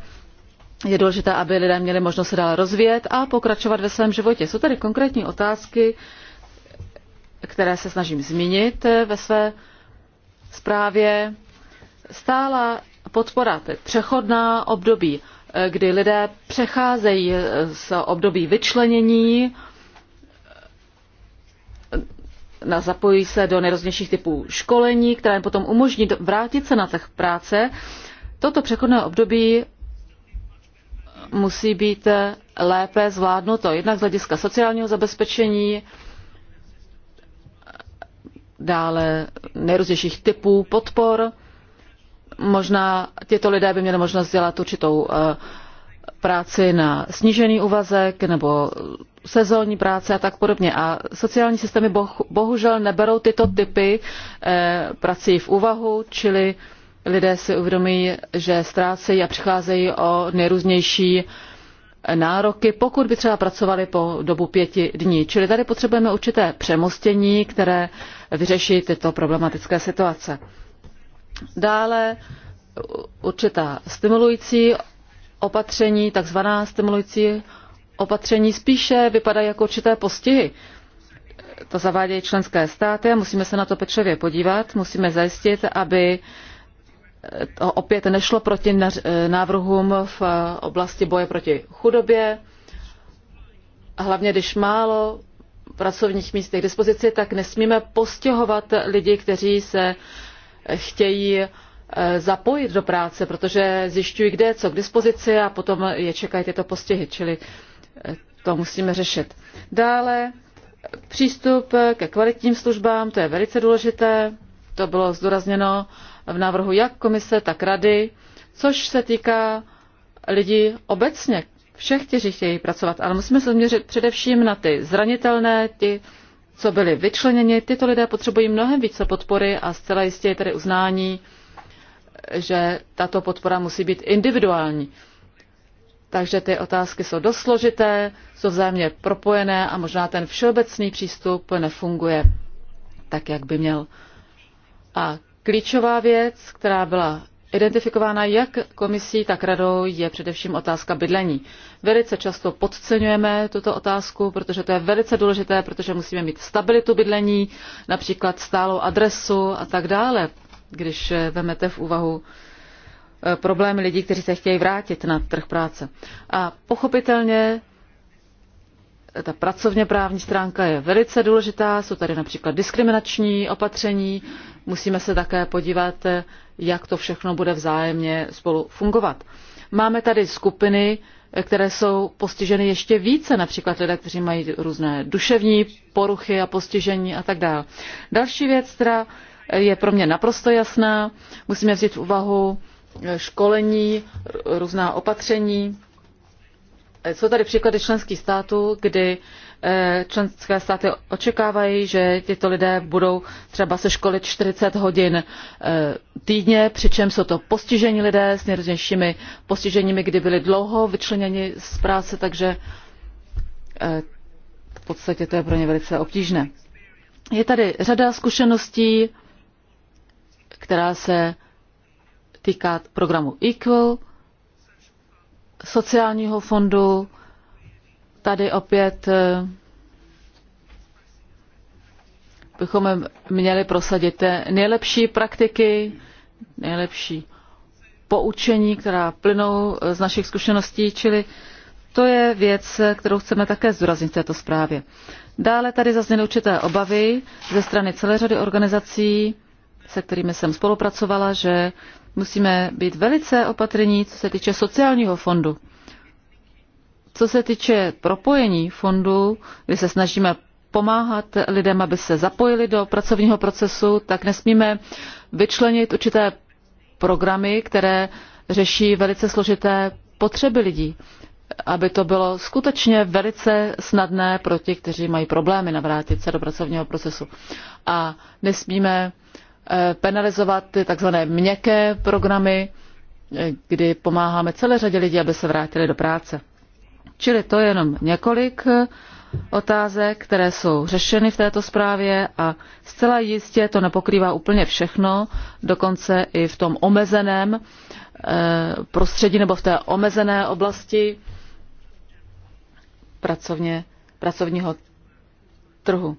Je důležité, aby lidé měli možnost se dále rozvíjet a pokračovat ve svém životě. Jsou tady konkrétní otázky, které se snažím zmínit eh, ve své zprávě. Stála podpora přechodná období, eh, kdy lidé přecházejí eh, z období vyčlenění, zapojí se do nejrůznějších typů školení, které jim potom umožní vrátit se na trh práce. Toto přechodné období musí být lépe zvládnuto, jednak z hlediska sociálního zabezpečení, dále nejrůznějších typů podpor. Možná těto lidé by měli možnost dělat určitou eh, práci na snížený úvazek nebo sezónní práce a tak podobně. A sociální systémy bohužel neberou tyto typy eh, prací v úvahu, čili lidé si uvědomí, že ztrácejí a přicházejí o nejrůznější nároky, pokud by třeba pracovali po dobu pěti dní. Čili tady potřebujeme určité přemostění, které vyřeší tyto problematické situace. Dále určitá stimulující opatření, takzvaná stimulující opatření spíše vypadají jako určité postihy. To zavádějí členské státy a musíme se na to pečlivě podívat. Musíme zajistit, aby uh, to opět nešlo proti eh, návrhům v oblasti boje proti chudobě. Hlavně když málo pracovních míst je k dispozici, tak nesmíme postihovat lidi, kteří se chtějí eh, zapojit do práce, protože zjišťují, kde je co k dispozici a potom je čekají tyto postihy, čili eh, to musíme řešit. Dále přístup ke kvalitním službám, to je velice důležité, to bylo zdůrazněno v návrhu jak komise, tak rady, což se týká lidí obecně, všech, kteří chtějí pracovat, ale musíme se zaměřit především na ty zranitelné, ty, co byli vyčleněni. Tyto lidé potřebují mnohem více podpory a zcela jistě je tedy uznání, že tato podpora musí být individuální. Takže ty otázky jsou dost složité, jsou vzájemně propojené a možná ten všeobecný přístup nefunguje tak, jak by měl. A Klíčová věc, která byla identifikována jak komisí, tak radou, je především otázka bydlení. Velice často podceňujeme tuto otázku, protože to je velice důležité, protože musíme mít stabilitu bydlení, například stálou adresu a tak dále, když vemete v úvahu eh, problémy lidí, kteří se chtějí vrátit na trh práce. A pochopitelně ta pracovněprávní stránka je velice důležitá, jsou tady například diskriminační opatření, musíme se také podívat, jak to všechno bude vzájemně spolu fungovat. Máme tady skupiny, které jsou postiženy ještě více, například lidé, kteří mají různé duševní poruchy a postižení a tak dále. Další věc, která je pro mě naprosto jasná, musíme vzít v úvahu školení, různá opatření, jsou tady příklady členských států, kdy eh, členské státy očekávají, že tyto lidé budou třeba se školit 40 hodin eh, týdně, přičem jsou to postižení lidé s nejrůznějšími postiženími, kdy byli dlouho vyčleněni z práce, takže eh, v podstatě to je pro ně velice obtížné. Je tady řada zkušeností, která se týká programu Equal, sociálního fondu. Tady opět eh, bychom měli prosadit nejlepší praktiky, nejlepší poučení, která plynou eh, z našich zkušeností, čili to je věc, eh, kterou chceme také zdůraznit v této zprávě. Dále tady zazněly určité obavy ze strany celé řady organizací, se kterými jsem spolupracovala, že Musíme být velice opatrní, co se týče sociálního fondu. Co se týče propojení fondu, kdy se snažíme pomáhat lidem, aby se zapojili do pracovního procesu, tak nesmíme vyčlenit určité programy, které řeší velice složité potřeby lidí, aby to bylo skutečně velice snadné pro ti, kteří mají problémy navrátit se do pracovního procesu. A nesmíme Eh, penalizovat ty takzvané měkké programy, eh, kdy pomáháme celé řadě lidí, aby se vrátili do práce. Čili to je jenom několik eh, otázek, které jsou řešeny v této zprávě a zcela jistě to nepokrývá úplně všechno, dokonce i v tom omezeném prostředí nebo v té omezené oblasti pracovně, pracovního trhu.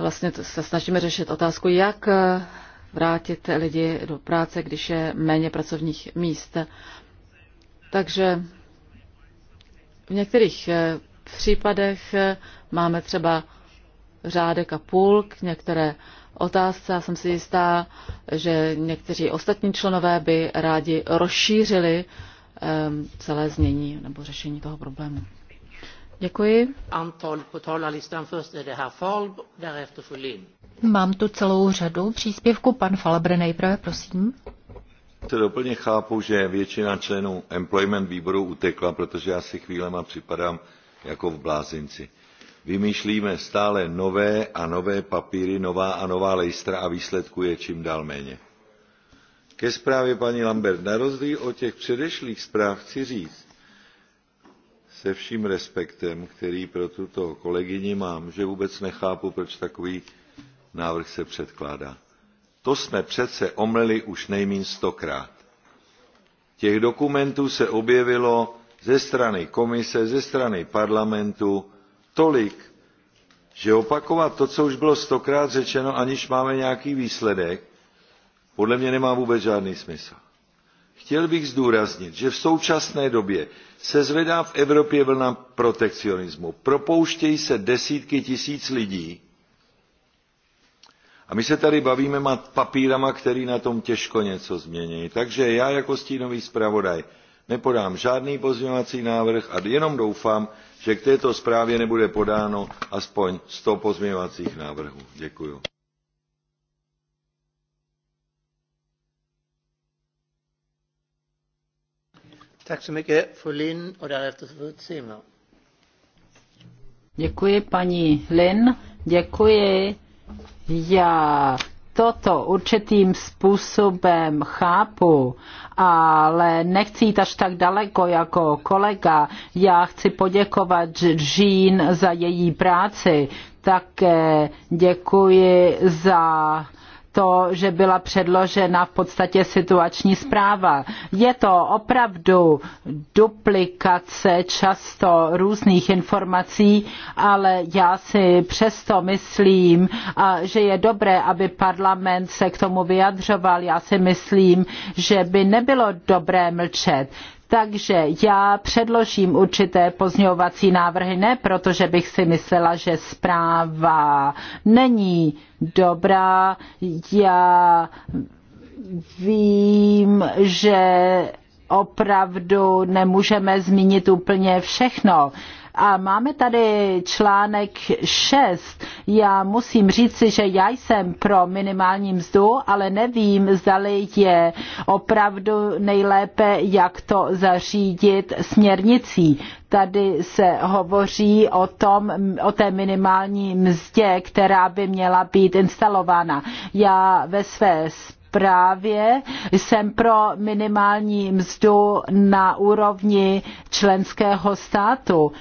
Vlastně se snažíme řešit otázku, jak eh, vrátit lidi do práce, když je méně pracovních míst. Takže v některých eh, případech eh, máme třeba řádek a půl k některé otázce. Já jsem si jistá, že někteří ostatní členové by rádi rozšířili celé znění nebo řešení toho problému. Děkuji. Mám tu celou řadu příspěvků. Pan Falbre nejprve, prosím. Se doplně chápu, že většina členů employment výboru utekla, protože já si chvílema připadám jako v blázinci. Vymýšlíme stále nové a nové papíry, nová a nová lejstra a výsledku je čím dál méně. Ke zprávě paní Lambert, na rozdíl od těch předešlých zpráv chci říct, se vším respektem, který pro tuto kolegyni mám, že vůbec nechápu, proč takový návrh se předkládá. To jsme přece omleli už nejmín stokrát. Těch dokumentů se objevilo ze strany komise, ze strany parlamentu tolik, že opakovat to, co už bylo stokrát řečeno, aniž máme nějaký výsledek, podle mě nemá vůbec žádný smysl. Chtěl bych zdůraznit, že v současné době se zvedá v Evropě vlna protekcionismu. Propouštějí se desítky tisíc lidí. A my se tady bavíme mat papírama, který na tom těžko něco změní. Takže já jako stínový zpravodaj nepodám žádný pozměňovací návrh a jenom doufám, že k této zprávě nebude podáno aspoň 100 pozměňovacích návrhů. Děkuju. Děkuji, paní Lin. Děkuji. Já toto určitým způsobem chápu, ale nechci jít až tak daleko jako kolega. Já chci poděkovat Jean za její práci. Také děkuji za to, že byla předložena v podstatě situační zpráva. Je to opravdu duplikace často různých informací, ale já si přesto myslím, že je dobré, aby parlament se k tomu vyjadřoval. Já si myslím, že by nebylo dobré mlčet takže já předložím určité pozňovací návrhy, ne protože bych si myslela, že zpráva není dobrá. Já vím, že opravdu nemůžeme zmínit úplně všechno. A máme tady článek 6. Já musím říci, že já jsem pro minimální mzdu, ale nevím, zda je opravdu nejlépe, jak to zařídit směrnicí tady se hovoří o, tom, o té minimální mzdě, která by měla být instalována. Já ve své právě jsem pro minimální mzdu na úrovni členského státu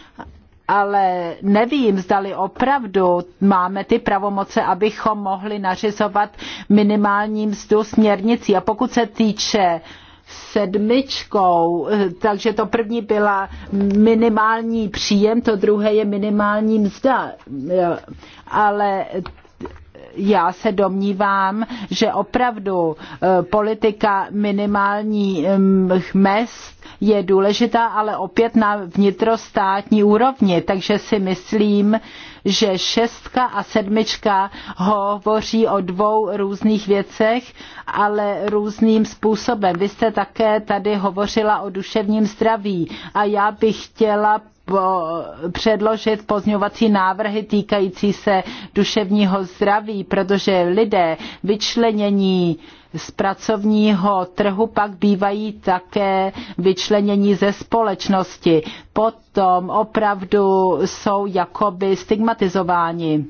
ale nevím, zdali opravdu máme ty pravomoce, abychom mohli nařizovat minimální mzdu směrnicí. A pokud se týče sedmičkou, takže to první byla minimální příjem, to druhé je minimální mzda. Ale já se domnívám, že opravdu eh, politika minimální mm, mest je důležitá, ale opět na vnitrostátní úrovni. Takže si myslím, že šestka a sedmička hovoří o dvou různých věcech, ale různým způsobem. Vy jste také tady hovořila o duševním zdraví a já bych chtěla předložit pozňovací návrhy týkající se duševního zdraví, protože lidé vyčlenění z pracovního trhu pak bývají také vyčlenění ze společnosti. Potom opravdu jsou jakoby stigmatizováni.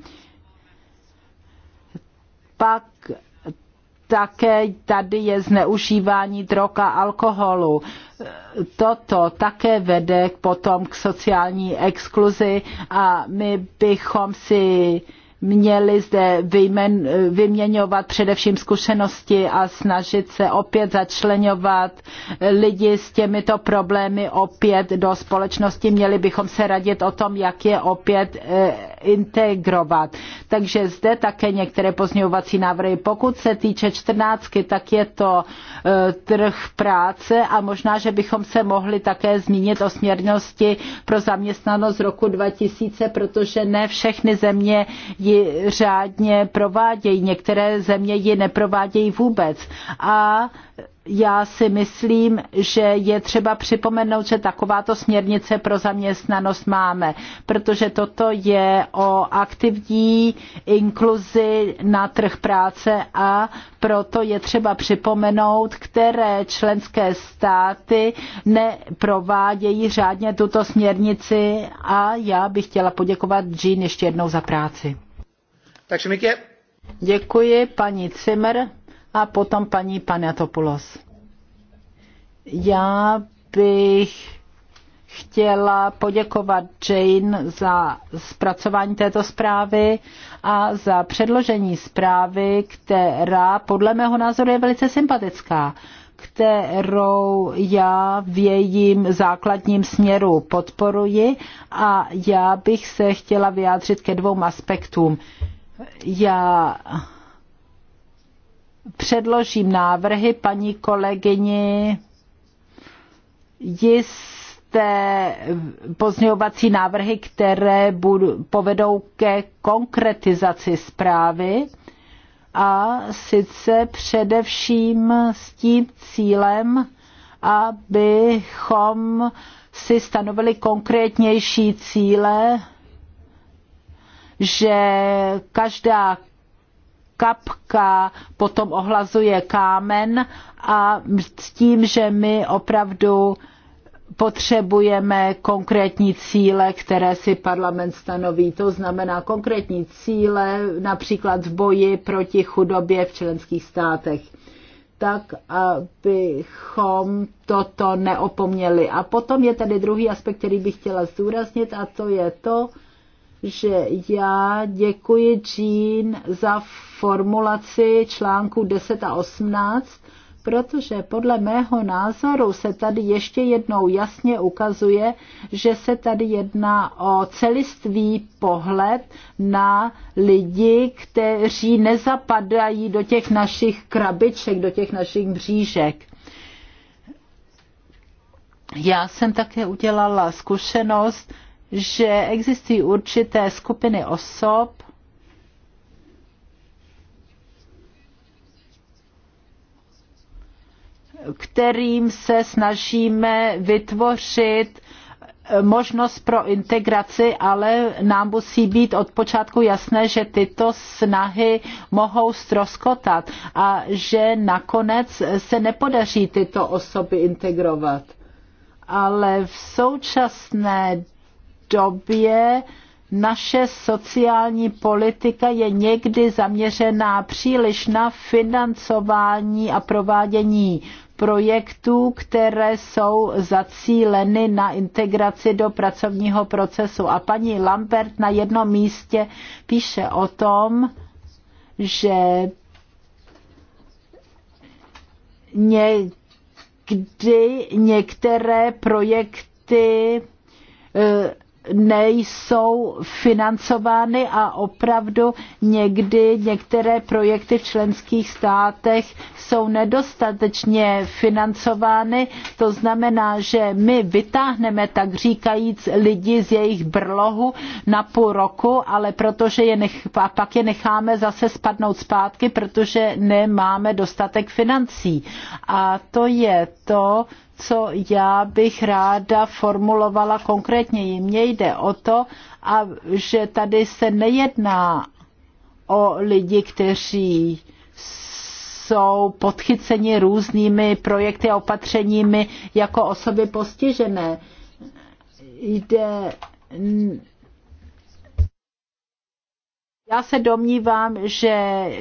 Pak také tady je zneužívání drog a alkoholu. Toto také vede potom k sociální exkluzi a my bychom si měli zde vyjmen, vyměňovat především zkušenosti a snažit se opět začlenovat lidi s těmito problémy opět do společnosti. Měli bychom se radit o tom, jak je opět eh, integrovat. Takže zde také některé pozměňovací návrhy. Pokud se týče čtrnáctky, tak je to eh, trh práce a možná, že bychom se mohli také zmínit o směrnosti pro zaměstnanost roku 2000, protože ne všechny země je ji řádně provádějí, některé země ji neprovádějí vůbec. A já si myslím, že je třeba připomenout, že takováto směrnice pro zaměstnanost máme, protože toto je o aktivní inkluzi na trh práce a proto je třeba připomenout, které členské státy neprovádějí řádně tuto směrnici a já bych chtěla poděkovat Jean ještě jednou za práci. Tak Děkuji paní Zimmer a potom paní Panatopoulos. Já bych chtěla poděkovat Jane za zpracování této zprávy a za předložení zprávy, která podle mého názoru je velice sympatická, kterou já v jejím základním směru podporuji a já bych se chtěla vyjádřit ke dvou aspektům. Já předložím návrhy paní kolegyni jisté pozměňovací návrhy, které budu, povedou ke konkretizaci zprávy a sice především s tím cílem, abychom si stanovili konkrétnější cíle že každá kapka potom ohlazuje kámen a s tím, že my opravdu potřebujeme konkrétní cíle, které si parlament stanoví. To znamená konkrétní cíle například v boji proti chudobě v členských státech tak, abychom toto neopomněli. A potom je tady druhý aspekt, který bych chtěla zdůraznit, a to je to, že já děkuji Jean za formulaci článku 10 a 18, protože podle mého názoru se tady ještě jednou jasně ukazuje, že se tady jedná o celistvý pohled na lidi, kteří nezapadají do těch našich krabiček, do těch našich břížek. Já jsem také udělala zkušenost, že existují určité skupiny osob, kterým se snažíme vytvořit eh, možnost pro integraci, ale nám musí být od počátku jasné, že tyto snahy mohou stroskotat a že nakonec se nepodaří tyto osoby integrovat. Ale v současné době naše sociální politika je někdy zaměřená příliš na financování a provádění projektů, které jsou zacíleny na integraci do pracovního procesu. A paní Lambert na jednom místě píše o tom, že někdy některé projekty eh, nejsou financovány a opravdu někdy některé projekty v členských státech jsou nedostatečně financovány. To znamená, že my vytáhneme, tak říkajíc, lidi z jejich brlohu na půl roku, ale protože je nech, a pak je necháme zase spadnout zpátky, protože nemáme dostatek financí. A to je to, co já bych ráda formulovala konkrétněji. Mně jde o to, a že tady se nejedná o lidi, kteří jsou podchyceni různými projekty a opatřeními jako osoby postižené. Jde já se domnívám, že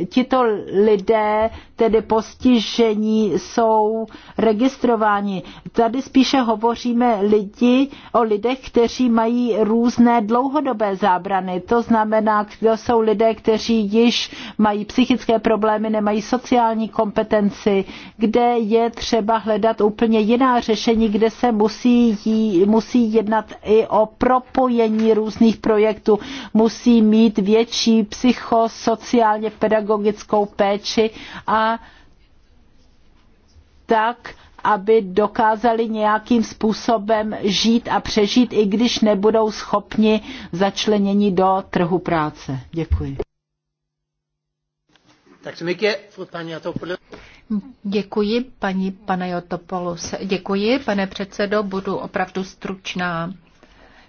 tito lidé, tedy postižení, jsou registrováni. Tady spíše hovoříme lidi, o lidech, kteří mají různé dlouhodobé zábrany. To znamená, to jsou lidé, kteří již mají psychické problémy, nemají sociální kompetenci, kde je třeba hledat úplně jiná řešení, kde se musí, jí, musí jednat i o propojení různých projektů, musí mít větší psychosociálně pedagogickou péči a tak, aby dokázali nějakým způsobem žít a přežít, i když nebudou schopni začlenění do trhu práce. Děkuji. Děkuji, paní Panajotopoulos. Děkuji, pane předsedo, budu opravdu stručná.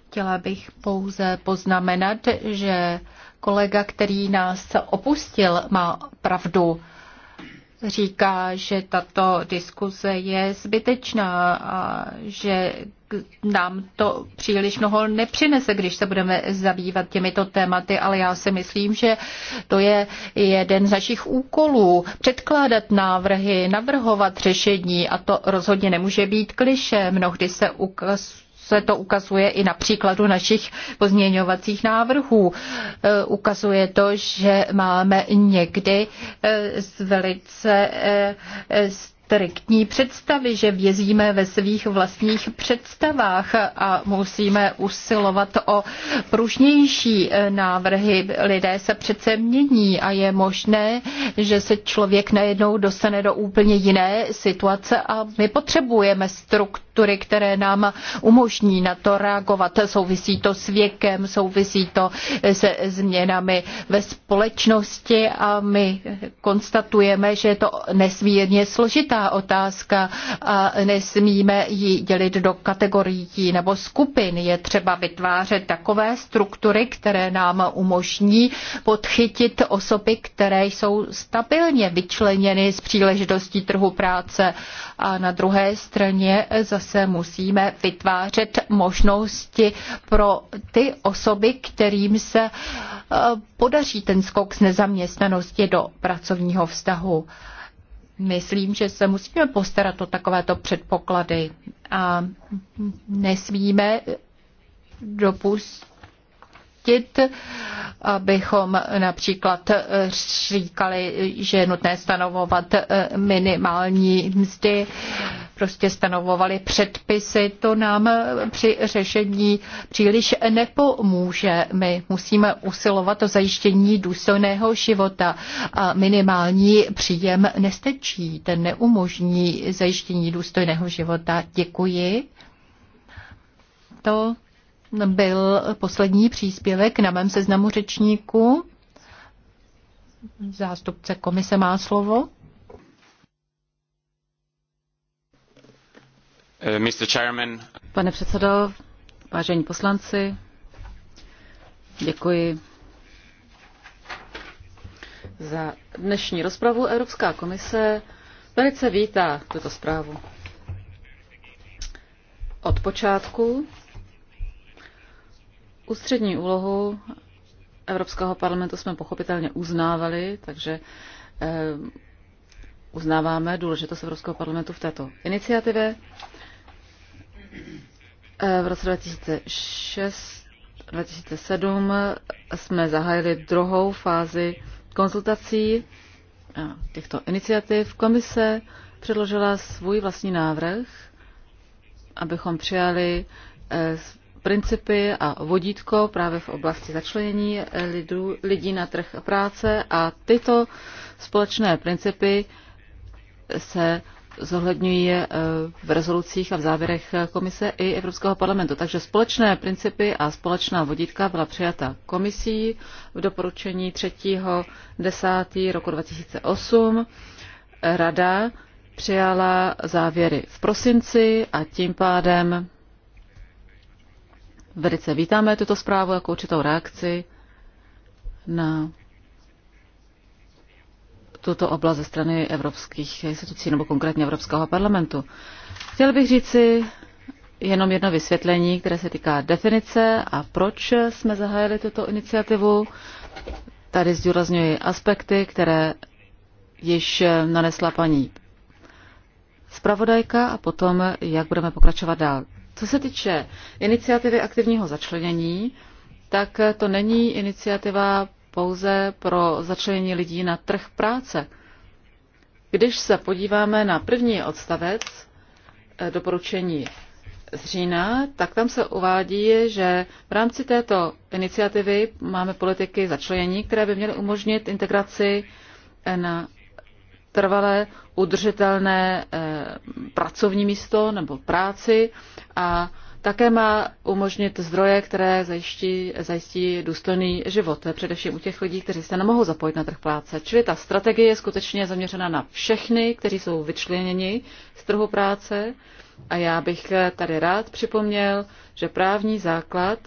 Chtěla bych pouze poznamenat, že Kolega, který nás opustil, má pravdu. Říká, že tato diskuze je zbytečná a že nám to příliš mnoho nepřinese, když se budeme zabývat těmito tématy, ale já si myslím, že to je jeden z našich úkolů. Předkládat návrhy, navrhovat řešení a to rozhodně nemůže být kliše. Mnohdy se ukazuje, se to ukazuje i na příkladu našich pozměňovacích návrhů. E, ukazuje to, že máme někdy e, velice e, striktní představy, že vězíme ve svých vlastních představách a musíme usilovat o pružnější návrhy. Lidé se přece mění a je možné, že se člověk najednou dostane do úplně jiné situace a my potřebujeme strukturu struktury, které nám umožní na to reagovat. Souvisí to s věkem, souvisí to se změnami ve společnosti a my konstatujeme, že je to nesmírně složitá otázka a nesmíme ji dělit do kategorií nebo skupin. Je třeba vytvářet takové struktury, které nám umožní podchytit osoby, které jsou stabilně vyčleněny z příležitostí trhu práce a na druhé straně zase musíme vytvářet možnosti pro ty osoby, kterým se eh, podaří ten skok z nezaměstnanosti do pracovního vztahu. Myslím, že se musíme postarat o takovéto předpoklady a nesmíme dopustit zjistit, abychom například eh, říkali, že je nutné stanovovat eh, minimální mzdy, prostě stanovovali předpisy, to nám eh, při řešení příliš nepomůže. My musíme usilovat o zajištění důstojného života a minimální příjem nestečí, ten neumožní zajištění důstojného života. Děkuji. To byl poslední příspěvek na mém seznamu řečníku. Zástupce komise má slovo. Eh, Mr. Chairman. Pane předsedo, vážení poslanci, děkuji za dnešní rozpravu. Evropská komise velice vítá tuto zprávu. Od počátku Ústřední úlohu Evropského parlamentu jsme pochopitelně uznávali, takže eh, uznáváme důležitost Evropského parlamentu v této iniciativě. Eh, v roce 2006 2007 jsme zahájili druhou fázi konzultací těchto iniciativ. Komise předložila svůj vlastní návrh, abychom přijali eh, principy a vodítko právě v oblasti začlenění lidů, lidí na trh práce a tyto společné principy se zohledňují eh, v rezolucích a v závěrech komise i Evropského parlamentu. Takže společné principy a společná vodítka byla přijata komisí v doporučení 3.10. roku 2008. Rada přijala závěry v prosinci a tím pádem Velice vítáme tuto zprávu jako určitou reakci na tuto oblast ze strany evropských institucí nebo konkrétně Evropského parlamentu. Chtěl bych říci jenom jedno vysvětlení, které se týká definice a proč jsme zahájili tuto iniciativu. Tady zdůrazňuji aspekty, které již nanesla paní zpravodajka a potom, jak budeme pokračovat dál. Co se týče iniciativy aktivního začlenění, tak to není iniciativa pouze pro začlenění lidí na trh práce. Když se podíváme na první odstavec eh, doporučení z října, tak tam se uvádí, že v rámci této iniciativy máme politiky začlenění, které by měly umožnit integraci eh, na trvalé udržitelné eh, pracovní místo nebo práci a také má umožnit zdroje, které zajistí, zajistí důstojný život, eh, především u těch lidí, kteří se nemohou zapojit na trh práce. Čili ta strategie je skutečně zaměřena na všechny, kteří jsou vyčleněni z trhu práce. A já bych eh, tady rád připomněl, že právní základ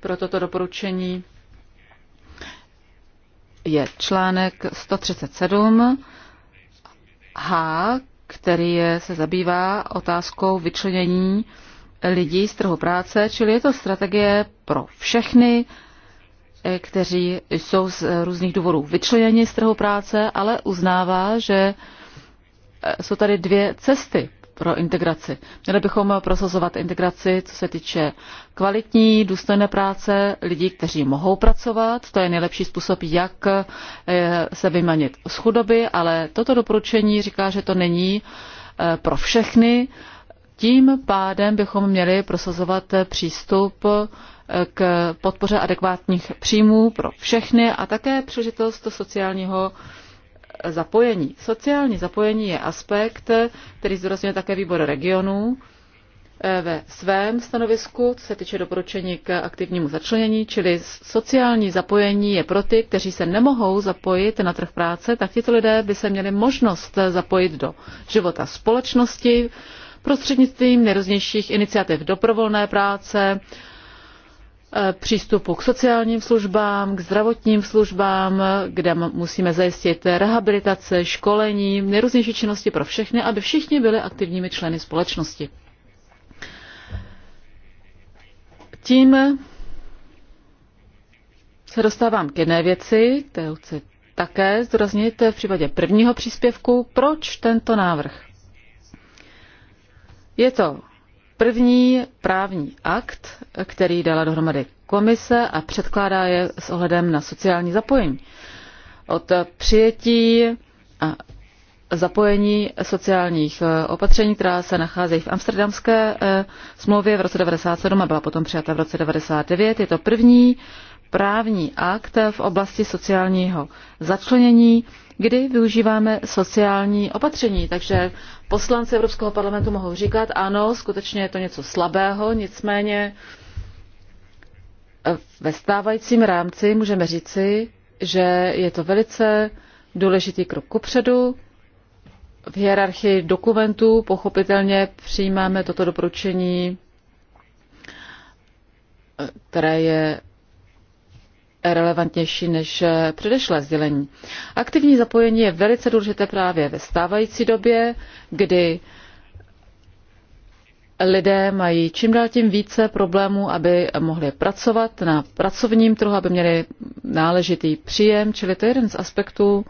pro toto doporučení je článek 137 H, který je, se zabývá otázkou vyčlenění lidí z trhu práce, čili je to strategie pro všechny, eh, kteří jsou z různých důvodů vyčleněni z trhu práce, ale uznává, že eh, jsou tady dvě cesty pro integraci. Měli bychom prosazovat integraci, co se týče kvalitní, důstojné práce lidí, kteří mohou pracovat. To je nejlepší způsob, jak eh, se vymanit z chudoby, ale toto doporučení říká, že to není eh, pro všechny. Tím pádem bychom měli prosazovat eh, přístup k podpoře adekvátních příjmů pro všechny a také příležitost sociálního zapojení. Sociální zapojení je aspekt, který zdůrazňuje také výbor regionů eh, ve svém stanovisku, co se týče doporučení k aktivnímu začlenění, čili sociální zapojení je pro ty, kteří se nemohou zapojit na trh práce, tak tito lidé by se měli možnost zapojit do života společnosti prostřednictvím nejrůznějších iniciativ dobrovolné práce, Eh, přístupu k sociálním službám, k zdravotním službám, kde musíme zajistit rehabilitace, školení, nejrůznější činnosti pro všechny, aby všichni byli aktivními členy společnosti. Tím se dostávám k jedné věci, kterou chci také zdůraznit v případě prvního příspěvku, proč tento návrh. Je to první právní akt, který dala dohromady komise a předkládá je s ohledem na sociální zapojení. Od přijetí a zapojení sociálních eh, opatření, která se nacházejí v amsterdamské eh, smlouvě v roce 1997 a byla potom přijata v roce 1999. Je to první právní akt v oblasti sociálního začlenění kdy využíváme sociální opatření. Takže poslanci Evropského parlamentu mohou říkat, ano, skutečně je to něco slabého, nicméně eh, ve stávajícím rámci můžeme říci, že je to velice důležitý krok kupředu. V hierarchii dokumentů pochopitelně přijímáme toto doporučení, eh, které je relevantnější než předešlé sdělení. Aktivní zapojení je velice důležité právě ve stávající době, kdy lidé mají čím dál tím více problémů, aby mohli pracovat na pracovním trhu, aby měli náležitý příjem, čili to je jeden z aspektů,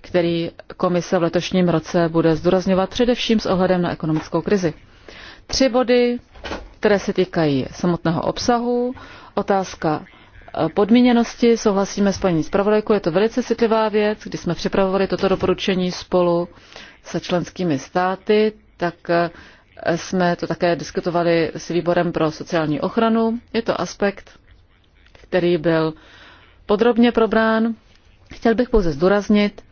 který komise v letošním roce bude zdůrazňovat především s ohledem na ekonomickou krizi. Tři body, které se týkají samotného obsahu, otázka Eh, podmíněnosti, souhlasíme s paní zpravodajkou, je to velice citlivá věc, když jsme připravovali toto doporučení spolu se členskými státy, tak eh, jsme to také diskutovali s výborem pro sociální ochranu. Je to aspekt, který byl podrobně probrán. Chtěl bych pouze zdůraznit,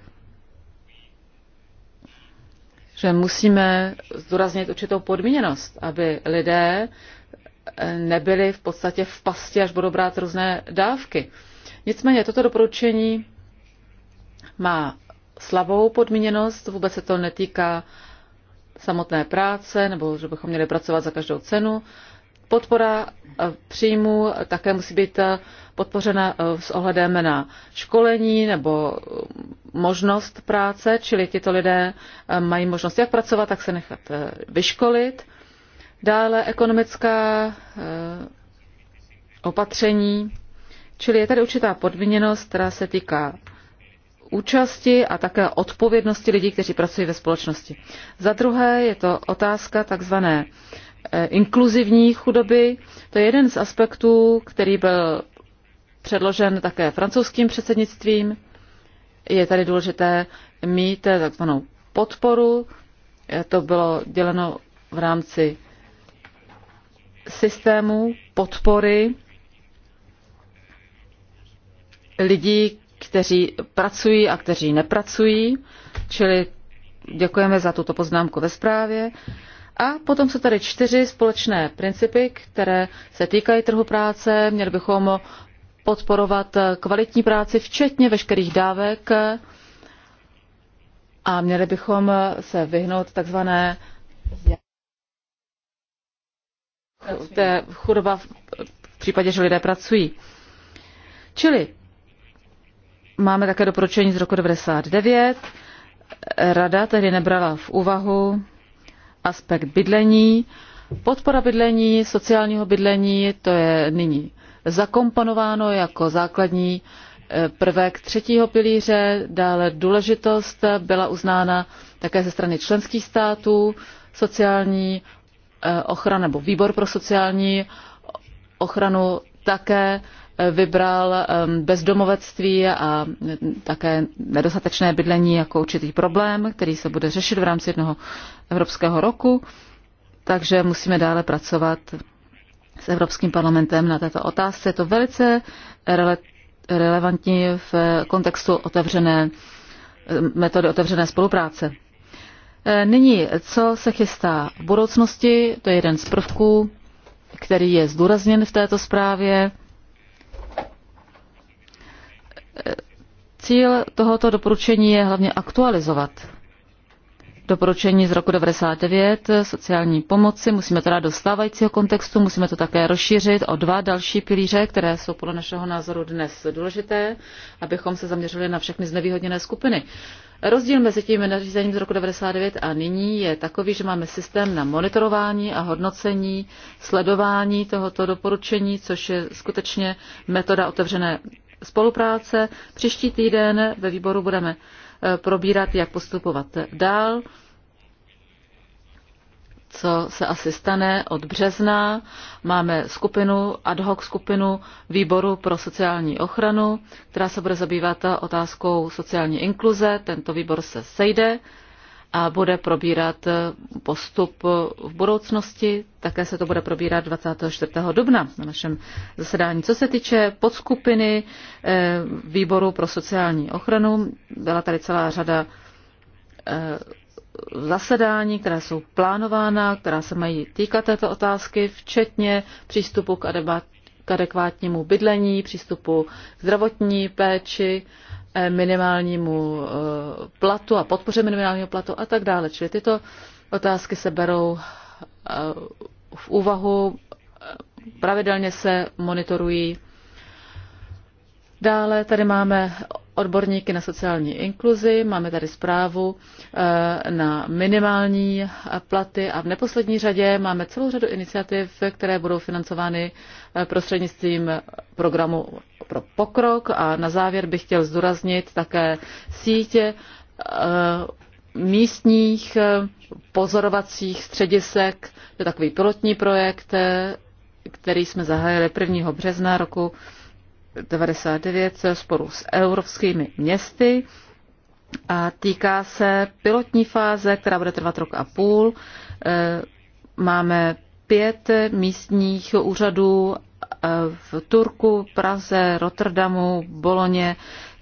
že musíme zdůraznit určitou podmíněnost, aby lidé nebyli v podstatě v pasti, až budou brát různé dávky. Nicméně toto doporučení má slabou podmíněnost, vůbec se to netýká samotné práce, nebo že bychom měli pracovat za každou cenu. Podpora e, příjmu také musí být e, podpořena e, s ohledem na školení nebo možnost práce, čili tyto lidé mají možnost jak pracovat, tak se nechat vyškolit. Dále ekonomická eh, opatření, čili je tady určitá podmíněnost, která se týká účasti a také odpovědnosti lidí, kteří pracují ve společnosti. Za druhé je to otázka takzvané eh, inkluzivní chudoby. To je jeden z aspektů, který byl předložen také francouzským předsednictvím. Je tady důležité mít eh, takzvanou podporu. To bylo děleno v rámci systému podpory lidí, kteří pracují a kteří nepracují, čili děkujeme za tuto poznámku ve zprávě. A potom jsou tady čtyři společné principy, které se týkají trhu práce. Měli bychom podporovat kvalitní práci, včetně veškerých dávek a měli bychom se vyhnout takzvané té chudoba v případě, že lidé pracují. Čili máme také doporučení z roku 99. Rada tedy nebrala v úvahu aspekt bydlení. Podpora bydlení, sociálního bydlení, to je nyní zakomponováno jako základní eh, prvek třetího pilíře, dále důležitost byla uznána také ze strany členských států, sociální Eh, ochrana nebo výbor pro sociální ochranu také eh, vybral ehm, bezdomovectví a eh, také nedostatečné bydlení jako určitý problém, který se bude řešit v rámci jednoho evropského roku. Takže musíme dále pracovat s Evropským parlamentem na této otázce. Je to velice rele- relevantní v kontextu otevřené metody otevřené spolupráce. E, nyní, co se chystá v budoucnosti, to je jeden z prvků, který je zdůrazněn v této zprávě. E, cíl tohoto doporučení je hlavně aktualizovat doporučení z roku 1999 sociální pomoci. Musíme to dát do stávajícího kontextu, musíme to také rozšířit o dva další pilíře, které jsou podle našeho názoru dnes důležité, abychom se zaměřili na všechny znevýhodněné skupiny. Rozdíl mezi tím nařízením z roku 1999 a nyní je takový, že máme systém na monitorování a hodnocení, sledování tohoto doporučení, což je skutečně metoda otevřené spolupráce. Příští týden ve výboru budeme Eh, probírat, jak postupovat dál, co se asi stane od března. Máme skupinu, ad hoc skupinu výboru pro sociální ochranu, která se bude zabývat otázkou sociální inkluze. Tento výbor se sejde a bude probírat eh, postup eh, v budoucnosti. Také se to bude probírat 24. dubna na našem zasedání. Co se týče podskupiny eh, výboru pro sociální ochranu, byla tady celá řada zasedání, která jsou plánována, která se mají týkat této otázky, včetně přístupu k, adekvátnímu bydlení, přístupu k zdravotní péči, Eh, minimálnímu eh, platu a podpoře minimálního platu a tak dále. Čili tyto otázky se berou eh, v úvahu, pravidelně se monitorují. Dále tady máme odborníky na sociální inkluzi, máme tady zprávu eh, na minimální platy a v neposlední řadě máme celou řadu iniciativ, které budou financovány eh, prostřednictvím programu pro pokrok a na závěr bych chtěl zdůraznit také sítě eh, místních pozorovacích středisek. To je takový pilotní projekt, který jsme zahájili 1. března roku 99 sporu s evropskými městy a týká se pilotní fáze, která bude trvat rok a půl. Eh, máme pět místních úřadů eh, v Turku, Praze, Rotterdamu, Boloně,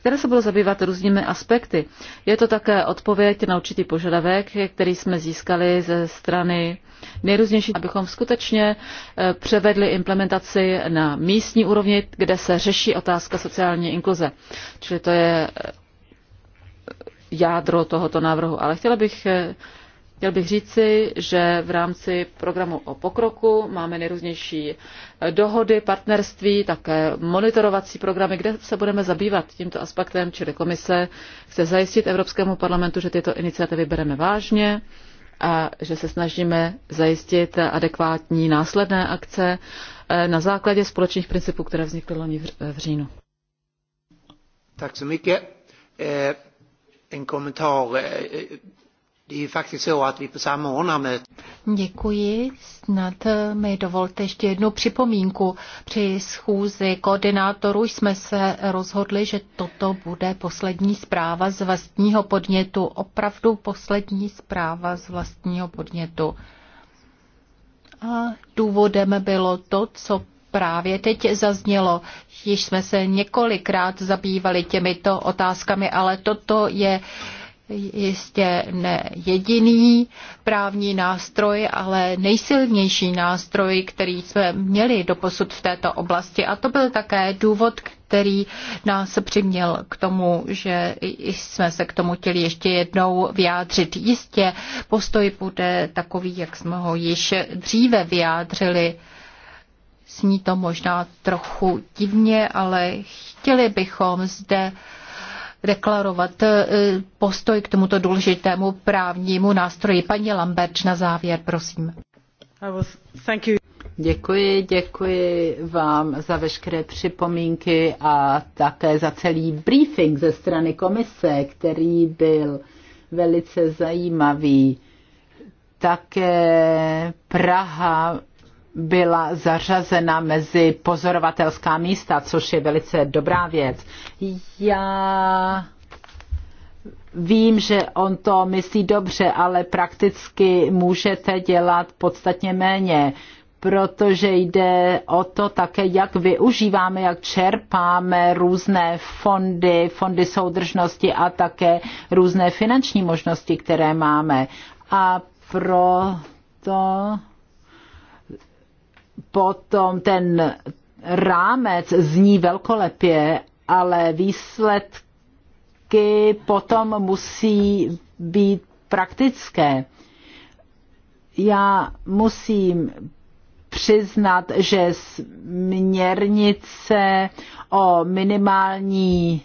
které se budou zabývat různými aspekty. Je to také odpověď na určitý požadavek, který jsme získali ze strany nejrůznější, abychom skutečně eh, převedli implementaci na místní úrovni, kde se řeší otázka sociální inkluze. Čili to je eh, jádro tohoto návrhu. Ale chtěla bych eh, Chtěl bych říci, že v rámci programu o pokroku máme nejrůznější eh, dohody, partnerství, také monitorovací programy, kde se budeme zabývat tímto aspektem, čili komise chce zajistit Evropskému parlamentu, že tyto iniciativy bereme vážně a že se snažíme zajistit adekvátní následné akce eh, na základě společných principů, které vznikly loni v eh, říjnu. Tak se Mike, en kommentar Er Děkuji. Snad mi dovolte ještě jednu připomínku. Při schůzi koordinátorů jsme se rozhodli, že toto bude poslední zpráva z vlastního podnětu. Opravdu poslední zpráva z vlastního podnětu. A důvodem bylo to, co právě teď zaznělo. Již jsme se několikrát zabývali těmito otázkami, ale toto je uh, jistě ne jediný právní nástroj, ale nejsilnější nástroj, který jsme měli doposud v této oblasti. A to byl také důvod, který nás přiměl k tomu, že jsme se k tomu chtěli ještě jednou vyjádřit. Jistě postoj bude takový, jak jsme ho již dříve vyjádřili. Sní to možná trochu divně, ale chtěli bychom zde deklarovat e, postoj k tomuto důležitému právnímu nástroji. Paní Lamberč, na závěr, prosím. Děkuji, děkuji vám za veškeré připomínky a také za celý briefing ze strany komise, který byl velice zajímavý. Také Praha byla zařazena mezi pozorovatelská místa, což je velice dobrá věc. Já vím, že on to myslí dobře, ale prakticky můžete dělat podstatně méně, protože jde o to také, jak využíváme, jak čerpáme různé fondy, fondy soudržnosti a také různé finanční možnosti, které máme. A proto potom ten rámec zní velkolepě, ale výsledky potom musí být praktické. Já musím přiznat, že směrnice o minimální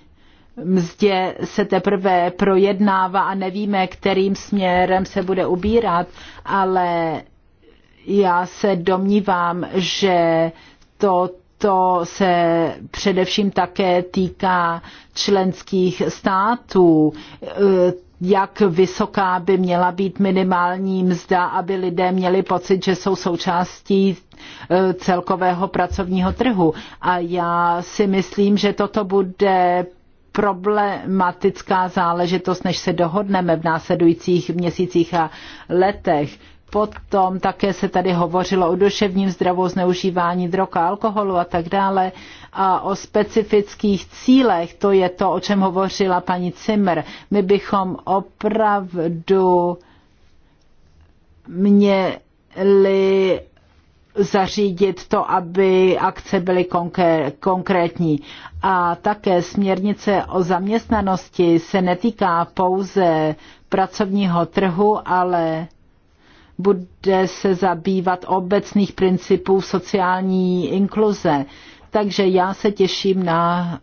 mzdě se teprve projednává a nevíme, kterým směrem se bude ubírat, ale já se domnívám, že to to se především také týká členských států jak vysoká by měla být minimální mzda, aby lidé měli pocit, že jsou součástí eh, celkového pracovního trhu. A já si myslím, že toto bude problematická záležitost, než se dohodneme v následujících měsících a letech. Potom také se tady hovořilo o duševním zdravu, zneužívání drog a alkoholu a tak dále a o specifických cílech, to je to, o čem hovořila paní Cimr. My bychom opravdu měli zařídit to, aby akce byly konkrétní. A také směrnice o zaměstnanosti se netýká pouze pracovního trhu, ale bude se zabývat obecných principů sociální inkluze. Takže já se těším na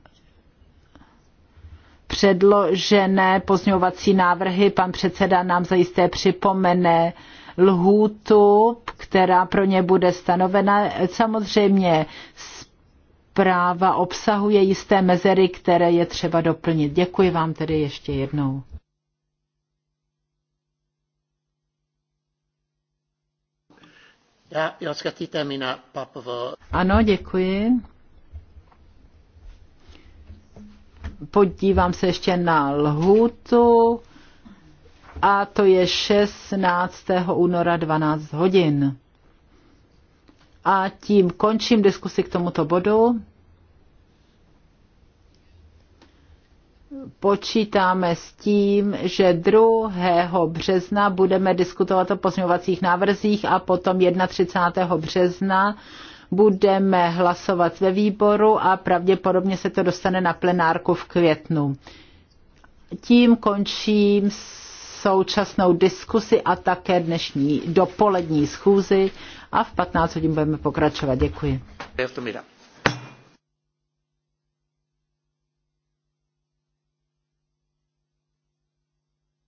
předložené pozňovací návrhy. Pan předseda nám zajisté připomene lhůtu, která pro ně bude stanovena. Samozřejmě zpráva obsahuje jisté mezery, které je třeba doplnit. Děkuji vám tedy ještě jednou. Ano, děkuji. Podívám se ještě na lhůtu a to je 16. února 12 hodin. A tím končím diskusi k tomuto bodu. počítáme s tím, že 2. března budeme diskutovat o pozměňovacích návrzích a potom 31. března budeme hlasovat ve výboru a pravděpodobně se to dostane na plenárku v květnu. Tím končím současnou diskusi a také dnešní dopolední schůzi a v 15 hodin budeme pokračovat. Děkuji.